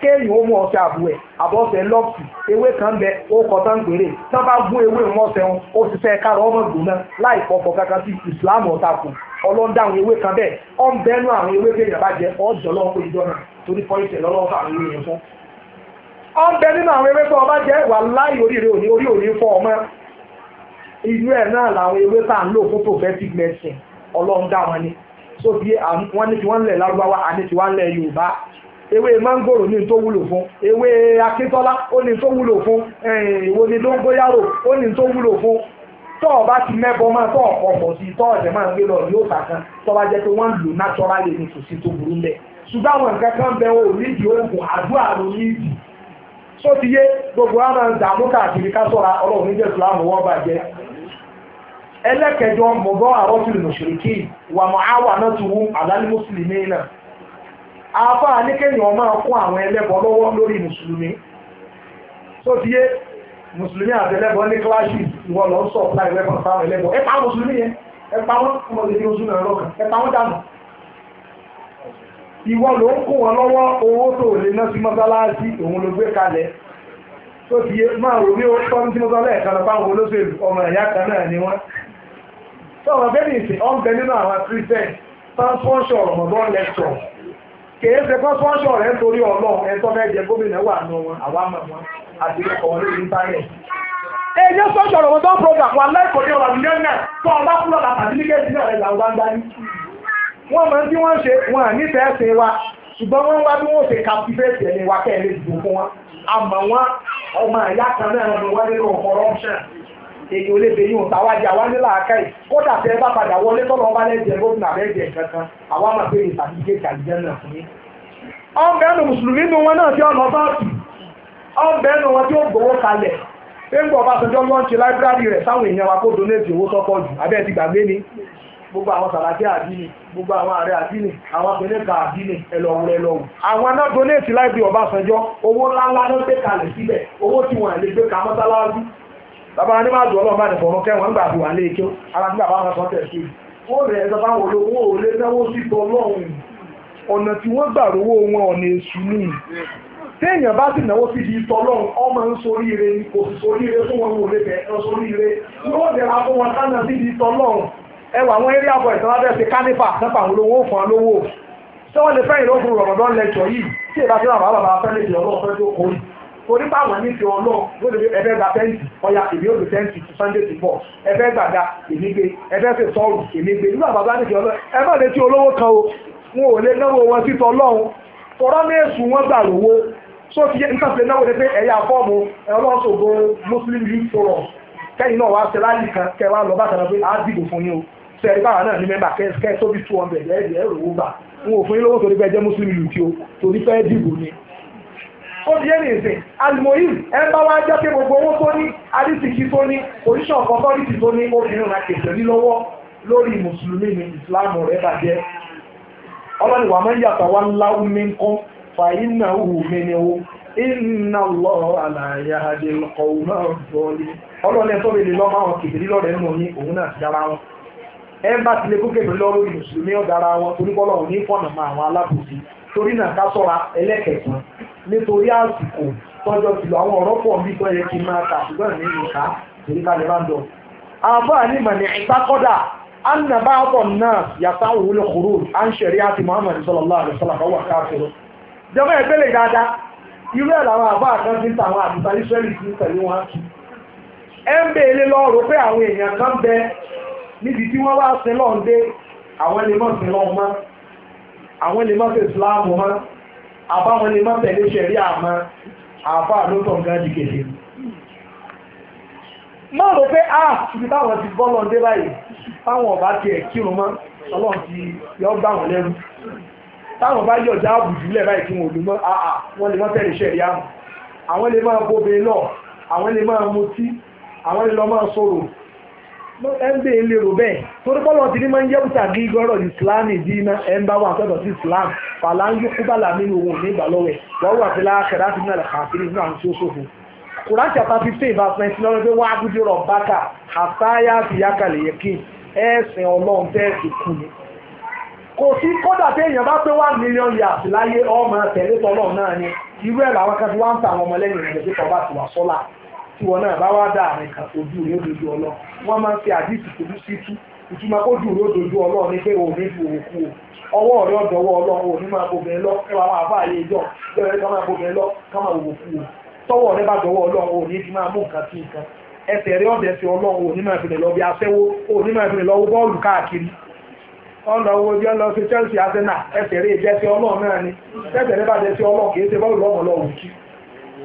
kéèyàn ó mú ọṣẹ àbú ẹ̀ àbọ̀ṣẹ lọ́ọ̀sì ewé kan bẹ ó kọ tán gbèrè tán bá gún ewé wọn ọṣẹ wọn ó ti fẹ́ kárọ̀ ọmọ gbóná láì fọkọ̀ kankan sí ìsìláàmù ọ̀tà kù ọlọ́dà àwọn ewé kan bẹ́ẹ̀ ọ̀ ń bẹ́nu àwọn ewé kéèyàn bá jẹ ọ̀jọ̀ lọ́wọ́ ìjọ náà torí lọ́wọ́ ewé yẹn fún ọ fọ ọmọ inú náà làwọn ewé tá à ń lò fún prophetic medicine ewé mangoro ní tó wúlò fún ewé akíntọ́lá ó ní tó wúlò fún ìwò ní dóngóyárò ó ní tó wúlò fún tọ́ ti mẹ́bọ máa tọ́ ọ̀pọ̀ pọ̀ sí tọ́ ọ̀sẹ̀ máa ń gbé lọ ní òkà kan tọ́ jẹ́ pé wọ́n lò naturally ní tòsí tó burú lẹ̀ ṣùgbọ́n àwọn nǹkan kan bẹ ò ní oògùn àdúrà ló ní só ti yé gbogbo wa máa ń dààmú káàkiri ká ọlọ́run ẹlẹ́kẹjọ mọ̀gọ́ àrọ́tìlì mùsùlùmí àbá aníkẹ́yìn máa kún àwọn ẹlẹ́bọ lọ́wọ́ lórí mùsùlùmí tó ti yé mùsùlùmí àti ẹlẹ́bọ ní kíláàsì ìwọ lọ sọ láì rẹ́pọ̀ sáwọn ẹlẹ́bọ ẹ pa mùsùlùmí yẹn ẹ pa wọn ọmọ ìdílé oṣù náà lọ́kàn ẹ pa wọn dànù ìwọ ló ń kún wọn lọ́wọ́ owó tó lè ná sí mọ́sálásí òun ló gbé kalẹ̀ tó ti yé máa rò ní ọdún tí mọ́sálá ẹ̀ka lọ fáwọn olóṣèlú ọmọ ìyá kan náà ni wọ́n tó ọmọ bẹ́ẹ̀ nìsín ọ̀n bẹ nínú àwọn christian transfusion ọ̀rọ̀mọ̀dọ́ lecture kèé ṣe fẹ́ fọ́ṣọ̀ rẹ̀ nítorí ọlọ́ ẹ̀tọ́ mẹ́jẹ gómìnà wà nù wọn àwa àti program wà lẹ́kọ̀ọ́ ní ọba kúrò náà rẹ̀ là ń wá ń wọ́n wọ́n ṣe wọn wa ṣùgbọ́n wọ́n wá bí wọ́n ṣe èyí ò lè fẹ́ yíwọ̀n táwa jẹ́ àwa nílà aká yìí kódà tẹ́ ẹ bá padà wọlé tọ́lọ́ ọba lẹ́jẹ̀ gómìnà abẹ́jẹ̀ kankan àwa máa pè é náà fún yín. nu mùsùlùmí nu wọn náà ọ̀nà tù nu wọn tí ó wa kó donate owó tọ́pọ̀ jù abẹ́ ti ni gbogbo àwọn sàlàjẹ́ àdínì gbogbo àwọn ààrẹ àdínì àwọn àdínì àwọn aná donate láìbí owó bàbá wa ní máa dùn ọlọ́ọ̀bá nìkan ọ̀run kẹwọn nígbà àbúwà lé ike ara nígbà bá wọn tẹ̀ sí i rẹ̀ ẹ̀dọ́ báwọn olówó ò lé náwó síta ọlọ́run ọ̀nà tí wọ́n gbà rówó wọn ọ̀nà èṣù bá sì náwó ọmọ ń kò sì fún wọn lè bẹ̀ ẹ̀ fún wọn kánà ẹwà eré àbọ̀ torí báwọn nífi ọlọ́ọ̀ lóde ẹ̀fẹ́ gba tẹ́ǹtì ọya èmi ò lè tẹ́ǹtì tó sunday ti bọ̀ ẹ̀fẹ́ gbàgbà èmi gbé ẹ̀fẹ́ fè sọ́ọ̀rù èmi gbé nígbà bàbá nífi ọlọ́ọ̀ ẹ̀fẹ́ lè ti olówó kan o wọn ò lè náwó wọn sí tọlọ́hún tọrọ ní èsù wọn gbà lówó so ti nǹkan fi náwó ni pé ẹ̀yà fọ́ọ̀mù ọlọ́sọ̀gbọ Muslim youth Forum kẹ́yìn náà wá sẹ́láàlì kan kẹ́ wá lọ bàtà náà pé á dìbò fún yín o sẹ́ẹ̀rí báwa náà ní mẹ́mbà kẹ́ tó two hundred ẹ̀ẹ́dì ẹ̀rọ owó gbà wọn ò fún yín lówó torí pé ẹ jẹ́ Muslim League o torí pé ẹ dìbò ó di ẹ̀rìn ìsìn alimoyim a ń gbogbo owó tó ní adísìkí tó ní oníṣẹ́ ọ̀kan tọ́lítì tó ní obìnrin ra kẹsẹ̀ ní lórí mùsùlùmí ni ìsìláàmù rẹ̀ bàjẹ́ ọlọ́ni máa ń yàtọ̀ wá ńlá omi fà iná mí ni o iná lọ àlàyé òun náà ọlọ́ni ẹ̀tọ́ mi lè lọ́ máa wọn kẹsẹ̀ òun náà ti dára wọn nítorí àsìkò tọ́jọ́ tìlọ àwọn ọ̀rọ̀ pọ̀ bí tọ́ yẹ kí n máa kà ṣùgbọ́n ní ìka torí ká lè bá ń dọ̀. àfáà ní mọ̀ ní ìtakọ́dà anna bá bọ̀ náà yàtá òwúlẹ̀ kúrò à ń ṣẹ̀rí àti Muhammad sallallahu alaihi wasallam wà káàkiri. jọba ẹgbẹ́ lè dáadáa irú ẹ̀ làwọn àbá kan ti ń ta àwọn àbúta Israẹli ti ń tẹ̀lé wọn kí. ẹ ń béèrè lọ́rùn pé àwọn èèyàn kan bẹ níbi tí wọ́n wá sin lọ́ọ̀ àwọn lè mọ̀ lọ́ọ̀ mọ́ àwọn lè mọ̀ Islam mọ́ àbáwọn lè má tẹ̀lé ṣẹ̀rí àmọ́ àbá ló tọ̀ nǹkan di kèfè. má rò pé a ah, ibi táwọn ti bọ́ lọ́ndé báyìí táwọn ọba tiẹ̀ kírun mọ́ ọlọ́run ti yọ gbà wọ́n lẹ́rú táwọn bá yọjá àbùjù lẹ̀ báyìí kí wọn ò lè mọ́ àà ah, ah, wọ́n lè má tẹ̀lé ṣẹ̀rí àmọ́ àwọn lè máa bóbe náà àwọn lè máa mutí àwọn lè lọ máa sọ̀rọ̀ ẹ̀ǹdẹ̀ ilé rò bẹ́ẹ̀ torí bọ́lọ̀ ti ní máa ń yẹ́ bùtà kí gọ́rọ̀ ìsìláàmì di iná ẹ̀ǹbá wà sọ́dọ̀ sí islam fàlà ń yókù bàlà nínú òun ní ìbàlọ́wẹ̀ wọ́n wà sí láàkẹ́rẹ́ àti nílẹ̀ káàkiri nínú àwọn tí ó ṣòfò. kùrán chapter fifteen verse nineteen lọ́rọ́ pé wọ́n á dúdú rọ̀ bákà àtàyà àti yàkàlẹ̀ yẹkin ẹ̀sìn ọlọ́run fẹ́ẹ́ ti ni. kò sí kódà téèyàn million years láyé ọmọ tẹ̀lé tọ́lọ́run náà ni irú ẹ̀ làwọn kan ti wá ń ta àwọn ọmọlẹ́yìn rẹ̀ sí tọ́ba tiwa sọ́là náà bá wá dáa rẹ̀ ojú rẹ̀ ó wọ́n máa ń fi àdìsí pẹ̀lú sí tú ìtumọ̀ kó dùn lódodo ọlọ́run o ọwọ́ ọlọ́run máa lọ ẹwà máa bá àyè ìjọ ẹwà máa o tọwọ́ rẹ bá dọwọ́ ọlọ́run òní máa mú nǹkan sí nǹkan ẹsẹ̀ rẹ ọ̀dẹ̀ sí ọlọ́run máa lọ bí máa lọ wó bọ́ọ̀lù káàkiri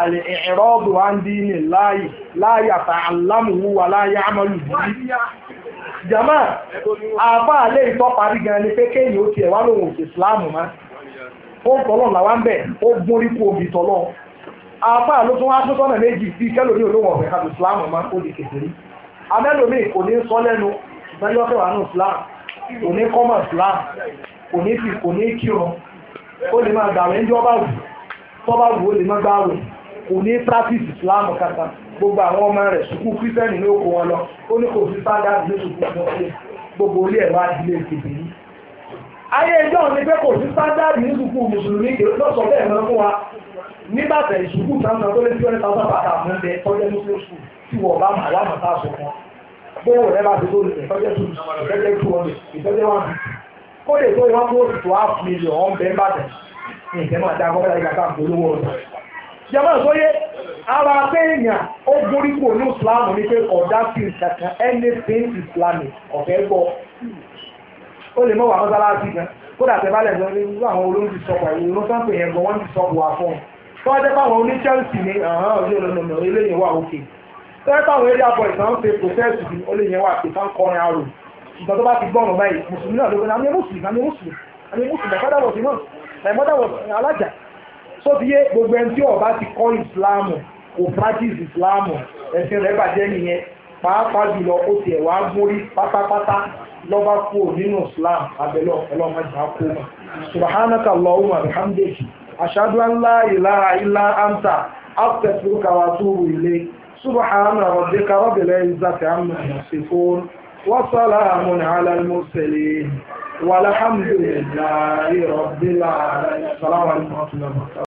àlè ìrọ́bù àndí ní láàyè láàyè àtà àlámùwú wà láàyè àmọ́lù jamaa jama àbá àlè gan ni pé kéèyàn ó nwoke wá lòun òsè ìsìláàmù má ó ń tọ́lọ̀ làwa ń bẹ̀ ó gún rí kú tọ́lọ̀ àbá ló tún wá tún sọ́nà méjì olóhùn di kékeré kò ní sọ lẹ́nu fẹ́ wà ìsìláàmù kò ní kọ́mọ̀ ìsìláàmù kò ní fi kò ní kírun ó lè máa ń kò ní practice Islam kankan gbogbo àwọn ọmọ rẹ̀ sùkú kírísítẹ́nì ló kó wọn lọ ó ní kò sí standard ní sùkú fún ọdún gbogbo ilé ẹ̀rọ adìlé ìdìbò yìí ayé ẹjọ́ ni pé kò sí standard ní sùkú mùsùlùmí lọ́sọ̀ bẹ́ẹ̀ mọ́ fún wa nígbàtẹ̀ ìsùkú tàbí tó lé tí wọ́n tàbí àpàtà àmúndẹ tọ́jẹ́ muslim school tí wọ́n bá máa wàmọ̀ a sọ fún gbówó rẹ̀ bá ti tó lè tọ́jẹ́ tó ìtọ́jẹ́ tó wọn lè ìtọ́jẹ́ wọn kó lè tó ìwọ́n jẹ́mọ́ ìsọ́yé ara abẹ́yàn ó borí kò ní Islam ní pé ọ̀dá sí kankan anything Islamic ọ̀fẹ́ gbọ́ ó lè mọ̀ wà mọ́sálásí gan kódà tẹ́bálẹ̀ lọ ní irú àwọn olóhùn ti sọ̀pọ̀ ìlú ló sáǹpẹ̀ yẹn gan wọ́n ti sọ̀pọ̀ wà fún un tó wá jẹ́ páwọn oní Chelsea ní ọ̀hán ọ̀dẹ́ olómìnà eléyìí wà òkè tó jẹ́ páwọn area boys náà ń pe protest ní eléyìí wà pé fáwọn kọrin arò ìgbọ́n tó bá ti gbọ́ràn báyìí mùsùlùmí náà ló gbé tó fi yé gbogbo ẹni tí ọba ti kọ́ ìsìláàmù kò practice ìsìláàmù ẹ̀sìn rẹ̀ bàjẹ́ nìyẹn pàápàá jùlọ ó ti ẹ̀wà gúnrí pátápátá lọ́ba kú nínú islam abẹ́lọ́ ọlọ́mọdé àkómọ subhanaka allahumma bihamdiki ashhadu an la ilaha illa anta astaghfiruka wa atubu ilayk subhana rabbika rabbil izzati amma yasifun wa salamun ala al mursalin والحمد لله رب العالمين السلام